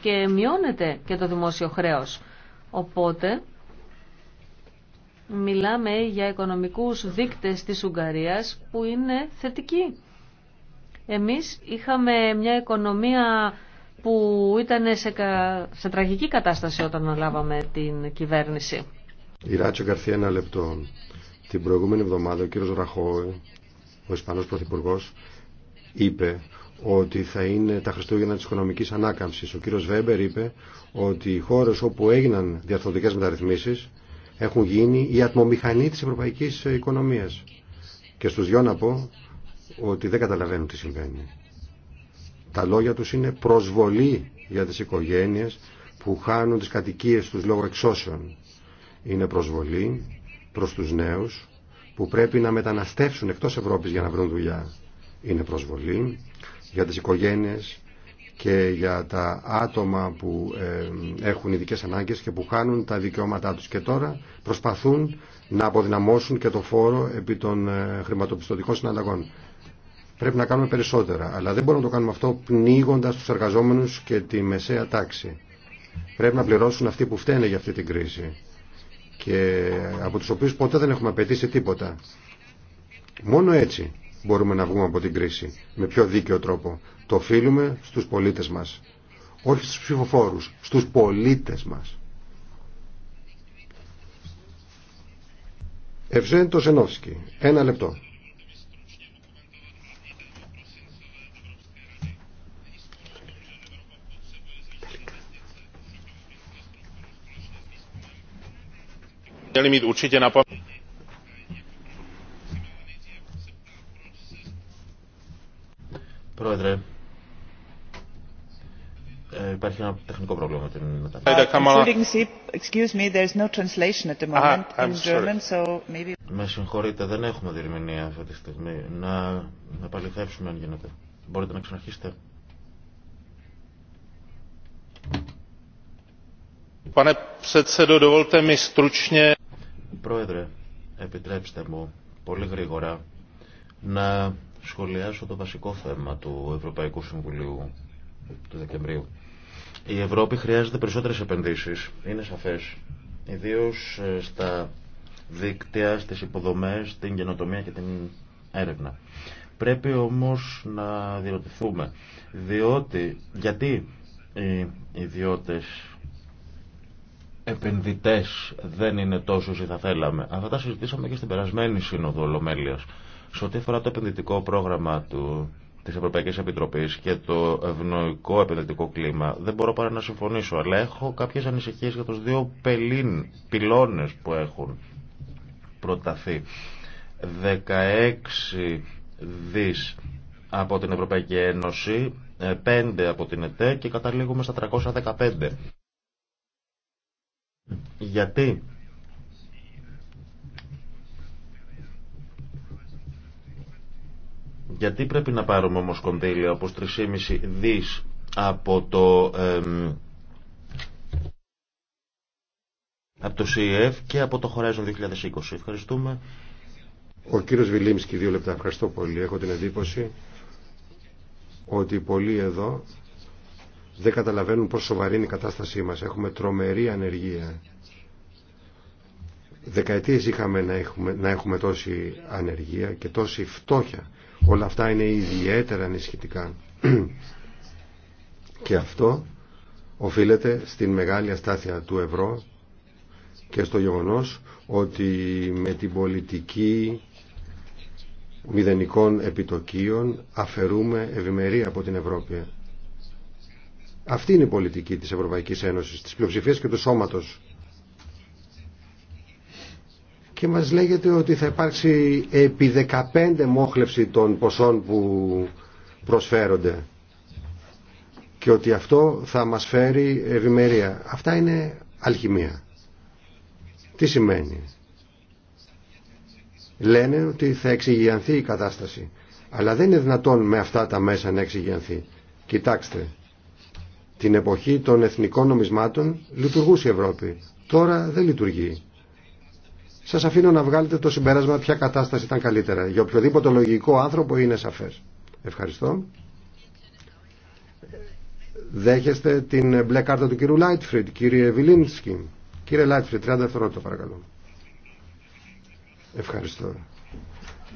Και μειώνεται και το δημόσιο χρέος. Οπότε, μιλάμε για οικονομικούς δείκτες της Ουγγαρίας που είναι θετικοί. Εμείς είχαμε μια οικονομία που ήταν σε, σε τραγική κατάσταση όταν αναλάβαμε την κυβέρνηση. Η Ράτσο Καρθία ένα λεπτό. Την προηγούμενη εβδομάδα ο ο Ισπανός Πρωθυπουργό είπε ότι θα είναι τα Χριστούγεννα της οικονομικής ανάκαμψης. Ο κύριος Βέμπερ είπε ότι οι χώρες όπου έγιναν διαρθρωτικές μεταρρυθμίσεις έχουν γίνει η ατμομηχανή της ευρωπαϊκής οικονομίας. Και στους δυο να πω ότι δεν καταλαβαίνουν τι συμβαίνει. Τα λόγια τους είναι προσβολή για τις οικογένειες που χάνουν τις κατοικίες τους λόγω εξώσεων. Είναι προσβολή προς τους νέους που πρέπει να μεταναστεύσουν εκτός Ευρώπης για να βρουν δουλειά. Είναι προσβολή για τις οικογένειες και για τα άτομα που ε, έχουν ειδικές ανάγκες και που χάνουν τα δικαιώματά τους. Και τώρα προσπαθούν να αποδυναμώσουν και το φόρο επί των ε, χρηματοπιστωτικών συναλλαγών. Πρέπει να κάνουμε περισσότερα, αλλά δεν μπορούμε να το κάνουμε αυτό πνίγοντας τους εργαζόμενους και τη μεσαία τάξη. Πρέπει να πληρώσουν αυτοί που φταίνε για αυτή την κρίση και από τους οποίους ποτέ δεν έχουμε απαιτήσει τίποτα. Μόνο έτσι μπορούμε να βγούμε από την κρίση με πιο δίκαιο τρόπο. Το οφείλουμε στους πολίτες μας. Όχι στους ψηφοφόρους, στους πολίτες μας. Ευζέντο Σενόφσκι Ένα λεπτό. Πρόεδρε, the eh, υπάρχει ένα τεχνικό πρόβλημα με την Με συγχωρείτε, δεν έχουμε διερμηνία αυτή τη στιγμή. Να, επαληθεύσουμε αν γίνεται. Μπορείτε να ξαναρχίσετε. Pane dovolte mi stručně Πρόεδρε, επιτρέψτε μου πολύ γρήγορα να σχολιάσω το βασικό θέμα του Ευρωπαϊκού Συμβουλίου του Δεκεμβρίου. Η Ευρώπη χρειάζεται περισσότερες επενδύσεις, είναι σαφές, ιδίως ε, στα δίκτυα, στις υποδομές, την καινοτομία και την έρευνα. Πρέπει όμως να διερωτηθούμε, διότι, γιατί οι ιδιώτες επενδυτές δεν είναι τόσο όσοι θα θέλαμε. Αυτά τα συζητήσαμε και στην περασμένη Σύνοδο Ολομέλειας. Σε ό,τι αφορά το επενδυτικό πρόγραμμα του, τη Ευρωπαϊκή Επιτροπή και το ευνοϊκό επενδυτικό κλίμα, δεν μπορώ παρά να συμφωνήσω. Αλλά έχω κάποιε ανησυχίε για του δύο πελίν, πυλώνε που έχουν προταθεί. 16 δι από την Ευρωπαϊκή Ένωση, 5 από την ΕΤΕ και καταλήγουμε στα 315. Γιατί Γιατί πρέπει να πάρουμε όμως κονδύλια όπως 3,5 δις από το από το CEF και από το Horizon 2020. Ευχαριστούμε. Ο κύριος Βιλίμσκι, δύο λεπτά. Ευχαριστώ πολύ. Έχω την εντύπωση ότι πολλοί εδώ δεν καταλαβαίνουν πόσο σοβαρή είναι η κατάστασή μας. Έχουμε τρομερή ανεργία. Δεκαετίες είχαμε να έχουμε, να τόση ανεργία και τόση φτώχεια. Όλα αυτά είναι ιδιαίτερα ανισχυτικά Και αυτό οφείλεται στην μεγάλη αστάθεια του ευρώ και στο γεγονός ότι με την πολιτική μηδενικών επιτοκίων αφαιρούμε ευημερία από την Ευρώπη. Αυτή είναι η πολιτική της Ευρωπαϊκής Ένωσης, της πλειοψηφίας και του σώματος. Και μας λέγεται ότι θα υπάρξει επί 15 μόχλευση των ποσών που προσφέρονται και ότι αυτό θα μας φέρει ευημερία. Αυτά είναι αλχημία. Τι σημαίνει. Λένε ότι θα εξηγιανθεί η κατάσταση. Αλλά δεν είναι δυνατόν με αυτά τα μέσα να εξηγιανθεί. Κοιτάξτε, την εποχή των εθνικών νομισμάτων λειτουργούσε η Ευρώπη. Τώρα δεν λειτουργεί. Σας αφήνω να βγάλετε το συμπέρασμα ποια κατάσταση ήταν καλύτερα. Για οποιοδήποτε λογικό άνθρωπο είναι σαφέ. Ευχαριστώ. Δέχεστε την μπλε κάρτα του κύριου Λάιτφριντ, κύριε Βιλίνσκι. Κύριε Λάιτφριντ, 30 δευτερόλεπτα παρακαλώ. Ευχαριστώ.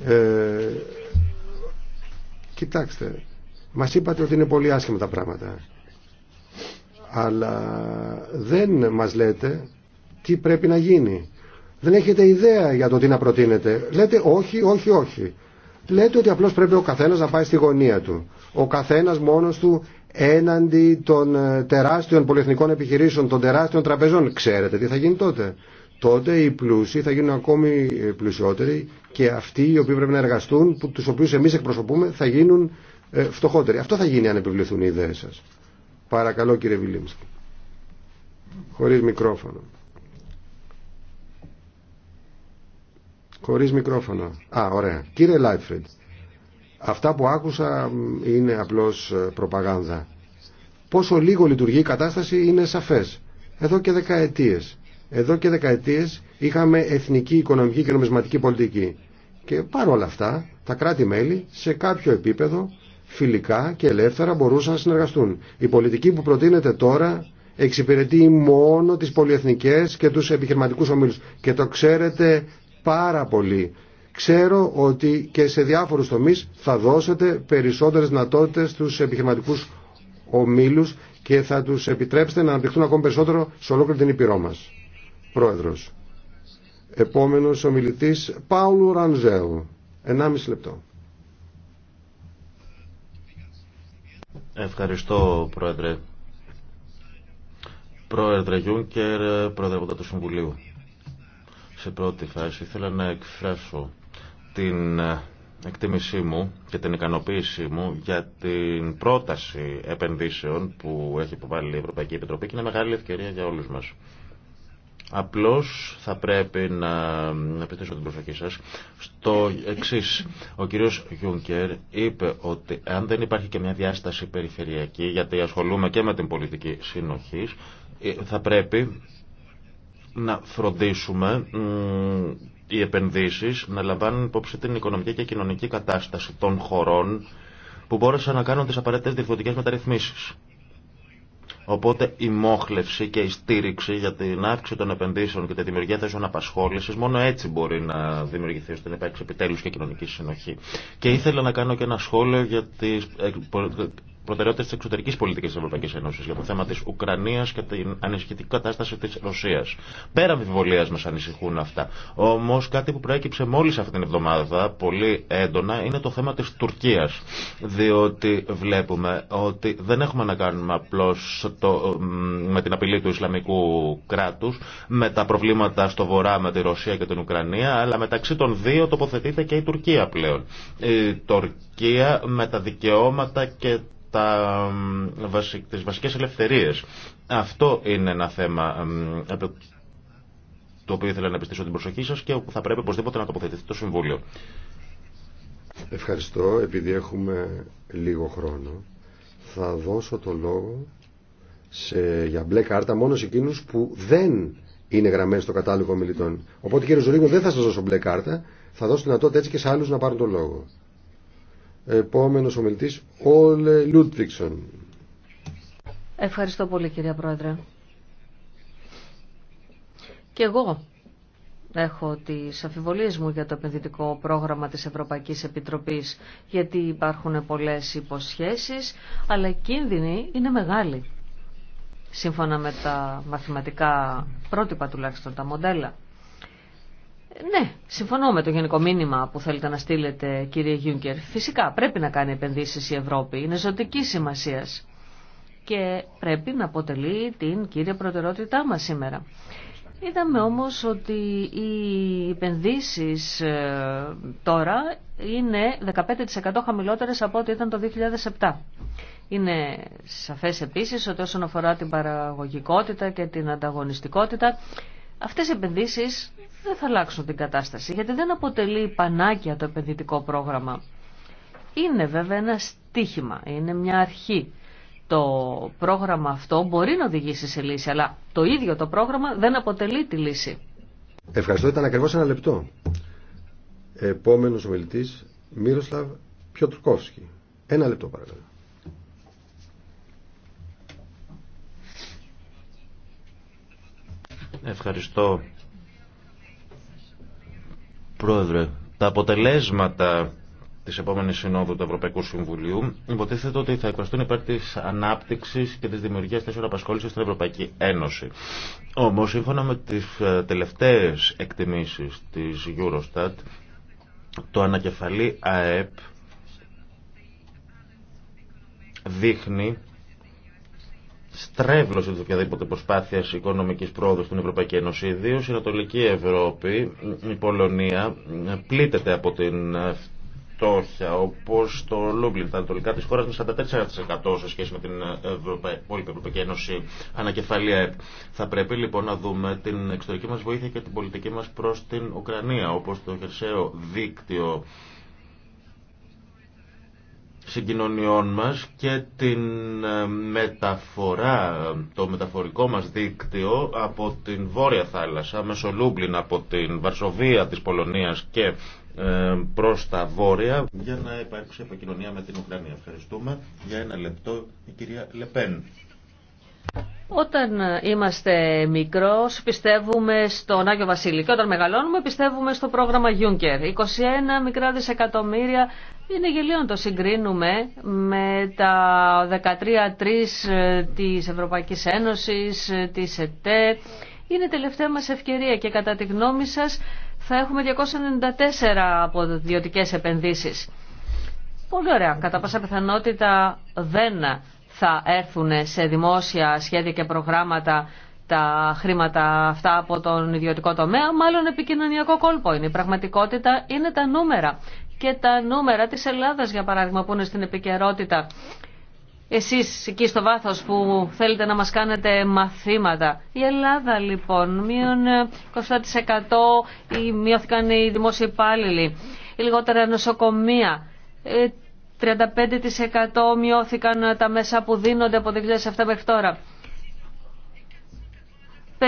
Ε, κοιτάξτε, μα είπατε ότι είναι πολύ άσχημα τα πράγματα αλλά δεν μας λέτε τι πρέπει να γίνει. Δεν έχετε ιδέα για το τι να προτείνετε. Λέτε όχι, όχι, όχι. Λέτε ότι απλώς πρέπει ο καθένας να πάει στη γωνία του. Ο καθένας μόνος του έναντι των ε, τεράστιων πολυεθνικών επιχειρήσεων, των τεράστιων τραπεζών. Ξέρετε τι θα γίνει τότε. Τότε οι πλούσιοι θα γίνουν ακόμη ε, πλουσιότεροι και αυτοί οι οποίοι πρέπει να εργαστούν, τους οποίους εμείς εκπροσωπούμε, θα γίνουν ε, φτωχότεροι. Αυτό θα γίνει αν επιβληθούν οι ιδέες σας. Παρακαλώ κύριε Βιλίμσκι. Χωρίς μικρόφωνο. Χωρίς μικρόφωνο. Α, ωραία. Κύριε Λάιφρεντ, αυτά που άκουσα είναι απλώς ε, προπαγάνδα. Πόσο λίγο λειτουργεί η κατάσταση είναι σαφές. Εδώ και δεκαετίες. Εδώ και δεκαετίες είχαμε εθνική, οικονομική και νομισματική πολιτική. Και παρόλα αυτά, τα κράτη-μέλη σε κάποιο επίπεδο φιλικά και ελεύθερα μπορούσαν να συνεργαστούν. Η πολιτική που προτείνεται τώρα εξυπηρετεί μόνο τις πολυεθνικές και τους επιχειρηματικούς ομίλους. Και το ξέρετε πάρα πολύ. Ξέρω ότι και σε διάφορους τομείς θα δώσετε περισσότερες δυνατότητε στους επιχειρηματικούς ομίλους και θα τους επιτρέψετε να αναπτυχθούν ακόμη περισσότερο σε ολόκληρη την Ήπειρό μας. Πρόεδρος. Επόμενος ομιλητής Πάουλου Ρανζέου. 1,5 λεπτό. Ευχαριστώ, Πρόεδρε. Πρόεδρε Γιούνκερ, Πρόεδρε του Συμβουλίου. Σε πρώτη φάση ήθελα να εκφράσω την ε, εκτίμησή μου και την ικανοποίησή μου για την πρόταση επενδύσεων που έχει υποβάλει η Ευρωπαϊκή Επιτροπή και είναι μεγάλη ευκαιρία για όλους μας. Απλώς θα πρέπει να, επιτρέψω την προσοχή σας στο εξή. Ο κύριος Γιούνκερ είπε ότι αν δεν υπάρχει και μια διάσταση περιφερειακή, γιατί ασχολούμαι και με την πολιτική συνοχή, ε, θα πρέπει να φροντίσουμε οι επενδύσεις να λαμβάνουν υπόψη την οικονομική και κοινωνική κατάσταση των χωρών που μπόρεσαν να κάνουν τις απαραίτητες διευθυντικές μεταρρυθμίσεις. Οπότε η μόχλευση και η στήριξη για την αύξηση των επενδύσεων και τη δημιουργία θέσεων απασχόληση μόνο έτσι μπορεί να δημιουργηθεί ώστε να υπάρξει επιτέλου και κοινωνική συνοχή. Και ήθελα να κάνω και ένα σχόλιο για τι ε, προτεραιότητε τη εξωτερική πολιτική τη Ευρωπαϊκή Ένωση για το θέμα τη Ουκρανία και την ανησυχητική κατάσταση τη Ρωσία. Πέρα αμφιβολία μα ανησυχούν αυτά. Όμω κάτι που προέκυψε μόλι αυτή την εβδομάδα πολύ έντονα είναι το θέμα τη Τουρκία. Διότι βλέπουμε ότι δεν έχουμε να κάνουμε απλώ με την απειλή του Ισλαμικού κράτου, με τα προβλήματα στο βορρά με τη Ρωσία και την Ουκρανία, αλλά μεταξύ των δύο τοποθετείται και η Τουρκία πλέον. Η Τουρκία με τα δικαιώματα και τα, τις βασικές ελευθερίες. Αυτό είναι ένα θέμα το οποίο ήθελα να επιστήσω την προσοχή σας και θα πρέπει οπωσδήποτε να τοποθετηθεί το Συμβούλιο. Ευχαριστώ. Επειδή έχουμε λίγο χρόνο, θα δώσω το λόγο σε, για μπλε κάρτα μόνο σε εκείνους που δεν είναι γραμμένοι στο κατάλογο μιλητών. Οπότε κύριε Ζωρίγκο δεν θα σας δώσω μπλε κάρτα, θα δώσω δυνατότητα έτσι και σε άλλους να πάρουν το λόγο. Επόμενος ομιλητής, Όλε λούτβιξον. Ευχαριστώ πολύ κυρία Πρόεδρε. Και εγώ έχω τις αφιβολίες μου για το επενδυτικό πρόγραμμα της Ευρωπαϊκής Επιτροπής, γιατί υπάρχουν πολλές υποσχέσεις, αλλά οι κίνδυνοι είναι μεγάλοι, σύμφωνα με τα μαθηματικά πρότυπα τουλάχιστον, τα μοντέλα. Ναι, συμφωνώ με το γενικό μήνυμα που θέλετε να στείλετε κύριε Γιούγκερ. Φυσικά πρέπει να κάνει επενδύσεις η Ευρώπη, είναι ζωτική σημασία και πρέπει να αποτελεί την κύρια προτεραιότητά μας σήμερα. Είδαμε όμως ότι οι επενδύσεις ε, τώρα είναι 15% χαμηλότερες από ό,τι ήταν το 2007. Είναι σαφές επίσης ότι όσον αφορά την παραγωγικότητα και την ανταγωνιστικότητα, αυτές οι επενδύσεις δεν θα αλλάξουν την κατάσταση, γιατί δεν αποτελεί πανάκια το επενδυτικό πρόγραμμα. Είναι βέβαια ένα στίχημα, είναι μια αρχή. Το πρόγραμμα αυτό μπορεί να οδηγήσει σε λύση, αλλά το ίδιο το πρόγραμμα δεν αποτελεί τη λύση. Ευχαριστώ, ήταν ακριβώς ένα λεπτό. Επόμενος ομιλητής, Μύροσλαβ Πιοτρκόφσκι. Ένα λεπτό παρακαλώ. Ευχαριστώ Πρόεδρε, τα αποτελέσματα τη επόμενη συνόδου του Ευρωπαϊκού Συμβουλίου υποτίθεται ότι θα εκφραστούν υπέρ τη ανάπτυξη και τη δημιουργία θέσεων απασχόληση στην Ευρωπαϊκή Ένωση. Όμω, σύμφωνα με τι ε, τελευταίε εκτιμήσει τη Eurostat, το ανακεφαλή ΑΕΠ δείχνει στρέβλωση τη οποιαδήποτε προσπάθεια οικονομική πρόοδου στην Ευρωπαϊκή Ένωση. Ιδίω η Ανατολική Ευρώπη, η Πολωνία, πλήττεται από την φτώχεια, όπω το Λούμπλιν, τα ανατολικά τη χώρα, με 44% σε σχέση με την Ευρωπαϊκή, υπόλοιπη Ευρωπαϊκή Ένωση ανακεφαλία ΕΠ. Θα πρέπει λοιπόν να δούμε την εξωτερική μα βοήθεια και την πολιτική μα προ την Ουκρανία, όπω το χερσαίο δίκτυο συγκοινωνιών μας και την ε, μεταφορά, το μεταφορικό μας δίκτυο από την Βόρεια Θάλασσα, μέσω Λούμπλιν από την Βαρσοβία της Πολωνίας και ε, προς τα Βόρεια για να υπάρξει επικοινωνία με την Ουκρανία. Ευχαριστούμε. Για ένα λεπτό η κυρία Λεπέν. Όταν ε, είμαστε μικρός πιστεύουμε στον Άγιο Βασίλη και όταν μεγαλώνουμε πιστεύουμε στο πρόγραμμα Juncker. 21 μικρά δισεκατομμύρια είναι γελίο να το συγκρίνουμε με τα 13-3 της Ευρωπαϊκής Ένωσης, της ΕΤΕ. Είναι η τελευταία μας ευκαιρία και κατά τη γνώμη σας θα έχουμε 294 από επενδύσεις. Πολύ ωραία. Κατά πάσα πιθανότητα δεν θα έρθουν σε δημόσια σχέδια και προγράμματα τα χρήματα αυτά από τον ιδιωτικό τομέα, μάλλον επικοινωνιακό κόλπο είναι. Η πραγματικότητα είναι τα νούμερα και τα νούμερα της Ελλάδας για παράδειγμα που είναι στην επικαιρότητα. Εσείς εκεί στο βάθος που θέλετε να μας κάνετε μαθήματα. Η Ελλάδα λοιπόν, μείον Η ε, μειώθηκαν οι δημόσιοι υπάλληλοι, η λιγότερα νοσοκομεία, 35% ε, μειώθηκαν τα μέσα που δίνονται από 2007 μέχρι τώρα. 500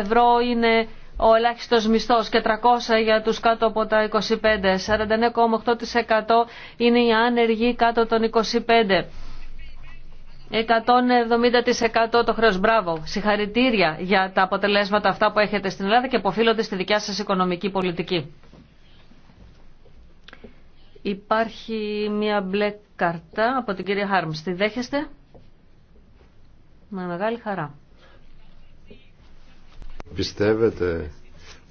ευρώ είναι ο ελάχιστο μισθό και 300 για του κάτω από τα 25. 49,8% είναι οι άνεργοι κάτω των 25. 170% το χρέο Μπράβο. Συγχαρητήρια για τα αποτελέσματα αυτά που έχετε στην Ελλάδα και οφείλονται στη δικιά σα οικονομική πολιτική. Υπάρχει μια μπλε καρτά από την κυρία Χάρμ. Τη δέχεστε? Με μεγάλη χαρά. Πιστεύετε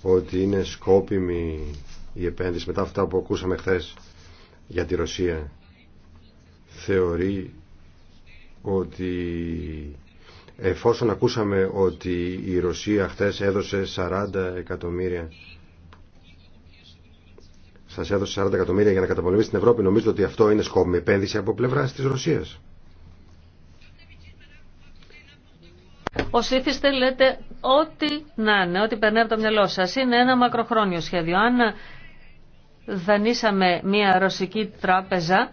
ότι είναι σκόπιμη η επένδυση μετά αυτά που ακούσαμε χθε για τη Ρωσία. Θεωρεί ότι εφόσον ακούσαμε ότι η Ρωσία χθες έδωσε 40 εκατομμύρια σας έδωσε 40 εκατομμύρια για να καταπολεμήσει την Ευρώπη νομίζετε ότι αυτό είναι σκόπιμη επένδυση από πλευράς της Ρωσίας. Ως ήθιστε ό,τι να είναι, ό,τι περνάει από το μυαλό σα, Είναι ένα μακροχρόνιο σχέδιο. Αν δανείσαμε μια ρωσική τράπεζα,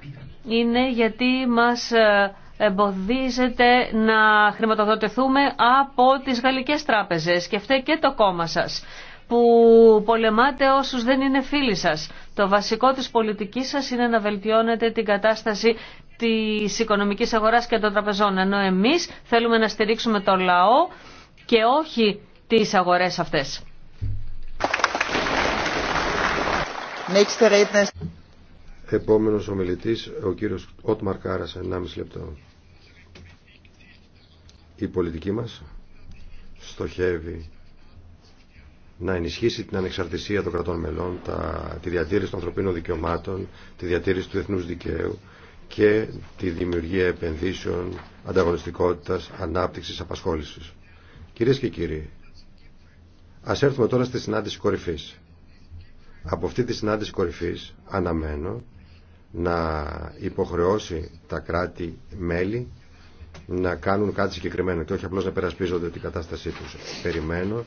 είναι γιατί μας ε, εμποδίζεται να χρηματοδοτηθούμε από τις γαλλικές τράπεζες και φταίει και το κόμμα σας που πολεμάτε όσους δεν είναι φίλοι σας. Το βασικό της πολιτικής σας είναι να βελτιώνετε την κατάσταση της οικονομικής αγοράς και των τραπεζών, ενώ εμείς θέλουμε να στηρίξουμε το λαό και όχι τις αγορές αυτές. Επόμενος ομιλητής, ο κύριος Ότμαρ Κάρας, 1,5 λεπτό. Η πολιτική μας στοχεύει να ενισχύσει την ανεξαρτησία των κρατών μελών, τα, τη διατήρηση των ανθρωπίνων δικαιωμάτων, τη διατήρηση του εθνούς δικαίου και τη δημιουργία επενδύσεων, ανταγωνιστικότητας, ανάπτυξης, απασχόλησης. Κυρίες και κύριοι, ας έρθουμε τώρα στη συνάντηση κορυφής. Από αυτή τη συνάντηση κορυφής αναμένω να υποχρεώσει τα κράτη-μέλη να κάνουν κάτι συγκεκριμένο και όχι απλώς να περασπίζονται την κατάστασή τους. Περιμένω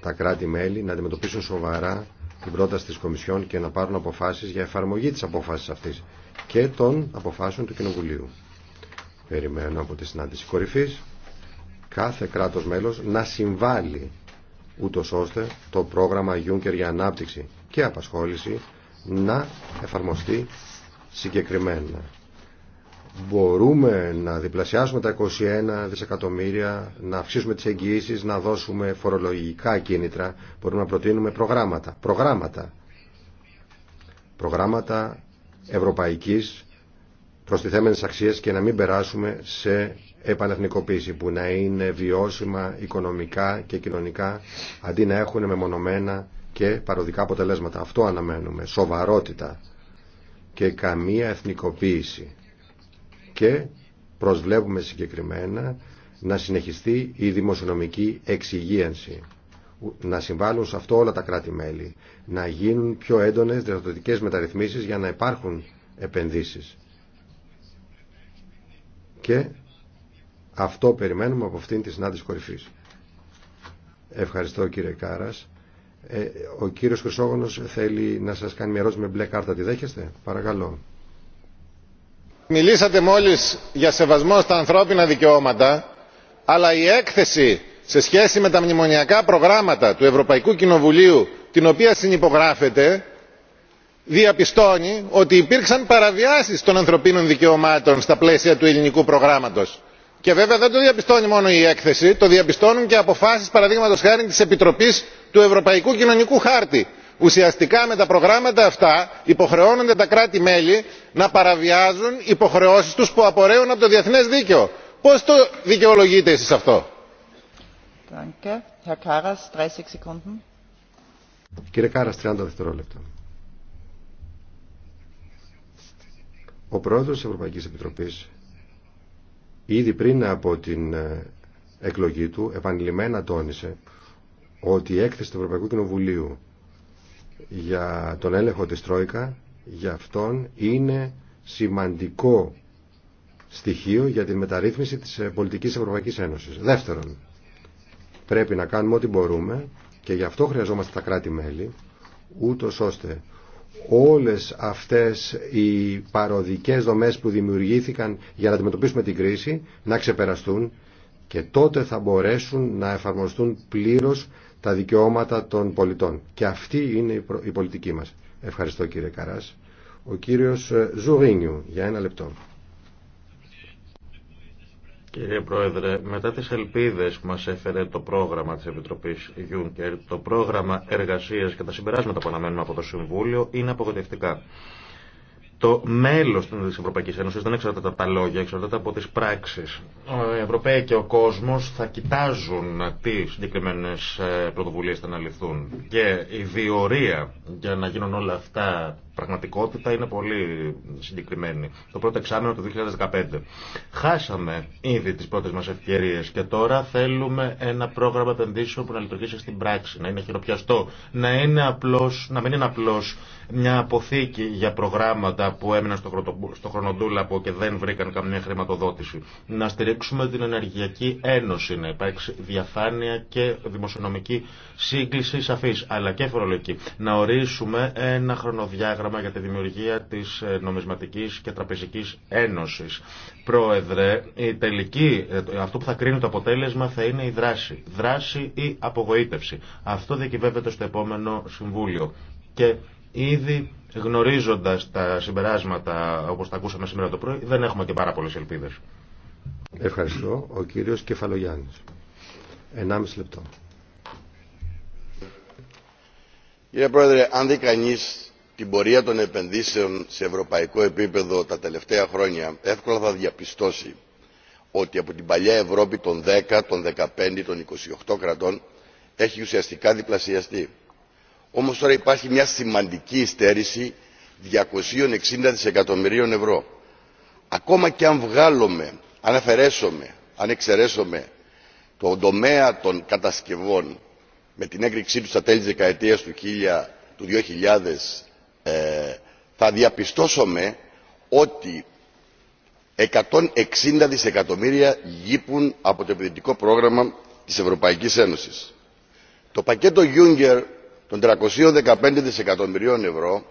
τα κράτη-μέλη να αντιμετωπίσουν σοβαρά την πρόταση της Κομισιόν και να πάρουν αποφάσεις για εφαρμογή της αποφάσης αυτής και των αποφάσεων του Κοινοβουλίου. Περιμένω από τη συνάντηση κορυφής κάθε κράτος μέλος να συμβάλλει ούτως ώστε το πρόγραμμα Juncker για ανάπτυξη και απασχόληση να εφαρμοστεί συγκεκριμένα. Μπορούμε να διπλασιάσουμε τα 21 δισεκατομμύρια, να αυξήσουμε τις εγγυήσεις, να δώσουμε φορολογικά κίνητρα, μπορούμε να προτείνουμε προγράμματα. Προγράμματα. Προγράμματα ευρωπαϊκής προστιθέμενες αξίες και να μην περάσουμε σε επανεθνικοποίηση που να είναι βιώσιμα οικονομικά και κοινωνικά αντί να έχουν μεμονωμένα και παροδικά αποτελέσματα. Αυτό αναμένουμε. Σοβαρότητα και καμία εθνικοποίηση. Και προσβλέπουμε συγκεκριμένα να συνεχιστεί η δημοσιονομική εξυγίανση. Να συμβάλλουν σε αυτό όλα τα κράτη-μέλη. Να γίνουν πιο έντονες διαδοτικές μεταρρυθμίσεις για να υπάρχουν επενδύσεις. Και αυτό περιμένουμε από αυτήν τη συνάντηση κορυφή. Ευχαριστώ κύριε Κάρα. Ε, ο κύριο Χρυσόγονο θέλει να σα κάνει μια ερώτηση με μπλε κάρτα. Τη δέχεστε? Παρακαλώ. Μιλήσατε μόλι για σεβασμό στα ανθρώπινα δικαιώματα, αλλά η έκθεση σε σχέση με τα μνημονιακά προγράμματα του Ευρωπαϊκού Κοινοβουλίου, την οποία συνυπογράφεται, διαπιστώνει ότι υπήρξαν παραβιάσεις των ανθρωπίνων δικαιωμάτων στα πλαίσια του ελληνικού προγράμματος και βέβαια δεν το διαπιστώνει μόνο η έκθεση το διαπιστώνουν και αποφάσεις παραδείγματος χάρη της επιτροπής του ευρωπαϊκού κοινωνικού χάρτη. ουσιαστικά με τα προγράμματα αυτά υποχρεώνονται τα κράτη μέλη να παραβιάζουν υποχρεώσεις τους που απορρέουν από το διεθνές δίκαιο. πώς το δικαιολογείτε εσείς αυτό; Κύριε Κάρας, 30 δευτερόλεπτα. Ο πρόεδρος της Ευρωπαϊκής Επιτροπής Ήδη πριν από την ε, εκλογή του επανειλημμένα τόνισε ότι η έκθεση του Ευρωπαϊκού Κοινοβουλίου για τον έλεγχο της Τρόικα για αυτόν είναι σημαντικό στοιχείο για την μεταρρύθμιση της ε, πολιτικής Ευρωπαϊκής Ένωσης. Δεύτερον, πρέπει να κάνουμε ό,τι μπορούμε και γι' αυτό χρειαζόμαστε τα κράτη-μέλη, ούτω ώστε όλες αυτές οι παροδικές δομές που δημιουργήθηκαν για να αντιμετωπίσουμε την κρίση να ξεπεραστούν και τότε θα μπορέσουν να εφαρμοστούν πλήρως τα δικαιώματα των πολιτών. Και αυτή είναι η πολιτική μας. Ευχαριστώ κύριε Καράς. Ο κύριος ε, Ζουρίνιου για ένα λεπτό. Κύριε Πρόεδρε, μετά τις ελπίδες που μας έφερε το πρόγραμμα της Επιτροπής Juncker, το πρόγραμμα εργασίας και τα συμπεράσματα που αναμένουμε από το Συμβούλιο είναι απογοητευτικά. Το μέλο τη Ευρωπαϊκή Ένωση δεν εξαρτάται από τα λόγια, εξαρτάται από τι πράξει. Οι Ευρωπαίοι και ο κόσμο θα κοιτάζουν τι συγκεκριμένε πρωτοβουλίε θα αναλυθούν. Και η διορία για να γίνουν όλα αυτά πραγματικότητα είναι πολύ συγκεκριμένη. Το πρώτο εξάμεινο του 2015. Χάσαμε ήδη τι πρώτε μα ευκαιρίε και τώρα θέλουμε ένα πρόγραμμα επενδύσεων που να λειτουργήσει στην πράξη, να είναι χειροπιαστό, να, είναι απλώς, να μην είναι απλώ μια αποθήκη για προγράμματα που έμειναν στο χρονοτούλαπο και δεν βρήκαν καμία χρηματοδότηση. Να στηρίξουμε την Ενεργειακή Ένωση, να υπάρξει διαφάνεια και δημοσιονομική σύγκληση σαφή, αλλά και φορολογική. Να ορίσουμε ένα χρονοδιάγραμμα για τη δημιουργία της ε, νομισματικής και τραπεζικής ένωσης. Πρόεδρε, η τελική, ε, αυτό που θα κρίνει το αποτέλεσμα θα είναι η δράση. Δράση ή απογοήτευση. Αυτό διακυβεύεται στο επόμενο Συμβούλιο. Και ήδη γνωρίζοντας τα συμπεράσματα όπως τα ακούσαμε σήμερα το πρωί, δεν έχουμε και πάρα πολλές ελπίδες. Ευχαριστώ. Ο κύριος Κεφαλογιάννης. 1,5 λεπτό. Κύριε Πρόεδρε, αν δει κανείς την πορεία των επενδύσεων σε ευρωπαϊκό επίπεδο τα τελευταία χρόνια εύκολα θα διαπιστώσει ότι από την παλιά ευρώπη των 10, των 15, των 28 κρατών έχει ουσιαστικά διπλασιαστεί. Όμως τώρα υπάρχει μια σημαντική υστέρηση 260 δισεκατομμυρίων ευρώ. Ακόμα και αν βγάλουμε, αν αφαιρέσουμε, αν εξαιρέσουμε τον τομέα των κατασκευών με την έκρηξή του στα τέλη της δεκαετίας του 2000 ε, θα διαπιστώσουμε ότι 160 δισεκατομμύρια γύπουν από το επενδυτικό πρόγραμμα της Ευρωπαϊκής Ένωσης. Το πακέτο Juncker των 315 δισεκατομμυρίων ευρώ,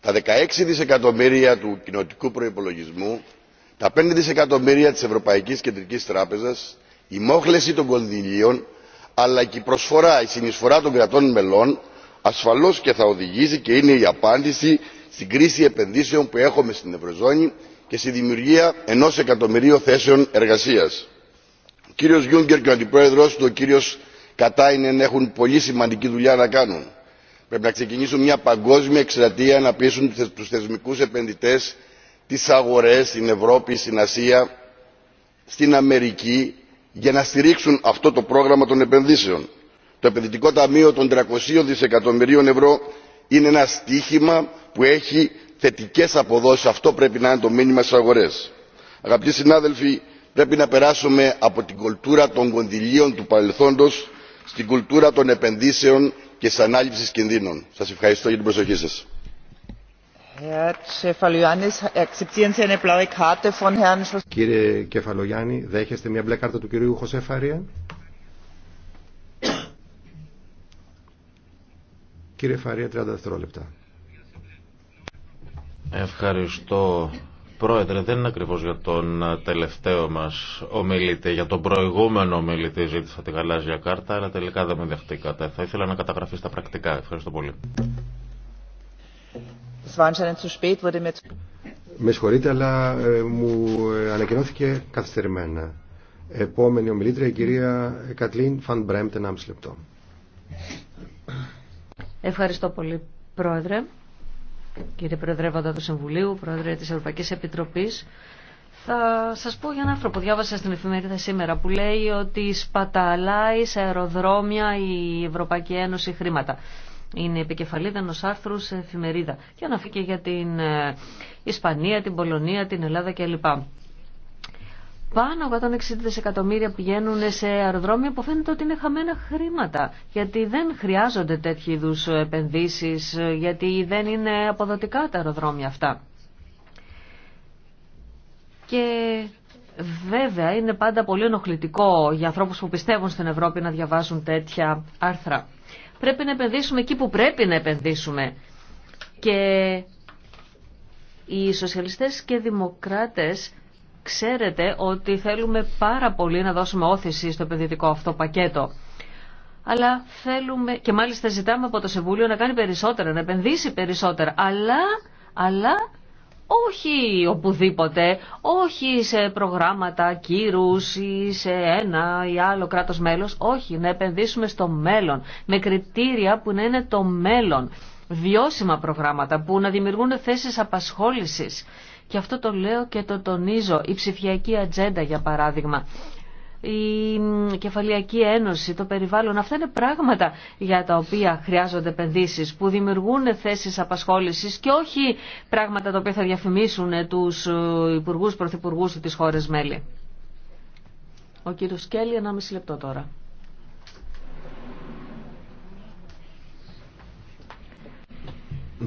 τα 16 δισεκατομμύρια του κοινοτικού προϋπολογισμού, τα 5 δισεκατομμύρια της Ευρωπαϊκής Κεντρικής Τράπεζας, η μόχλεση των κονδυλίων, αλλά και η προσφορά, η συνεισφορά των κρατών μελών ασφαλώς και θα οδηγήσει και είναι η απάντηση στην κρίση επενδύσεων που έχουμε στην ευρωζώνη και στη δημιουργία ενός εκατομμυρίου θέσεων εργασίας. Ο κύριος Γιούγκερ και ο αντιπρόεδρος του, ο κύριος Κατάινεν, έχουν πολύ σημαντική δουλειά να κάνουν. Πρέπει να ξεκινήσουν μια παγκόσμια εκστρατεία να πείσουν τους θεσμικούς επενδυτές, τις αγορές στην Ευρώπη, στην Ασία, στην Αμερική, για να στηρίξουν αυτό το πρόγραμμα των επενδύσεων το επενδυτικό ταμείο των 300 δισεκατομμυρίων ευρώ είναι ένα στοίχημα που έχει θετικές αποδόσεις. Αυτό πρέπει να είναι το μήνυμα στις αγορές. Αγαπητοί συνάδελφοι, πρέπει να περάσουμε από την κουλτούρα των κονδυλίων του παρελθόντος στην κουλτούρα των επενδύσεων και της ανάληψης κινδύνων. Σας ευχαριστώ για την προσοχή σας. Κύριε Κεφαλογιάννη, δέχεστε μια μπλε του κυρίου Κύριε Φαρία, 30 δευτερόλεπτα. Ευχαριστώ. Πρόεδρε, δεν είναι ακριβώς για τον τελευταίο μας ομιλητή, για τον προηγούμενο ομιλητή ζήτησα τη γαλάζια κάρτα, αλλά τελικά δεν με δεχτήκατε. Θα ήθελα να καταγραφεί στα πρακτικά. Ευχαριστώ πολύ. Με συγχωρείτε, αλλά ε, μου ε, ανακοινώθηκε καθυστερημένα. Επόμενη ομιλήτρια, η κυρία Κατλίν Φαν Μπρέμπτεν, 1,5 λεπτό. Ευχαριστώ πολύ, Πρόεδρε, κύριε Προεδρεύοντα του Συμβουλίου, Πρόεδρε της Ευρωπαϊκής Επιτροπής. Θα σας πω για ένα άνθρωπο που διάβασα στην εφημερίδα σήμερα που λέει ότι σπαταλάει σε αεροδρόμια η Ευρωπαϊκή Ένωση χρήματα. Είναι επικεφαλή ενό άρθρου σε εφημερίδα. Και αναφήκε για την ε, Ισπανία, την Πολωνία, την Ελλάδα κλπ. Πάνω από 160 δισεκατομμύρια πηγαίνουν σε αεροδρόμια που φαίνεται ότι είναι χαμένα χρήματα. Γιατί δεν χρειάζονται τέτοιου είδου επενδύσει, γιατί δεν είναι αποδοτικά τα αεροδρόμια αυτά. Και βέβαια είναι πάντα πολύ ενοχλητικό για ανθρώπους που πιστεύουν στην Ευρώπη να διαβάζουν τέτοια άρθρα. Πρέπει να επενδύσουμε εκεί που πρέπει να επενδύσουμε. Και οι σοσιαλιστές και δημοκράτες Ξέρετε ότι θέλουμε πάρα πολύ να δώσουμε όθηση στο επενδυτικό αυτό πακέτο. Αλλά θέλουμε και μάλιστα ζητάμε από το Συμβούλιο να κάνει περισσότερα, να επενδύσει περισσότερα. Αλλά, αλλά όχι οπουδήποτε, όχι σε προγράμματα κύρους ή σε ένα ή άλλο κράτος μέλος, όχι, να επενδύσουμε στο μέλλον, με κριτήρια που να είναι το μέλλον, βιώσιμα προγράμματα που να δημιουργούν θέσεις απασχόλησης. Και αυτό το λέω και το τονίζω. Η ψηφιακή ατζέντα, για παράδειγμα, η κεφαλιακή ένωση, το περιβάλλον, αυτά είναι πράγματα για τα οποία χρειάζονται επενδύσεις, που δημιουργούν θέσεις απασχόλησης και όχι πράγματα τα οποία θα διαφημίσουν τους υπουργούς, πρωθυπουργούς της χώρες μέλη. Ο κύριος Κέλλη, μισή λεπτό τώρα.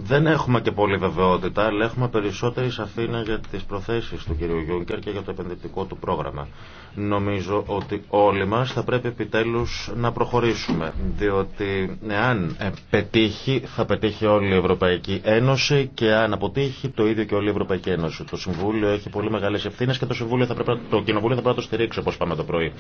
Δεν έχουμε και πολύ βεβαιότητα, αλλά έχουμε περισσότερη σαφήνεια για τις προθέσεις του κ. Γιούγκερ και για το επενδυτικό του πρόγραμμα. Νομίζω ότι όλοι μας θα πρέπει επιτέλους να προχωρήσουμε, διότι εάν ε, πετύχει, θα πετύχει όλη η Ευρωπαϊκή Ένωση και αν αποτύχει, το ίδιο και όλη η Ευρωπαϊκή Ένωση. Το Συμβούλιο έχει πολύ μεγάλες ευθύνες και το, Συμβούλιο θα πρέπει, το Κοινοβούλιο θα πρέπει να το στηρίξει, όπως πάμε το πρωί.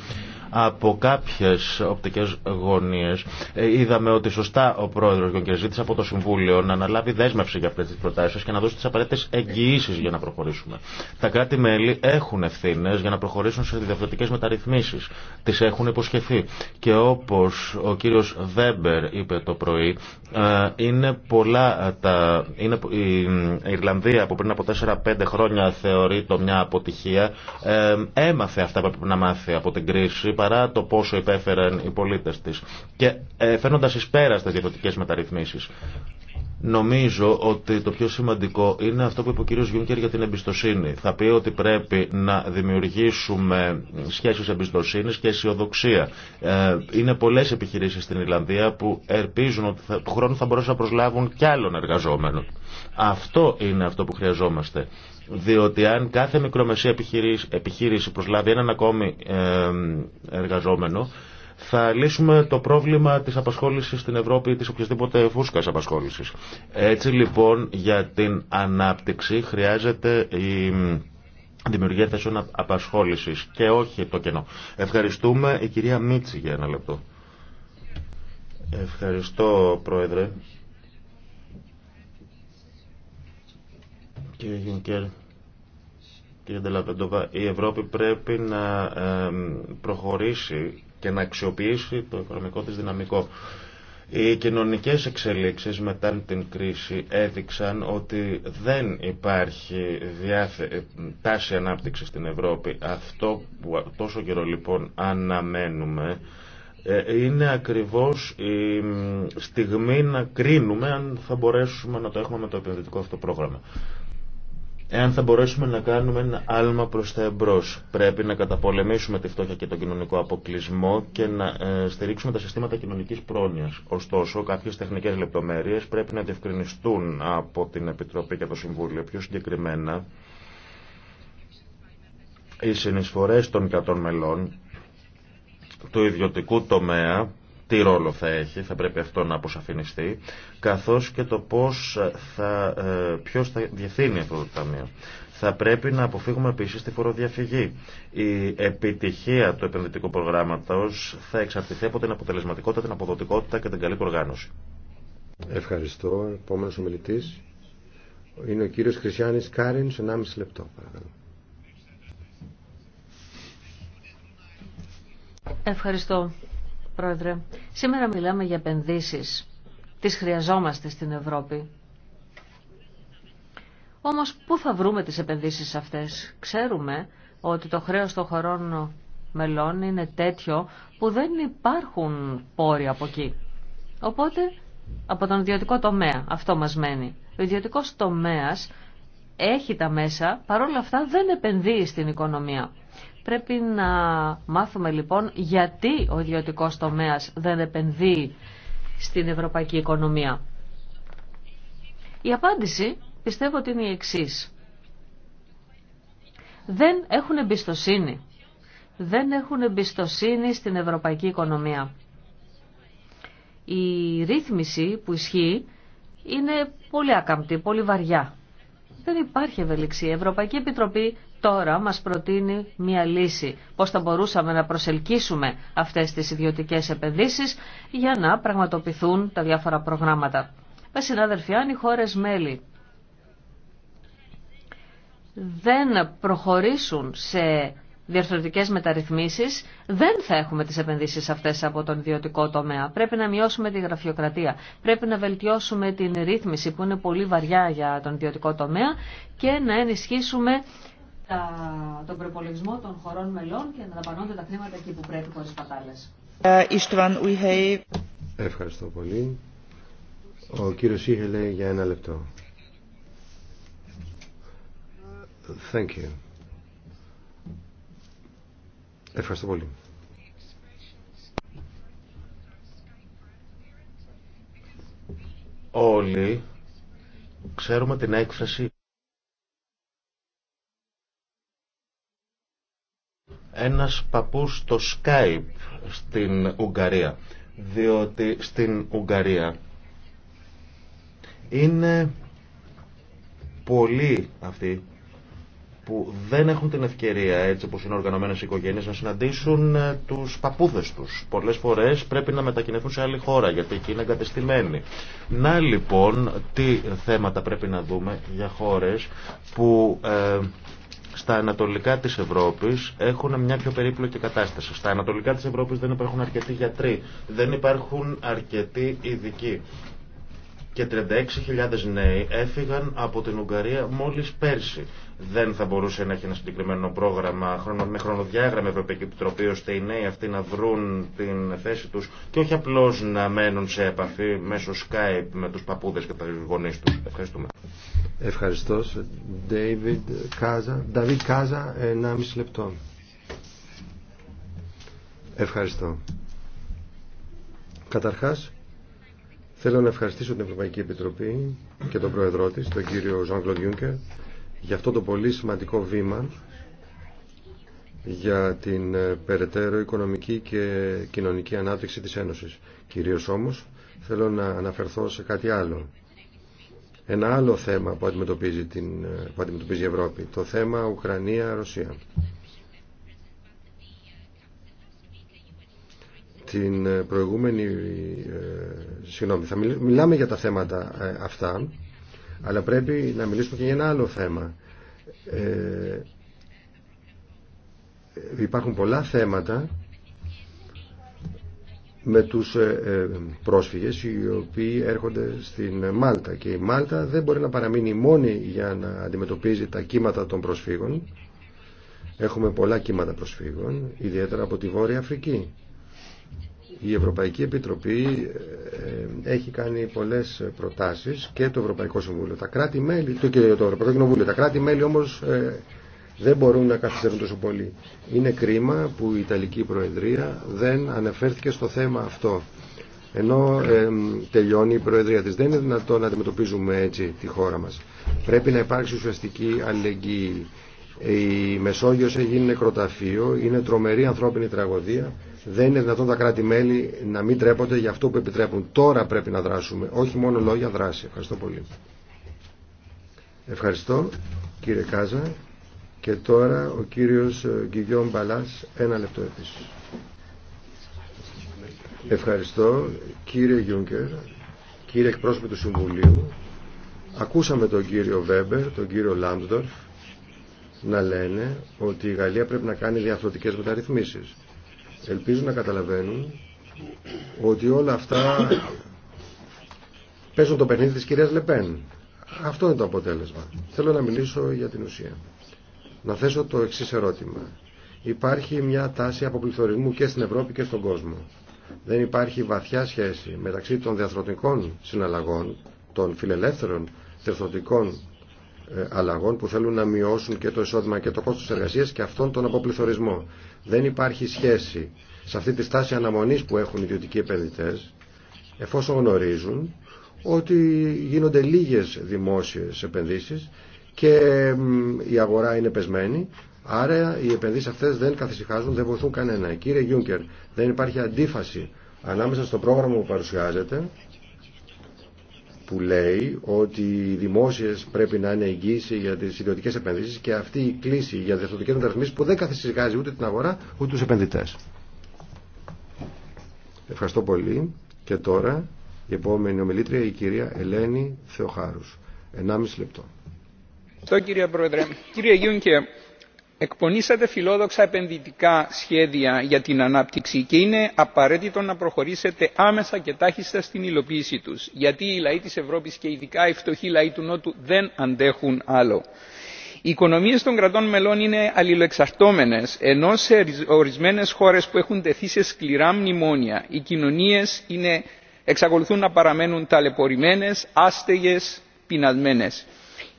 Από κάποιες οπτικές γωνίες ε, είδαμε ότι σωστά ο πρόεδρος Γιούγκερ ζήτησε από το Συμβούλιο να αναλάβει δέσμευση για αυτέ τι προτάσει και να δώσει τι απαραίτητε εγγυήσει για να προχωρήσουμε. Τα κράτη-μέλη έχουν ευθύνε για να προχωρήσουν σε διαφορετικέ μεταρρυθμίσει. Τι έχουν υποσχεθεί. Και όπω ο κύριο Βέμπερ είπε το πρωί, ε, είναι πολλά ε, τα. Είναι... Η Ιρλανδία που πριν από 4-5 χρόνια θεωρεί το μια αποτυχία, ε, έμαθε αυτά που έπρεπε να μάθει από την κρίση παρά το πόσο υπέφεραν οι πολίτε τη. Και φαίνοντα ει πέρα στι διαφορετικέ μεταρρυθμίσει. Νομίζω ότι το πιο σημαντικό είναι αυτό που είπε ο κ. Γιούνκερ για την εμπιστοσύνη. Θα πει ότι πρέπει να δημιουργήσουμε σχέσει εμπιστοσύνη και αισιοδοξία. Ε, είναι πολλέ επιχειρήσει στην Ιρλανδία που ελπίζουν ότι του χρόνου θα μπορούσαν να προσλάβουν κι άλλων εργαζόμενο. Αυτό είναι αυτό που χρειαζόμαστε. Διότι αν κάθε μικρομεσαία επιχείρηση προσλάβει έναν ακόμη ε, εργαζόμενο, θα λύσουμε το πρόβλημα της απασχόλησης στην Ευρώπη ή της οποιασδήποτε φούσκας απασχόλησης. Έτσι λοιπόν για την ανάπτυξη χρειάζεται η δημιουργία θέσεων απασχόλησης και όχι το κενό. Ευχαριστούμε η κυρία Μίτση για ένα λεπτό. Ευχαριστώ Πρόεδρε. Κύριε Γιουνκέρ, κύριε Ντελαβεντοβά, η Ευρώπη πρέπει να ε, προχωρήσει και να αξιοποιήσει το οικονομικό της δυναμικό. Οι κοινωνικές εξελίξεις μετά την κρίση έδειξαν ότι δεν υπάρχει διάθε... Ε, τάση ανάπτυξη στην Ευρώπη. Αυτό που τόσο καιρό λοιπόν αναμένουμε ε, είναι ακριβώς η στιγμή να κρίνουμε αν θα μπορέσουμε να το έχουμε με το επενδυτικό αυτό πρόγραμμα. Εάν θα μπορέσουμε να κάνουμε ένα άλμα προς τα εμπρός, πρέπει να καταπολεμήσουμε τη φτώχεια και τον κοινωνικό αποκλεισμό και να ε, στηρίξουμε τα συστήματα κοινωνικής πρόνοιας. Ωστόσο, κάποιες τεχνικές λεπτομέρειες πρέπει να διευκρινιστούν από την Επιτροπή και το Συμβούλιο. Πιο συγκεκριμένα, οι συνεισφορές των 100 μελών του ιδιωτικού τομέα τι ρόλο θα έχει, θα πρέπει αυτό να αποσαφινιστεί, καθώς και το πώς θα, ε, ποιος θα διευθύνει αυτό το ταμείο. Θα πρέπει να αποφύγουμε επίσης τη φοροδιαφυγή. Η επιτυχία του επενδυτικού προγράμματος θα εξαρτηθεί από την αποτελεσματικότητα, την αποδοτικότητα και την καλή οργάνωση. Ευχαριστώ. Επόμενο ομιλητής είναι ο κύριος Χρυσιάνης Κάριν, 1,5 λεπτό, παρακαλώ. Ευχαριστώ. Πρόεδρε. Σήμερα μιλάμε για επενδύσει Τις χρειαζόμαστε στην Ευρώπη. Όμως πού θα βρούμε τις επενδύσεις αυτές. Ξέρουμε ότι το χρέος των χωρών μελών είναι τέτοιο που δεν υπάρχουν πόροι από εκεί. Οπότε από τον ιδιωτικό τομέα αυτό μας μένει. Ο ιδιωτικός τομέας έχει τα μέσα, παρόλα αυτά δεν επενδύει στην οικονομία. Πρέπει να μάθουμε λοιπόν γιατί ο ιδιωτικός τομέας δεν επενδύει στην ευρωπαϊκή οικονομία. Η απάντηση πιστεύω ότι είναι η εξής. Δεν έχουν εμπιστοσύνη. Δεν έχουν εμπιστοσύνη στην ευρωπαϊκή οικονομία. Η ρύθμιση που ισχύει είναι πολύ ακαμπτή, πολύ βαριά. Δεν υπάρχει ευελιξία. Η Ευρωπαϊκή Επιτροπή τώρα μας προτείνει μια λύση. Πώς θα μπορούσαμε να προσελκύσουμε αυτές τις ιδιωτικές επενδύσεις για να πραγματοποιηθούν τα διάφορα προγράμματα. Με συνάδελφοι, αν οι χώρες μέλη δεν προχωρήσουν σε διαρθρωτικές μεταρρυθμίσεις, δεν θα έχουμε τις επενδύσεις αυτές από τον ιδιωτικό τομέα. Πρέπει να μειώσουμε τη γραφειοκρατία, πρέπει να βελτιώσουμε την ρύθμιση που είναι πολύ βαριά για τον ιδιωτικό τομέα και να ενισχύσουμε τα, τον προπολογισμό των χωρών μελών και να δαπανώνται τα χρήματα εκεί που πρέπει χωρίς πατάλες. Ε, Ευχαριστώ πολύ. Ο κύριος λέει για ένα λεπτό. Thank you. Ευχαριστώ πολύ. Όλοι ξέρουμε την έκφραση ένας παππούς στο Skype στην Ουγγαρία διότι στην Ουγγαρία είναι πολλοί αυτοί που δεν έχουν την ευκαιρία, έτσι όπως είναι οργανωμένες οικογένειες, να συναντήσουν ε, τους παππούδες τους. Πολλές φορές πρέπει να μετακινηθούν σε άλλη χώρα, γιατί εκεί είναι εγκατεστημένοι. Να λοιπόν, τι θέματα πρέπει να δούμε για χώρες που ε, στα ανατολικά της Ευρώπης έχουν μια πιο περίπλοκη κατάσταση. Στα ανατολικά της Ευρώπης δεν υπάρχουν αρκετοί γιατροί, δεν υπάρχουν αρκετοί ειδικοί και 36.000 νέοι έφυγαν από την Ουγγαρία μόλις πέρσι. Δεν θα μπορούσε να έχει ένα συγκεκριμένο πρόγραμμα με χρονοδιάγραμμα Ευρωπαϊκή Επιτροπή ώστε οι νέοι αυτοί να βρουν την θέση τους και όχι απλώς να μένουν σε επαφή μέσω Skype με τους παππούδες και τους γονείς τους. Ευχαριστούμε. Ευχαριστώ. David Kaza. David Kaza 1,5 λεπτό. Ευχαριστώ. Καταρχάς, Θέλω να ευχαριστήσω την Ευρωπαϊκή Επιτροπή και τον Πρόεδρό της, τον κύριο Ζαν για αυτό το πολύ σημαντικό βήμα για την ε, περαιτέρω οικονομική και κοινωνική ανάπτυξη της Ένωσης. Κυρίως όμως θέλω να αναφερθώ σε κάτι άλλο. Ένα άλλο θέμα που αντιμετωπίζει, την, ε, που αντιμετωπίζει η Ευρώπη, το θέμα Ουκρανία-Ρωσία. την ε, προηγούμενη... Ε, συγγνώμη, θα μιλάμε για τα θέματα ε, αυτά, αλλά πρέπει να μιλήσουμε και για ένα άλλο θέμα. Ε, υπάρχουν πολλά θέματα με τους πρόσφυγες οι οποίοι έρχονται στην Μάλτα και η Μάλτα δεν μπορεί να παραμείνει μόνη για να αντιμετωπίζει τα κύματα των προσφύγων. Έχουμε πολλά κύματα προσφύγων, ιδιαίτερα από τη Βόρεια Αφρική. Η Ευρωπαϊκή Επιτροπή ε, έχει κάνει πολλές προτάσεις και το Ευρωπαϊκό Συμβούλιο, τα κράτη-μέλη, το, και το Ευρωπαϊκό Κοινοβούλιο. Τα κράτη-μέλη όμως ε, δεν μπορούν να καθυστερούν τόσο πολύ. Είναι κρίμα που η Ιταλική Προεδρία δεν αναφέρθηκε στο θέμα αυτό. Ενώ ε, τελειώνει η Προεδρία της. Δεν είναι δυνατό να αντιμετωπίζουμε έτσι τη χώρα μας. Πρέπει να υπάρξει ουσιαστική αλληλεγγύη. Η Μεσόγειος έχει γίνει νεκροταφείο, είναι τρομερή ανθρώπινη τραγωδία δεν είναι δυνατόν τα κράτη-μέλη να μην τρέπονται για αυτό που επιτρέπουν. Τώρα πρέπει να δράσουμε, όχι μόνο λόγια δράση. Ευχαριστώ πολύ. Ευχαριστώ κύριε Κάζα. Και τώρα ο κύριος ε, Γκυγιόν Μπαλάς, ένα λεπτό επίσης. Ευχαριστώ κύριε Γιούγκερ, κύριε εκπρόσωπο του Συμβουλίου. Ακούσαμε τον κύριο Βέμπερ, τον κύριο Λάμπδορφ να λένε ότι η Γαλλία πρέπει να κάνει διαφορετικές μεταρρυθμίσεις. Ελπίζω να καταλαβαίνουν ότι όλα αυτά παίζουν το παιχνίδι της κυρίας Λεπέν. Αυτό είναι το αποτέλεσμα. Θέλω να μιλήσω για την ουσία. Να θέσω το εξή ερώτημα. Υπάρχει μια τάση αποπληθωρισμού και στην Ευρώπη και στον κόσμο. Δεν υπάρχει βαθιά σχέση μεταξύ των διαθροτικών συναλλαγών, των φιλελεύθερων διαθροτικών ε, αλλαγών που θέλουν να μειώσουν και το εισόδημα και το κόστος εργασίας και αυτόν τον αποπληθωρισμό. Δεν υπάρχει σχέση σε αυτή τη στάση αναμονής που έχουν οι ιδιωτικοί επενδυτές εφόσον γνωρίζουν ότι γίνονται λίγες δημόσιες επενδύσεις και η αγορά είναι πεσμένη άρα οι επενδύσεις αυτές δεν καθησυχάζουν, δεν βοηθούν κανένα. Κύριε Γιούγκερ, δεν υπάρχει αντίφαση ανάμεσα στο πρόγραμμα που παρουσιάζεται που λέει ότι οι δημόσιες πρέπει να είναι εγγύηση για τις ιδιωτικέ επενδύσεις και αυτή η κλίση για διαστοτικές μεταρρυθμίσει που δεν καθησυχάζει ούτε την αγορά ούτε του επενδυτές. Ευχαριστώ πολύ. Και τώρα η επόμενη ομιλήτρια η κυρία Ελένη Θεοχάρους. 1,5 λεπτό. Ευχαριστώ κύριε Πρόεδρε. Κύριε Γιούνκε, εκπονήσατε φιλόδοξα επενδυτικά σχέδια για την ανάπτυξη και είναι απαραίτητο να προχωρήσετε άμεσα και τάχιστα στην υλοποίησή τους γιατί οι λαοί της Ευρώπης και ειδικά οι φτωχοί λαοί του Νότου δεν αντέχουν άλλο. Οι οικονομίες των κρατών μελών είναι αλληλοεξαρτώμενες, ενώ σε ορισμένες χώρες που έχουν τεθεί σε σκληρά μνημόνια οι κοινωνίες είναι, εξακολουθούν να παραμένουν ταλαιπωρημένες, άστεγες, πεινασμένες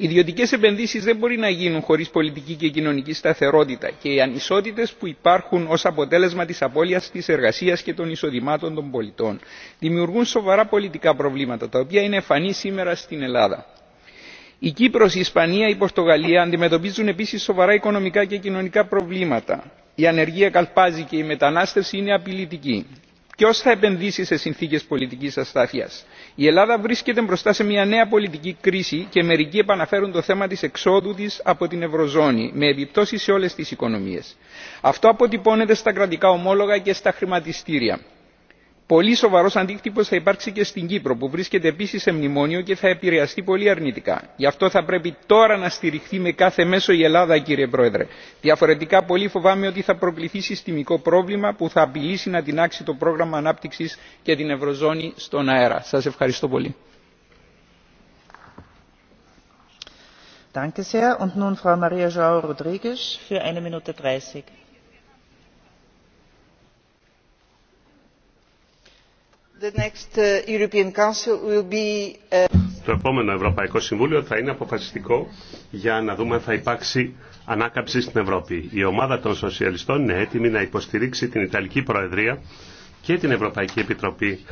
ιδιωτικέ επενδύσει δεν μπορεί να γίνουν χωρί πολιτική και κοινωνική σταθερότητα και οι ανισότητε που υπάρχουν ω αποτέλεσμα τη απώλεια τη εργασία και των εισοδημάτων των πολιτών δημιουργούν σοβαρά πολιτικά προβλήματα τα οποία είναι εμφανή σήμερα στην Ελλάδα. Η Κύπρος, η Ισπανία, η Πορτογαλία αντιμετωπίζουν επίση σοβαρά οικονομικά και κοινωνικά προβλήματα. Η ανεργία καλπάζει και η μετανάστευση είναι απειλητική ποιο θα επενδύσει σε συνθήκε πολιτική αστάθεια. η ελλάδα βρίσκεται μπροστά σε μια νέα πολιτική κρίση και μερικοί επαναφέρουν το θέμα τη εξόδου τη από την ευρωζώνη με επιπτώσει σε όλε τι οικονομίε. αυτό αποτυπώνεται στα κρατικά ομόλογα και στα χρηματιστήρια πολύ σοβαρό αντίκτυπο θα υπάρξει και στην κύπρο που βρίσκεται επίση σε μνημόνιο και θα επηρεαστεί πολύ αρνητικά. γι' αυτό θα πρέπει τώρα να στηριχθεί με κάθε μέσο η ελλάδα κύριε πρόεδρε. διαφορετικά πολύ φοβάμαι ότι θα προκληθεί συστημικό πρόβλημα που θα απειλήσει να τεινάξει το πρόγραμμα ανάπτυξη και την ευρωζώνη στον αέρα. σα ευχαριστώ πολύ. Uh, uh, Το επόμενο Ευρωπαϊκό Συμβούλιο θα είναι αποφασιστικό για να δούμε αν θα υπάρξει ανάκαμψη στην Ευρώπη. Η ομάδα των σοσιαλιστών είναι έτοιμη να υποστηρίξει την Ιταλική Προεδρία και την Ευρωπαϊκή Επιτροπή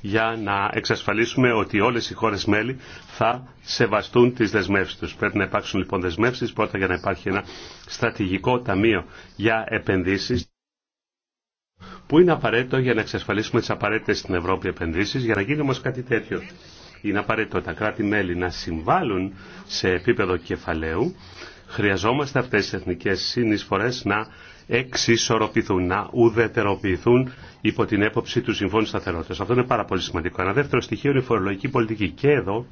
για να εξασφαλίσουμε ότι όλες οι χώρες μέλη θα σεβαστούν τις δεσμεύσεις τους. Πρέπει να υπάρξουν λοιπόν δεσμεύσεις πρώτα για να υπάρχει ένα στρατηγικό ταμείο για επενδύσεις που είναι απαραίτητο για να εξασφαλίσουμε τι απαραίτητε στην Ευρώπη επενδύσει. Για να γίνει όμω κάτι τέτοιο, είναι απαραίτητο τα κράτη-μέλη να συμβάλλουν σε επίπεδο κεφαλαίου. Χρειαζόμαστε αυτέ τι εθνικέ συνεισφορέ να εξισορροπηθούν, να ουδετεροποιηθούν υπό την έποψη του Συμφώνου Σταθερότητα. Αυτό είναι πάρα πολύ σημαντικό. Ένα δεύτερο στοιχείο είναι η φορολογική πολιτική. Και εδώ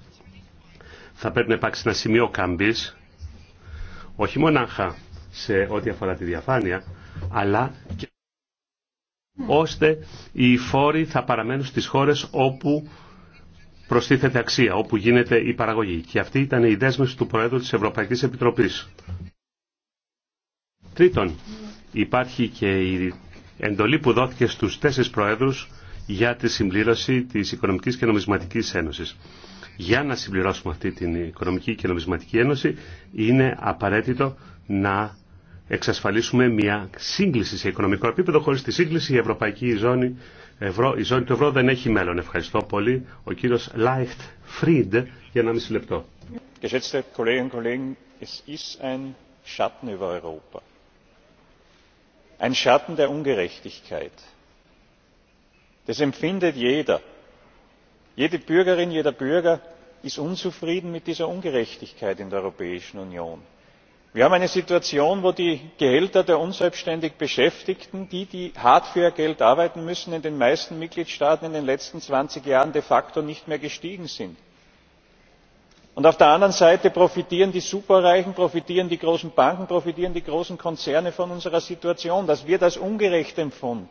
θα πρέπει να υπάρξει ένα σημείο καμπή, όχι μονάχα σε ό,τι αφορά τη διαφάνεια, αλλά και ώστε οι φόροι θα παραμένουν στις χώρες όπου προστίθεται αξία, όπου γίνεται η παραγωγή. Και αυτή ήταν η δέσμευση του Προέδρου της Ευρωπαϊκής Επιτροπής. Τρίτον, υπάρχει και η εντολή που δόθηκε στους τέσσερις Προέδρους για τη συμπλήρωση της Οικονομικής και Νομισματικής Ένωσης. Για να συμπληρώσουμε αυτή την Οικονομική και Νομισματική Ένωση είναι απαραίτητο να εξασφαλίσουμε μια σύγκληση σε οικονομικό επίπεδο. Χωρίς τη σύγκληση η ευρωπαϊκή ζώνη, ευρώ, η ζώνη του ευρώ δεν έχει μέλλον. Ευχαριστώ πολύ. Ο κύριος Λάιχτ Φρίντ για ένα μισή λεπτό. Schatten über Europa. Ein Schatten der Ungerechtigkeit. Das empfindet jeder. Jede Bürgerin, jeder Bürger ist unzufrieden mit dieser Ungerechtigkeit in der Europäischen Union wir haben eine situation wo die gehälter der unselbständig beschäftigten die die hart für ihr geld arbeiten müssen in den meisten mitgliedstaaten in den letzten zwanzig jahren de facto nicht mehr gestiegen sind. Und auf der anderen seite profitieren die superreichen profitieren die großen banken profitieren die großen konzerne von unserer situation. das wir das ungerecht empfunden.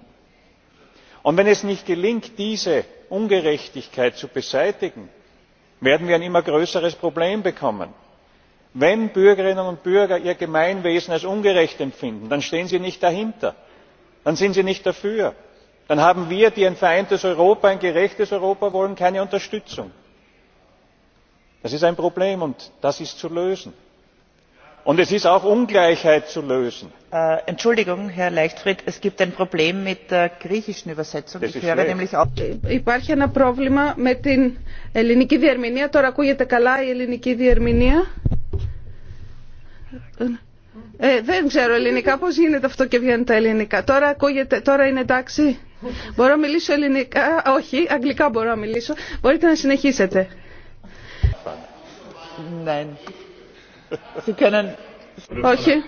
und wenn es nicht gelingt diese ungerechtigkeit zu beseitigen werden wir ein immer größeres problem bekommen wenn bürgerinnen und bürger ihr gemeinwesen als ungerecht empfinden dann stehen sie nicht dahinter dann sind sie nicht dafür dann haben wir die ein vereintes europa ein gerechtes europa wollen keine unterstützung. das ist ein problem und das ist zu lösen. und es ist auch ungleichheit zu lösen. entschuldigung herr leichtfried es gibt ein problem mit der griechischen übersetzung. υπάρχει ένα πρόβλημα με την ελληνική διερμηνία. τώρα ακούγεται καλά η ελληνική ε, δεν ξέρω ελληνικά πώς γίνεται αυτό και βγαίνουν τα ελληνικά. Τώρα ακούγεται, τώρα είναι εντάξει. Μπορώ να μιλήσω ελληνικά, όχι, αγγλικά μπορώ να μιλήσω. Μπορείτε να συνεχίσετε. Όχι.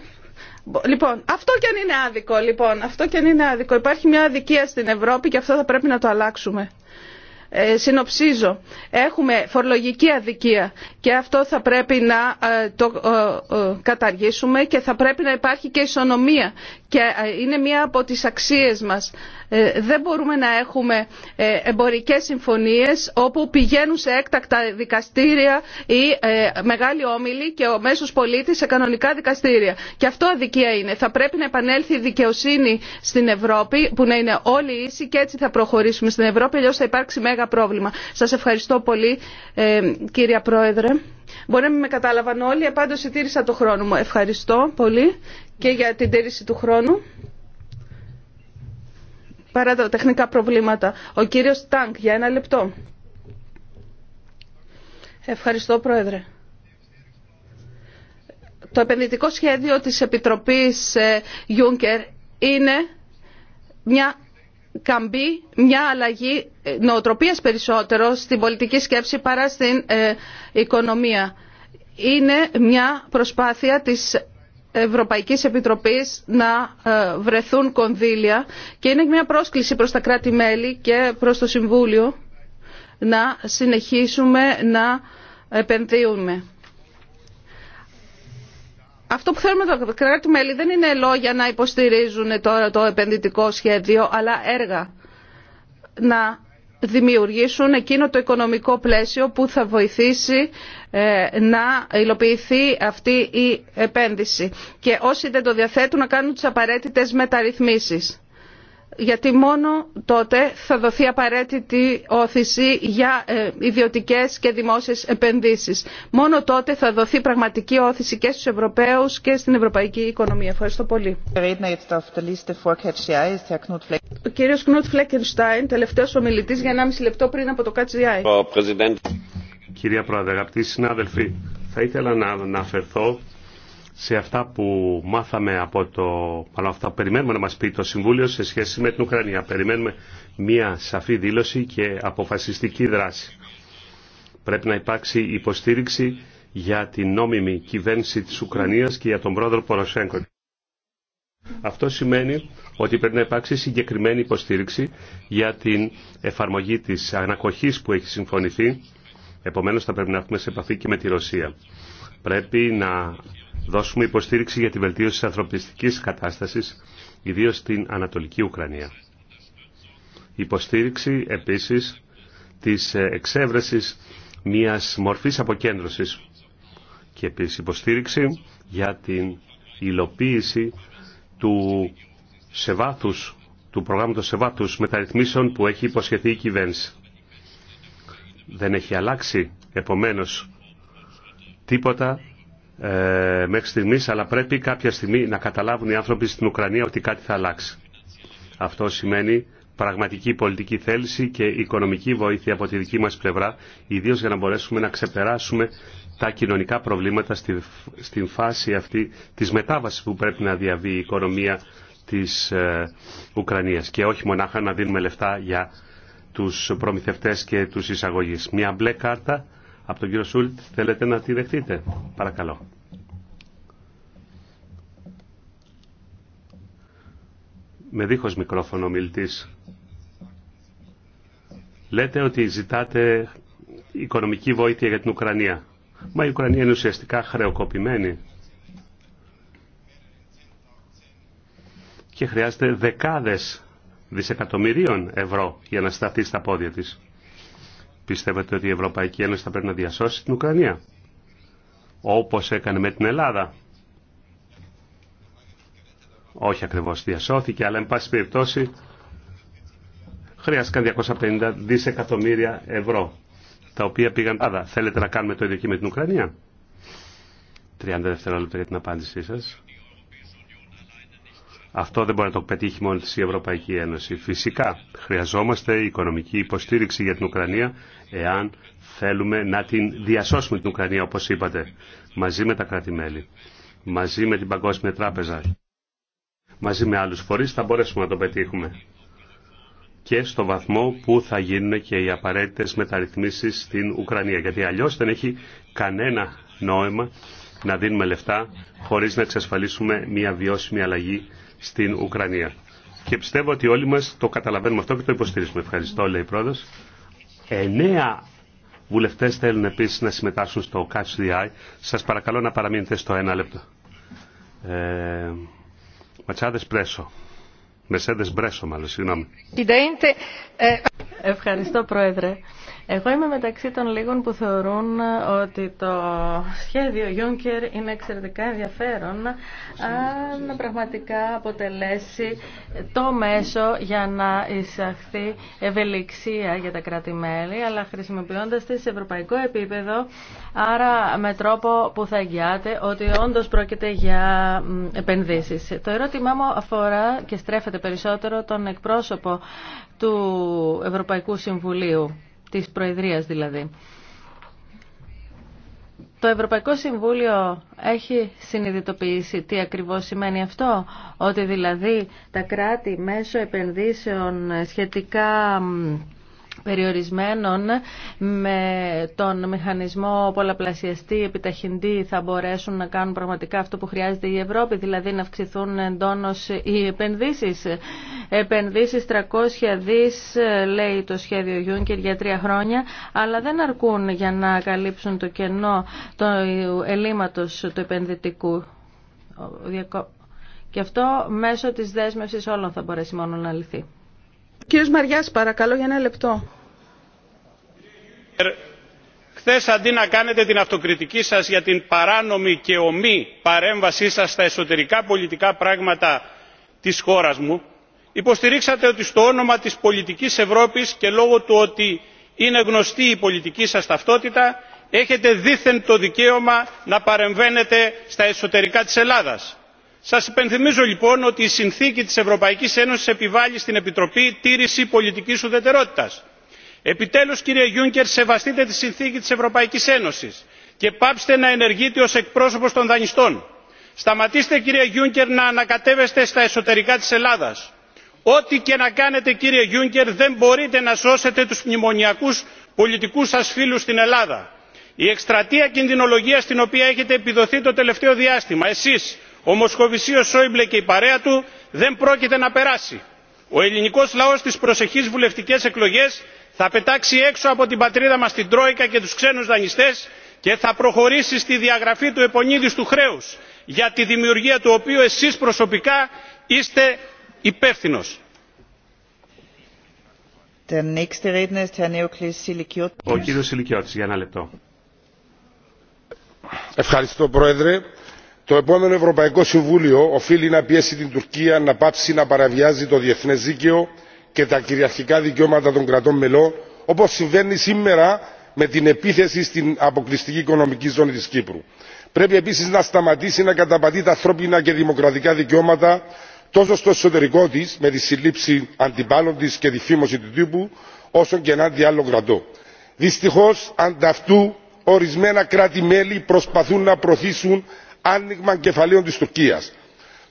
Λοιπόν, αυτό και αν είναι άδικο, λοιπόν, αυτό και αν είναι άδικο. Υπάρχει μια αδικία στην Ευρώπη και αυτό θα πρέπει να το αλλάξουμε. Ε, συνοψίζω. Έχουμε φορολογική αδικία και αυτό θα πρέπει να ε, το ε, καταργήσουμε και θα πρέπει να υπάρχει και ισονομία και είναι μία από τις αξίες μας. Δεν μπορούμε να έχουμε εμπορικές συμφωνίες όπου πηγαίνουν σε έκτακτα δικαστήρια ή μεγάλοι όμιλοι και ο μέσος πολίτης σε κανονικά δικαστήρια. Και αυτό αδικία είναι. Θα πρέπει να επανέλθει η δικαιοσύνη στην Ευρώπη που να είναι όλοι ίσοι και έτσι θα προχωρήσουμε στην Ευρώπη αλλιώς θα υπάρξει Σα πρόβλημα. Σας ευχαριστώ πολύ ε, κυρία Πρόεδρε. Μπορεί να μην με κατάλαβαν όλοι, επάντως συντήρησα το χρόνο μου. Ευχαριστώ πολύ και για την τήρηση του χρόνου. Παρά τα τεχνικά προβλήματα. Ο κύριος Τάνκ, για ένα λεπτό. Ευχαριστώ, Πρόεδρε. Το επενδυτικό σχέδιο της Επιτροπής ε, Juncker είναι μια καμπεί μια αλλαγή ε, νοοτροπίας περισσότερο στην πολιτική σκέψη παρά στην ε, οικονομία. Είναι μια προσπάθεια της Ευρωπαϊκής Επιτροπής να ε, βρεθούν κονδύλια και είναι μια πρόσκληση προς τα κράτη-μέλη και προς το Συμβούλιο να συνεχίσουμε να επενδύουμε. Αυτό που θέλουμε το του μελη δεν είναι λόγια να υποστηρίζουν τώρα το επενδυτικό σχέδιο, αλλά έργα. Να δημιουργήσουν εκείνο το οικονομικό πλαίσιο που θα βοηθήσει ε, να υλοποιηθεί αυτή η επένδυση. Και όσοι δεν το διαθέτουν να κάνουν τις απαραίτητες μεταρρυθμίσεις γιατί μόνο τότε θα δοθεί απαραίτητη όθηση για ε, ιδιωτικές και δημόσιες επενδύσεις. Μόνο τότε θα δοθεί πραγματική όθηση και στους Ευρωπαίους και στην ευρωπαϊκή οικονομία. Ευχαριστώ πολύ. Ο κύριος Κνούτ Φλέκενστάιν, τελευταίος ομιλητής για 1,5 λεπτό πριν από το ΚΑΤΣΙΑΙ. Κυρία Πρόεδρε, αγαπητοί συνάδελφοι, θα ήθελα να αναφερθώ σε αυτά που μάθαμε από το, αλλά αυτά που περιμένουμε να μας πει το Συμβούλιο σε σχέση με την Ουκρανία. Περιμένουμε μία σαφή δήλωση και αποφασιστική δράση. Πρέπει να υπάρξει υποστήριξη για την νόμιμη κυβέρνηση της Ουκρανίας και για τον πρόεδρο Ποροσέγκο. Αυτό σημαίνει ότι πρέπει να υπάρξει συγκεκριμένη υποστήριξη για την εφαρμογή της ανακοχής που έχει συμφωνηθεί. Επομένως θα πρέπει να έχουμε σε επαφή και με τη Ρωσία. Πρέπει να δώσουμε υποστήριξη για τη βελτίωση της ανθρωπιστικής κατάστασης, ιδίως στην Ανατολική Ουκρανία. Υποστήριξη επίσης της εξέβρεσης μιας μορφής αποκέντρωσης και επίσης υποστήριξη για την υλοποίηση του σεβάθους, του προγράμματος σεβάθους μεταρρυθμίσεων που έχει υποσχεθεί η κυβέρνηση. Δεν έχει αλλάξει επομένως τίποτα ε, μέχρι στιγμή, αλλά πρέπει κάποια στιγμή να καταλάβουν οι άνθρωποι στην Ουκρανία ότι κάτι θα αλλάξει. Αυτό σημαίνει πραγματική πολιτική θέληση και οικονομική βοήθεια από τη δική μας πλευρά, ιδίως για να μπορέσουμε να ξεπεράσουμε τα κοινωνικά προβλήματα στη, στην φάση αυτή της μετάβασης που πρέπει να διαβεί η οικονομία της ε, Ουκρανίας και όχι μονάχα να δίνουμε λεφτά για τους προμηθευτές και τους εισαγωγείς. Μια μπλε κάρτα από τον κύριο Σούλτ. Θέλετε να τη δεχτείτε. Παρακαλώ. Με δίχως μικρόφωνο μιλτής Λέτε ότι ζητάτε οικονομική βοήθεια για την Ουκρανία. Μα η Ουκρανία είναι ουσιαστικά χρεοκοπημένη. Και χρειάζεται δεκάδες δισεκατομμυρίων ευρώ για να σταθεί στα πόδια της. Πιστεύετε ότι η Ευρωπαϊκή Ένωση θα πρέπει να διασώσει την Ουκρανία. Όπως έκανε με την Ελλάδα. Όχι ακριβώς διασώθηκε, αλλά εν πάση περιπτώσει χρειάστηκαν 250 δισεκατομμύρια ευρώ, τα οποία πήγαν... Άρα, θέλετε να κάνουμε το ίδιο και με την Ουκρανία. 30 δευτερόλεπτα για την απάντησή σας. Αυτό δεν μπορεί να το πετύχει μόνο της η Ευρωπαϊκή Ένωση. Φυσικά, χρειαζόμαστε οικονομική υποστήριξη για την Ουκρανία εάν θέλουμε να την διασώσουμε την Ουκρανία όπως είπατε μαζί με τα κράτη-μέλη, μαζί με την Παγκόσμια Τράπεζα, μαζί με άλλους φορείς θα μπορέσουμε να το πετύχουμε και στο βαθμό που θα γίνουν και οι απαραίτητες μεταρρυθμίσεις στην Ουκρανία. Γιατί αλλιώς δεν έχει κανένα νόημα να δίνουμε λεφτά χωρίς να εξασφαλίσουμε μια βιώσιμη αλλαγή στην Ουκρανία. Και πιστεύω ότι όλοι μας το καταλαβαίνουμε αυτό και το υποστηρίζουμε. Ευχαριστώ, λέει η Πρόεδρος. Εννέα βουλευτές θέλουν επίσης να συμμετάσχουν στο Catch Eye. Σας παρακαλώ να παραμείνετε στο ένα λεπτό. Ε, Ματσάδες Πρέσο. Μεσέδες Μπρέσο μάλλον, συγγνώμη. Ε, Ευχαριστώ Πρόεδρε. Εγώ είμαι μεταξύ των λίγων που θεωρούν ε, ότι το σχέδιο Juncker είναι εξαιρετικά ενδιαφέρον αν πραγματικά αποτελέσει το μέσο για να εισαχθεί ευελιξία για τα κράτη-μέλη, αλλά χρησιμοποιώντας τη σε ευρωπαϊκό επίπεδο, άρα με τρόπο που θα εγγυάται ότι όντως πρόκειται για επενδύσεις. Το ερώτημά μου αφορά και στρέφεται περισσότερο τον εκπρόσωπο του Ευρωπαϊκού Συμβουλίου της Προεδρίας δηλαδή. Το Ευρωπαϊκό Συμβούλιο έχει συνειδητοποιήσει τι ακριβώς σημαίνει αυτό, ότι δηλαδή τα κράτη μέσω επενδύσεων σχετικά περιορισμένων με τον μηχανισμό πολλαπλασιαστή επιταχυντή θα μπορέσουν να κάνουν πραγματικά αυτό που χρειάζεται η Ευρώπη, δηλαδή να αυξηθούν εντόνως οι επενδύσεις. Επενδύσεις 300 δις, λέει το σχέδιο Γιούνκερ για τρία χρόνια, αλλά δεν αρκούν για να καλύψουν το κενό του ελλείμματος του επενδυτικού. Και αυτό μέσω της δέσμευσης όλων θα μπορέσει μόνο να λυθεί. Κύριος Μαριάς, παρακαλώ για ένα λεπτό. Ε, Χθε αντί να κάνετε την αυτοκριτική σας για την παράνομη και ομή παρέμβασή σας στα εσωτερικά πολιτικά πράγματα της χώρας μου, υποστηρίξατε ότι στο όνομα της πολιτικής Ευρώπης και λόγω του ότι είναι γνωστή η πολιτική σας ταυτότητα, έχετε δίθεν το δικαίωμα να παρεμβαίνετε στα εσωτερικά της Ελλάδας σας υπενθυμίζω λοιπόν ότι η συνθήκη της ευρωπαϊκής ένωσης επιβάλλει στην επιτροπή τήρηση πολιτικής ουδετερότητας. επιτέλους κύριε juncker σεβαστείτε τη συνθήκη της ευρωπαϊκής ένωσης και πάψτε να ενεργείτε ως εκπρόσωπο των δανειστών. σταματήστε κύριε juncker να ανακατεύεστε στα εσωτερικά της ελλάδας. ό,τι και να κάνετε κύριε juncker δεν μπορείτε να σώσετε τους μνημονιακούς πολιτικούς σας φίλους στην ελλάδα. η εκστρατεία κινδυνολογίας στην οποία έχετε επιδοθεί το τελευταίο διάστημα εσείς ο μοσχοβησίος σόιμπλε και η παρέα του δεν πρόκειται να περάσει. ο ελληνικός λαός στις προσεχείς βουλευτικές εκλογές θα πετάξει έξω από την πατρίδα μας την τρόικα και τους ξένους δανειστές και θα προχωρήσει στη διαγραφή του του χρέους για τη δημιουργία του οποίου εσείς προσωπικά είστε υπεύθυνος. Ο το επόμενο ευρωπαϊκό συμβούλιο οφείλει να πιέσει την τουρκία να πάψει να παραβιάζει το διεθνέ δίκαιο και τα κυριαρχικά δικαιώματα των κρατών μελών όπω συμβαίνει σήμερα με την επίθεση στην αποκλειστική οικονομική ζώνη τη κύπρου. πρέπει επίση να σταματήσει να καταπατεί τα ανθρώπινα και δημοκρατικά δικαιώματα τόσο στο εσωτερικό τη με τη συλλήψη αντιπάλων τη και τη φήμωση του τύπου όσο και ενάντια άλλων κρατών. δυστυχώ ανταυτού ορισμένα κράτη μέλη προσπαθούν να προωθήσουν άνοιγμα κεφαλαίων της τουρκίας.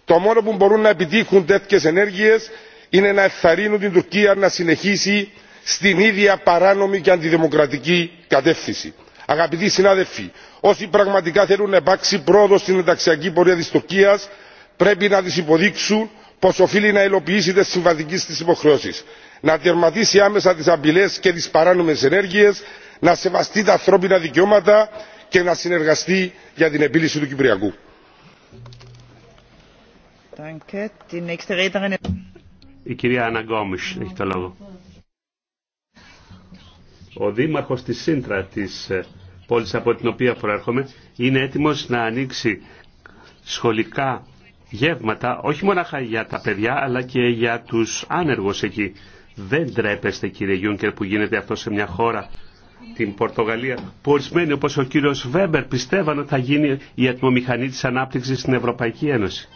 το μόνο που μπορούν να επιτύχουν τέτοιες ενέργειες είναι να ενθαρρύνουν την τουρκία να συνεχίσει στην ίδια παράνομη και αντιδημοκρατική κατεύθυνση. αγαπητοί συνάδελφοι όσοι πραγματικά θέλουν να υπάρξει πρόοδο στην ενταξιακή πορεία της τουρκίας πρέπει να της υποδείξουν πως οφείλει να υλοποιήσει τις συμβατικές της υποχρεώσεις να τερματίσει άμεσα τις απειλές και τις παράνομες ενέργειες να σεβαστεί τα ανθρώπινα δικαιώματα και να συνεργαστεί για την επίλυση του Κυπριακού. Η κυρία Αναγκόμης έχει το λόγο. Ο δήμαρχος της Σύντρα της ε, πόλης από την οποία προέρχομαι είναι έτοιμος να ανοίξει σχολικά γεύματα όχι μόνο για τα παιδιά αλλά και για τους άνεργους εκεί. Δεν τρέπεστε κύριε Γιούνκερ που γίνεται αυτό σε μια χώρα την Πορτογαλία, που ορισμένοι όπως ο κύριος Βέμπερ πιστεύαν ότι θα γίνει η ατμομηχανή της ανάπτυξης στην Ευρωπαϊκή Ένωση.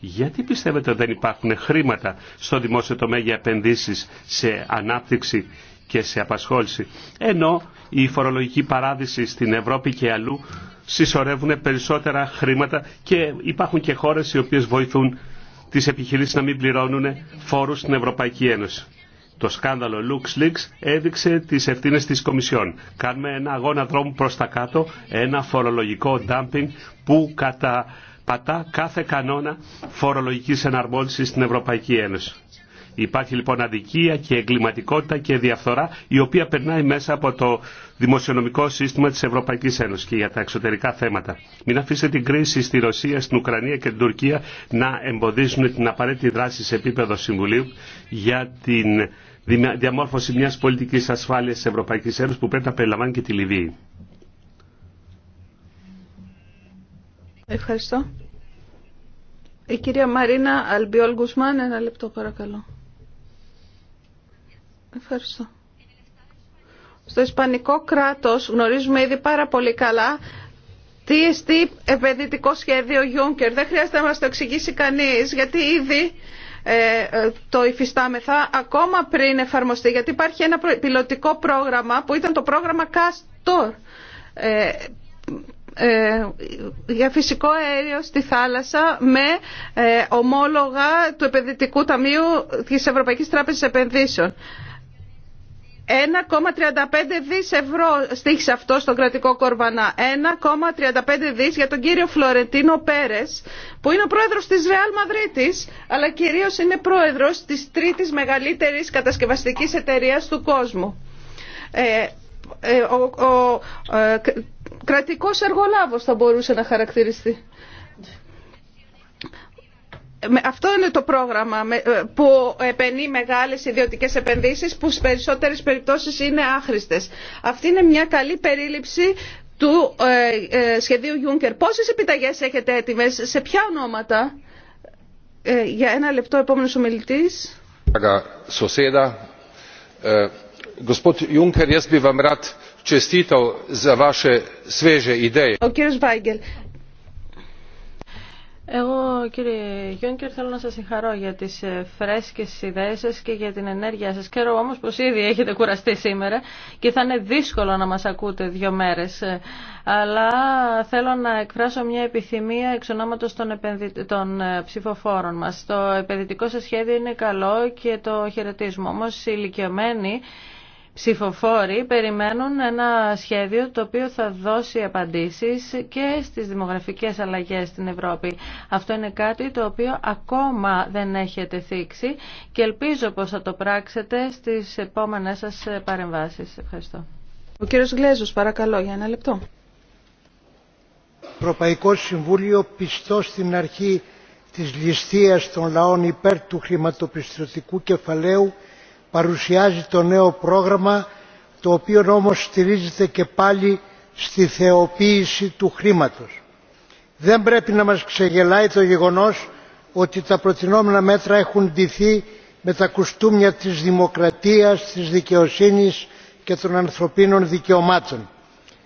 Γιατί πιστεύετε ότι δεν υπάρχουν χρήματα στο δημόσιο τομέα για επενδύσεις σε ανάπτυξη και σε απασχόληση, ενώ η φορολογική παράδειση στην Ευρώπη και αλλού συσσωρεύουν περισσότερα χρήματα και υπάρχουν και χώρες οι οποίες βοηθούν τις επιχειρήσεις να μην πληρώνουν φόρους στην Ευρωπαϊκή Ένωση. Το σκάνδαλο LuxLeaks έδειξε τις ευθύνες της Κομισιόν. Κάνουμε ένα αγώνα δρόμου προς τα κάτω, ένα φορολογικό dumping που καταπατά κάθε κανόνα φορολογικής εναρμόνισης στην Ευρωπαϊκή Ένωση. Υπάρχει λοιπόν αδικία και εγκληματικότητα και διαφθορά η οποία περνάει μέσα από το δημοσιονομικό σύστημα της Ευρωπαϊκής Ένωσης και για τα εξωτερικά θέματα. Μην αφήσετε την κρίση στη Ρωσία, στην Ουκρανία και την Τουρκία να εμποδίζουν την απαραίτητη δράση σε επίπεδο Συμβουλίου για την διαμόρφωση μια πολιτική ασφάλεια τη Ευρωπαϊκή Ένωση που πρέπει να περιλαμβάνει και τη Λιβύη. Ευχαριστώ. Η κυρία Μαρίνα Αλμπιόλ Γκουσμάν, ένα λεπτό παρακαλώ. Ευχαριστώ. Στο Ισπανικό κράτος γνωρίζουμε ήδη πάρα πολύ καλά τι εστί επενδυτικό σχέδιο Juncker. Δεν χρειάζεται να μας το εξηγήσει κανείς, γιατί ήδη ε, ε, το υφιστάμεθα ακόμα πριν εφαρμοστεί γιατί υπάρχει ένα πιλωτικό πρόγραμμα που ήταν το πρόγραμμα Castor ε, για φυσικό αέριο στη θάλασσα με ομόλογα του Επενδυτικού Ταμείου της Ευρωπαϊκής Τράπεζας Επενδύσεων. 1,35 δις ευρώ στήχησε αυτό στον κρατικό κορβανά. 1,35 δις για τον κύριο Φλωρεντίνο Πέρες που είναι ο πρόεδρος της Ρεάλ Μαδρίτης αλλά κυρίως είναι πρόεδρος της τρίτης μεγαλύτερης κατασκευαστικής εταιρείας του κόσμου. Ε, ε ο, ο ε, κρατικός εργολάβος θα μπορούσε να χαρακτηριστεί. Αυτό είναι το πρόγραμμα ε, που επενεί μεγάλες ιδιωτικές επενδύσεις που στις περισσότερες περιπτώσεις είναι άχρηστες. Αυτή είναι μια καλή περίληψη του ε, ε, σχεδίου Juncker. Πόσες επιταγές έχετε έτοιμες, σε ποια ονόματα. Για ένα λεπτό, επόμενος ομιλητής. Ο κύριος Βάγκελ, εγώ κύριε Γιόνκερ θέλω να σας συγχαρώ για τις ε, φρέσκες ιδέες σας και για την ενέργειά σας. Ξέρω όμως πως ήδη έχετε κουραστεί σήμερα και θα είναι δύσκολο να μας ακούτε δύο μέρες. Ε, αλλά θέλω να εκφράσω μια επιθυμία εξ ονόματος των, των ε, ψηφοφόρων μας. Το επενδυτικό σας σχέδιο είναι καλό και το χαιρετίζουμε. Όμως οι ηλικιωμένοι ψηφοφόροι περιμένουν ένα σχέδιο το οποίο θα δώσει απαντήσεις και στις δημογραφικές αλλαγές στην Ευρώπη. Αυτό είναι κάτι το οποίο ακόμα δεν έχετε θίξει και ελπίζω πως θα το πράξετε στις επόμενες σας παρεμβάσεις. Ευχαριστώ. Ο κύριος Γλέζος, παρακαλώ, για ένα λεπτό. Ευρωπαϊκό Συμβούλιο πιστό στην αρχή της ληστείας των λαών υπέρ του χρηματοπιστωτικού κεφαλαίου παρουσιάζει το νέο πρόγραμμα το οποίο όμως στηρίζεται και πάλι στη θεοποίηση του χρήματος. Δεν πρέπει να μας ξεγελάει το γεγονός ότι τα προτινόμενα μέτρα έχουν ντυθεί με τα κουστούμια της δημοκρατίας, της δικαιοσύνης και των ανθρωπίνων δικαιωμάτων.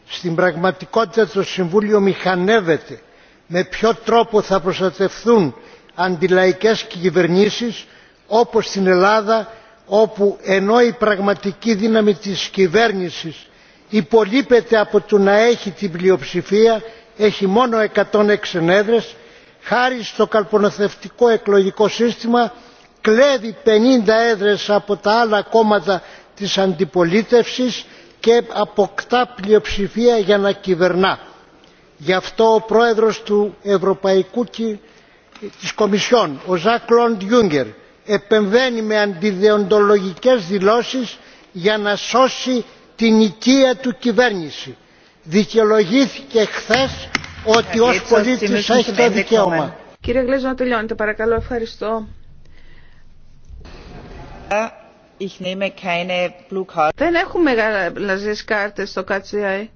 Στην πραγματικότητα το Συμβούλιο μηχανεύεται με ποιο τρόπο θα προστατευθούν αντιλαϊκές κυβερνήσεις όπως στην Ελλάδα όπου ενώ η πραγματική δύναμη της κυβέρνησης υπολείπεται από το να έχει την πλειοψηφία έχει μόνο 106 έδρες χάρη στο καλπονοθευτικό εκλογικό σύστημα κλέβει 50 έδρες από τα άλλα κόμματα της αντιπολίτευσης και αποκτά πλειοψηφία για να κυβερνά. Γι' αυτό ο πρόεδρος του Ευρωπαϊκού της Κομισιόν, ο Ζακ Γιούγκερ, επεμβαίνει με αντιδεοντολογικές δηλώσεις για να σώσει την οικία του κυβέρνηση. Δικαιολογήθηκε χθες ότι ως πολίτης έχει το δικαίωμα. Κύριε Γλέζο, να τελειώνετε παρακαλώ. Ευχαριστώ. Δεν έχουμε γαλαζίες κάρτες στο ΚΑΤΣΙΑΙ.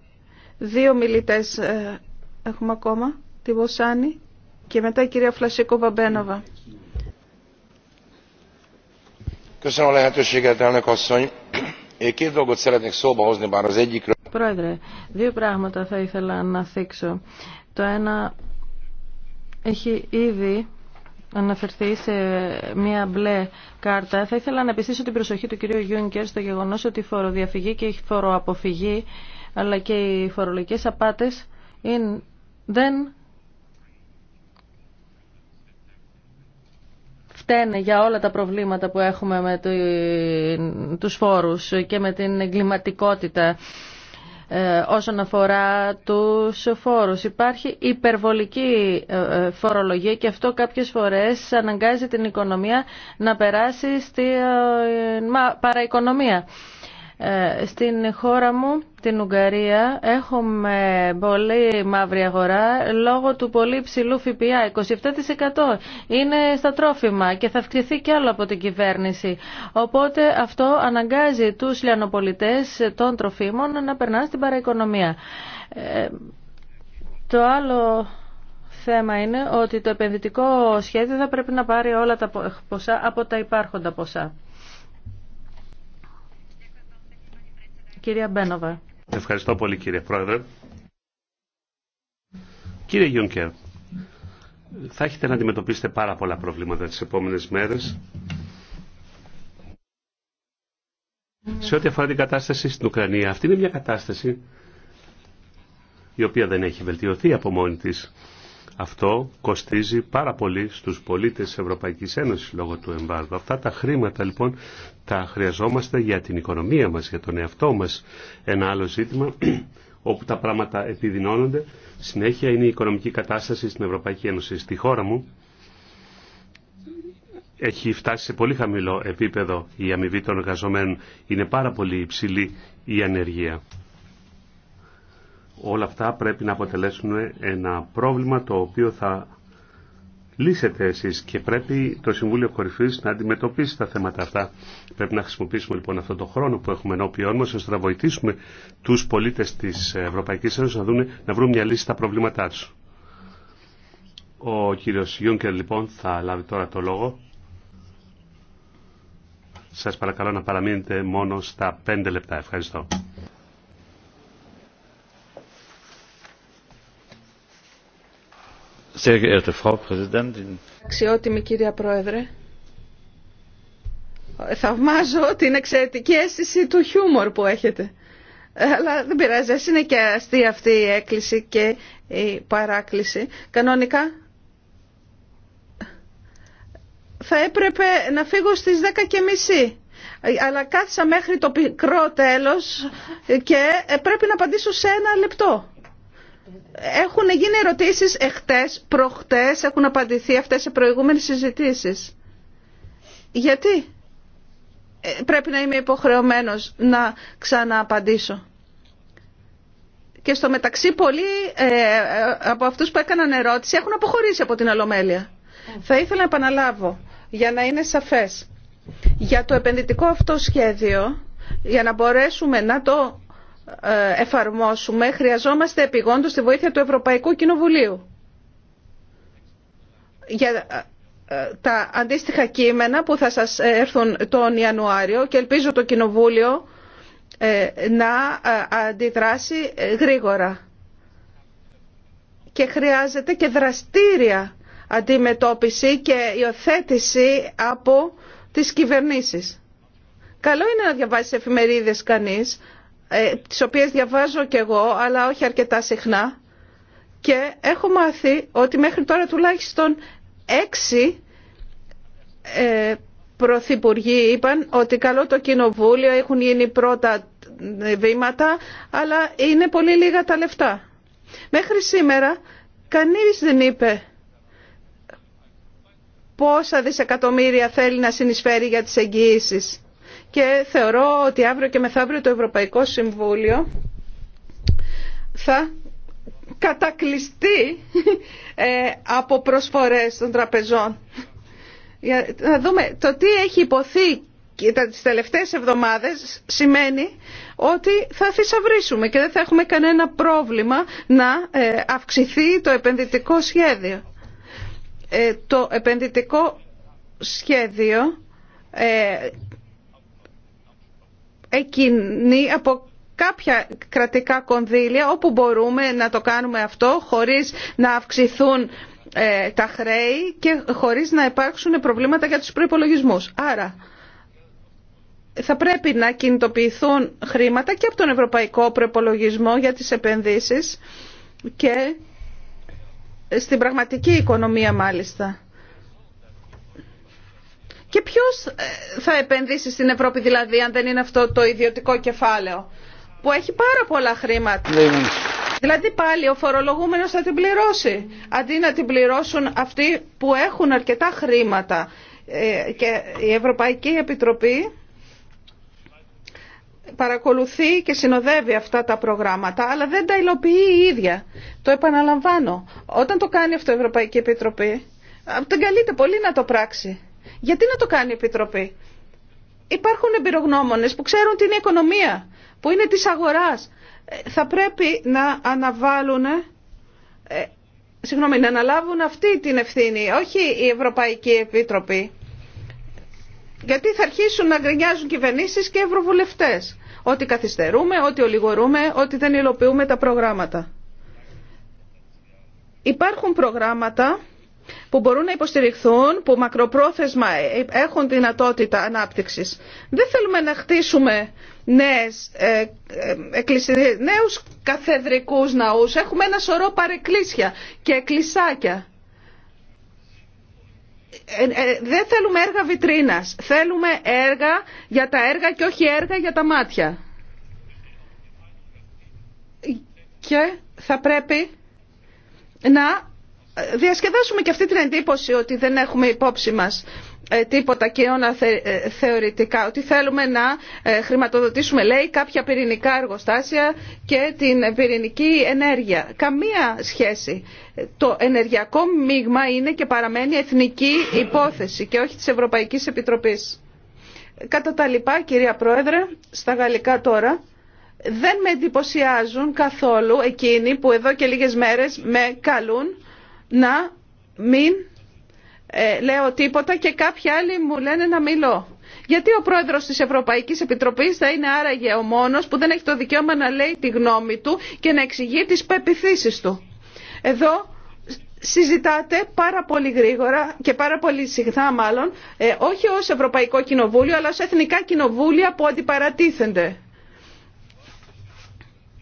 Δύο μιλητές ε, έχουμε ακόμα. Τη Βοσάνη και μετά η κυρία Φλασίκο Βαμπένοβα. Πρόεδρε, δύο πράγματα θα ήθελα να θίξω. Το ένα έχει ήδη αναφερθεί σε μια μπλε κάρτα. Θα ήθελα να επιστήσω την προσοχή του κυρίου Γιούνκερ στο γεγονό ότι η φοροδιαφυγή και η φοροαποφυγή αλλά και οι φορολογικέ απάτε δεν φταίνε για όλα τα προβλήματα που έχουμε με τους φόρους και με την εγκληματικότητα ε, όσον αφορά τους φόρους. Υπάρχει υπερβολική ε, ε, φορολογία και αυτό κάποιες φορές αναγκάζει την οικονομία να περάσει στην παραοικονομία. Ε, στην χώρα μου, την Ουγγαρία, έχουμε πολύ μαύρη αγορά λόγω του πολύ ψηλού ΦΠΑ. 27% είναι στα τρόφιμα και θα αυξηθεί κι άλλο από την κυβέρνηση. Οπότε αυτό αναγκάζει τους λιανοπολιτές των τροφίμων να περνά στην παραοικονομία. Ε, το άλλο θέμα είναι ότι το επενδυτικό σχέδιο θα πρέπει να πάρει όλα τα ποσά από τα υπάρχοντα ποσά. Κυρία Μπένοβα. Ευχαριστώ πολύ κύριε Πρόεδρε. Κύριε Γιούνκερ, θα έχετε να αντιμετωπίσετε πάρα πολλά προβλήματα τις επόμενες μέρες. Σε ό,τι αφορά την κατάσταση στην Ουκρανία, αυτή είναι μια κατάσταση η οποία δεν έχει βελτιωθεί από μόνη της. Αυτό κοστίζει πάρα πολύ στους πολίτες της Ευρωπαϊκής Ένωσης λόγω του εμβάρδου. Αυτά τα χρήματα λοιπόν τα χρειαζόμαστε για την οικονομία μας, για τον εαυτό μας. Ένα άλλο ζήτημα όπου τα πράγματα επιδεινώνονται συνέχεια είναι η οικονομική κατάσταση στην Ευρωπαϊκή Ένωση. Στη χώρα μου έχει φτάσει σε πολύ χαμηλό επίπεδο η αμοιβή των εργαζομένων. Είναι πάρα πολύ υψηλή η ανεργία. Όλα αυτά πρέπει να αποτελέσουν ένα πρόβλημα το οποίο θα λύσετε εσείς και πρέπει το Συμβούλιο Κορυφής να αντιμετωπίσει τα θέματα αυτά. Πρέπει να χρησιμοποιήσουμε λοιπόν αυτόν τον χρόνο που έχουμε ενώπιόν μας ώστε να βοηθήσουμε τους πολίτες της Ευρωπαϊκής Ένωσης να, δουνε να βρουν μια λύση στα προβλήματά τους. Ο κύριος Γιούνκερ λοιπόν θα λάβει τώρα το λόγο. Σας παρακαλώ να παραμείνετε μόνο στα πέντε λεπτά. Ευχαριστώ. Αξιότιμη κυρία Πρόεδρε, θαυμάζω την εξαιρετική αίσθηση του χιούμορ που έχετε. Ε, αλλά δεν πειράζει, ας είναι και αστεία αυτή η έκκληση και η παράκληση. Κανονικά θα έπρεπε να φύγω στις 10 και μισή. Αλλά κάθισα μέχρι το πικρό τέλος και ε, πρέπει να απαντήσω σε ένα λεπτό. Έχουν γίνει ερωτήσεις εχθές, προχτές, έχουν απαντηθεί αυτές σε προηγούμενες συζητήσεις. Γιατί ε, πρέπει να είμαι υποχρεωμένος να ξανααπαντήσω. Και στο μεταξύ πολλοί ε, ε, από αυτούς που έκαναν ερώτηση έχουν αποχωρήσει από την ολομέλεια Θα ήθελα να επαναλάβω για να είναι σαφές. Για το επενδυτικό αυτό σχέδιο, για να μπορέσουμε να το ε, εφαρμόσουμε, χρειαζόμαστε επιγόντως τη βοήθεια του Ευρωπαϊκού Κοινοβουλίου για ε, τα αντίστοιχα κείμενα που θα σας έρθουν τον Ιανουάριο και ελπίζω το Κοινοβούλιο ε, να αντιδράσει γρήγορα. Και χρειάζεται και δραστήρια αντιμετώπιση και υιοθέτηση από τις κυβερνήσεις. Καλό είναι να διαβάζει εφημερίδες κανείς, ε, τις οποίες διαβάζω κι εγώ, αλλά όχι αρκετά συχνά. Και έχω μάθει ότι μέχρι τώρα τουλάχιστον έξι ε, πρωθυπουργοί είπαν ότι καλό το κοινοβούλιο, έχουν γίνει πρώτα ε, βήματα, αλλά είναι πολύ λίγα τα λεφτά. Μέχρι σήμερα κανείς δεν είπε πόσα δισεκατομμύρια θέλει να συνεισφέρει για τις εγγυήσεις και θεωρώ ότι αύριο και μεθαύριο το Ευρωπαϊκό Συμβούλιο θα κατακλειστεί ε, από προσφορές των τραπεζών. Να δούμε το τι έχει υποθεί τις τελευταίες εβδομάδες σημαίνει ότι θα θησαυρίσουμε και δεν θα έχουμε κανένα πρόβλημα να ε, αυξηθεί το επενδυτικό σχέδιο. Ε, το επενδυτικό σχέδιο εκείνη από κάποια κρατικά κονδύλια όπου μπορούμε να το κάνουμε αυτό χωρίς να αυξηθούν ε, τα χρέη και χωρίς να υπάρξουν προβλήματα για τους προϋπολογισμούς. Άρα θα πρέπει να κινητοποιηθούν χρήματα και από τον Ευρωπαϊκό Προϋπολογισμό για τις επενδύσεις και στην πραγματική οικονομία μάλιστα. Και ποιο ε, θα επενδύσει στην Ευρώπη δηλαδή αν δεν είναι αυτό το ιδιωτικό κεφάλαιο που έχει πάρα πολλά χρήματα. Ναι, ναι. Δηλαδή πάλι ο φορολογούμενος θα την πληρώσει αντί να την πληρώσουν αυτοί που έχουν αρκετά χρήματα. Ε, και η Ευρωπαϊκή Επιτροπή παρακολουθεί και συνοδεύει αυτά τα προγράμματα, αλλά δεν τα υλοποιεί η ίδια. Το επαναλαμβάνω. Όταν το κάνει αυτό η Ευρωπαϊκή Επιτροπή, τον καλείται πολύ να το πράξει. Γιατί να το κάνει η Επιτροπή. Υπάρχουν εμπειρογνώμονε που ξέρουν την οικονομία, που είναι της αγοράς. Ε, θα πρέπει να αναβάλουν, ε, συγγνώμη, να αναλάβουν αυτή την ευθύνη, όχι η Ευρωπαϊκή Επιτροπή. Γιατί θα αρχίσουν να γκρινιάζουν κυβερνήσει και ευρωβουλευτές. Ότι καθυστερούμε, ότι ολιγορούμε, ότι δεν υλοποιούμε τα προγράμματα. Υπάρχουν προγράμματα που μπορούν να υποστηριχθούν, που μακροπρόθεσμα έχουν δυνατότητα ανάπτυξης. Δεν θέλουμε να χτίσουμε νέες, ε, ε, νέους καθεδρικούς ναούς. Έχουμε ένα σωρό παρεκκλήσια και εκκλησάκια. Ε, ε, δεν θέλουμε έργα βιτρίνας. Θέλουμε έργα για τα έργα και όχι έργα για τα μάτια. Και θα πρέπει να ε, διασκεδάσουμε και αυτή την εντύπωση ότι δεν έχουμε υπόψη μας ε, τίποτα κοινόνα ε, θεωρητικά, ότι θέλουμε να χρηματοδοτήσουμε, λέει, κάποια πυρηνικά εργοστάσια και την πυρηνική ενέργεια. Καμία σχέση. Το ενεργειακό μείγμα είναι και παραμένει εθνική υπόθεση και όχι της Ευρωπαϊκής Επιτροπής. Κατά τα λοιπά, κυρία Πρόεδρε, στα γαλλικά τώρα, δεν με εντυπωσιάζουν καθόλου εκείνοι που εδώ και λίγες μέρες με καλούν να μην ε, λέω τίποτα και κάποιοι άλλοι μου λένε να μιλώ. Γιατί ο πρόεδρο τη Ευρωπαϊκή Επιτροπή θα είναι άραγε ο μόνο που δεν έχει το δικαίωμα να λέει τη γνώμη του και να εξηγεί τι πεπιθήσει του. Εδώ συζητάτε πάρα πολύ γρήγορα και πάρα πολύ συχνά μάλλον, ε, όχι ως Ευρωπαϊκό Κοινοβούλιο, αλλά ως Εθνικά Κοινοβούλια που αντιπαρατίθενται.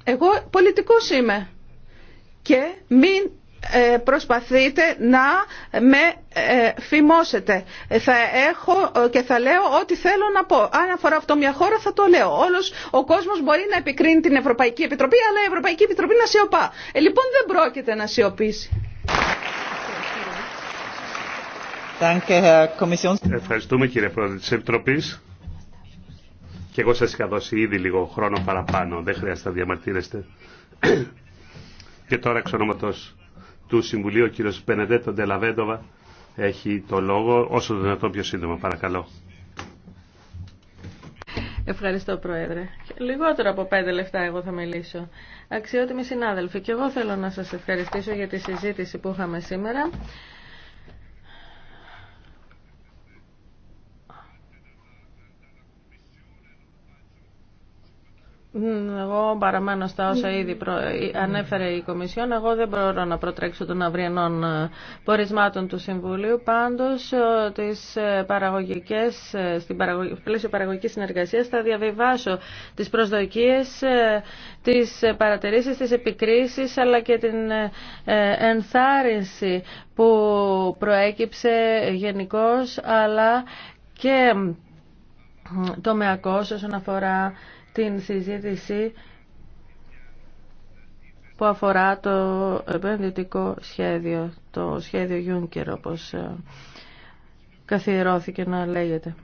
Εγώ πολιτικός είμαι και μην ε, προσπαθείτε να με ε, φημώσετε. Θα έχω ε, και θα λέω ό,τι θέλω να πω. Αν αφορά αυτό μια χώρα θα το λέω. Όλος ο κόσμος μπορεί να επικρίνει την Ευρωπαϊκή Επιτροπή αλλά η Ευρωπαϊκή Επιτροπή να σιωπά. Ε, λοιπόν δεν πρόκειται να σιωπήσει. Ευχαριστούμε κύριε Πρόεδρε της Επιτροπής. Και εγώ σας είχα δώσει ήδη λίγο χρόνο παραπάνω. Δεν χρειάζεται να διαμαρτύρεστε. και τώρα εξ ονόματος του Συμβουλίου, ο κύριος Πενεδέτο Ντελαβέντοβα, έχει το λόγο όσο το δυνατόν πιο σύντομα. Παρακαλώ. Ευχαριστώ, Πρόεδρε. Λιγότερο από πέντε λεφτά εγώ θα μιλήσω. Αξιότιμοι συνάδελφοι, και εγώ θέλω να σας ευχαριστήσω για τη συζήτηση που είχαμε σήμερα. Εγώ παραμένω στα όσα ήδη ανέφερε η Κομισιόν. Εγώ δεν μπορώ να προτρέξω των αυριανών ε, πορισμάτων του Συμβουλίου. Πάντως, ε, τις ε, παραγωγικές, στην παραγωγική, πλαίσιο παραγωγικής συνεργασίας θα διαβιβάσω τις προσδοκίες, τις παρατηρήσεις, τις επικρίσεις, αλλά και την ενθάρρυνση που προέκυψε γενικώ, αλλά και το τομεακώς όσον αφορά την συζήτηση που αφορά το επενδυτικό σχέδιο, το σχέδιο Juncker όπως ε, καθιερώθηκε να λέγεται.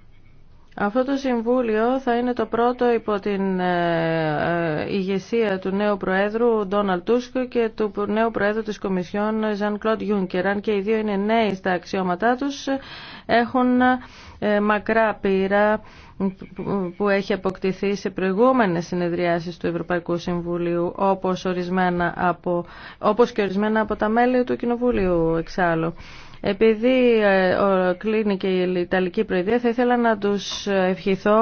Αυτό το Συμβούλιο θα είναι το πρώτο υπό την ε, ε, ηγεσία του νέου Προέδρου Ντόναλτ Τούσκ και του νέου Προέδρου της Κομισιόν Ζαν Κλοντ Γιούνκερ. Αν και οι δύο είναι νέοι στα αξιώματά τους, έχουν ε, μακρά πείρα που έχει αποκτηθεί σε προηγούμενες συνεδριάσεις του Ευρωπαϊκού Συμβουλίου όπως, ορισμένα από, όπως και ορισμένα από τα μέλη του Κοινοβουλίου εξάλλου. Επειδή ε, κλείνει και η Ιταλική Προεδρία, θα ήθελα να τους ευχηθώ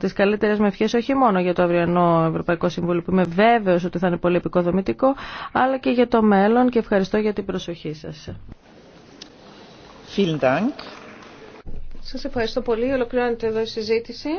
τις καλύτερες με ευχές όχι μόνο για το αυριανό Ευρωπαϊκό Συμβούλιο που είμαι βέβαιος ότι θα είναι πολύ επικοδομητικό, αλλά και για το μέλλον και ευχαριστώ για την προσοχή σας. Σας ευχαριστώ πολύ. Ολοκληρώνεται εδώ η συζήτηση.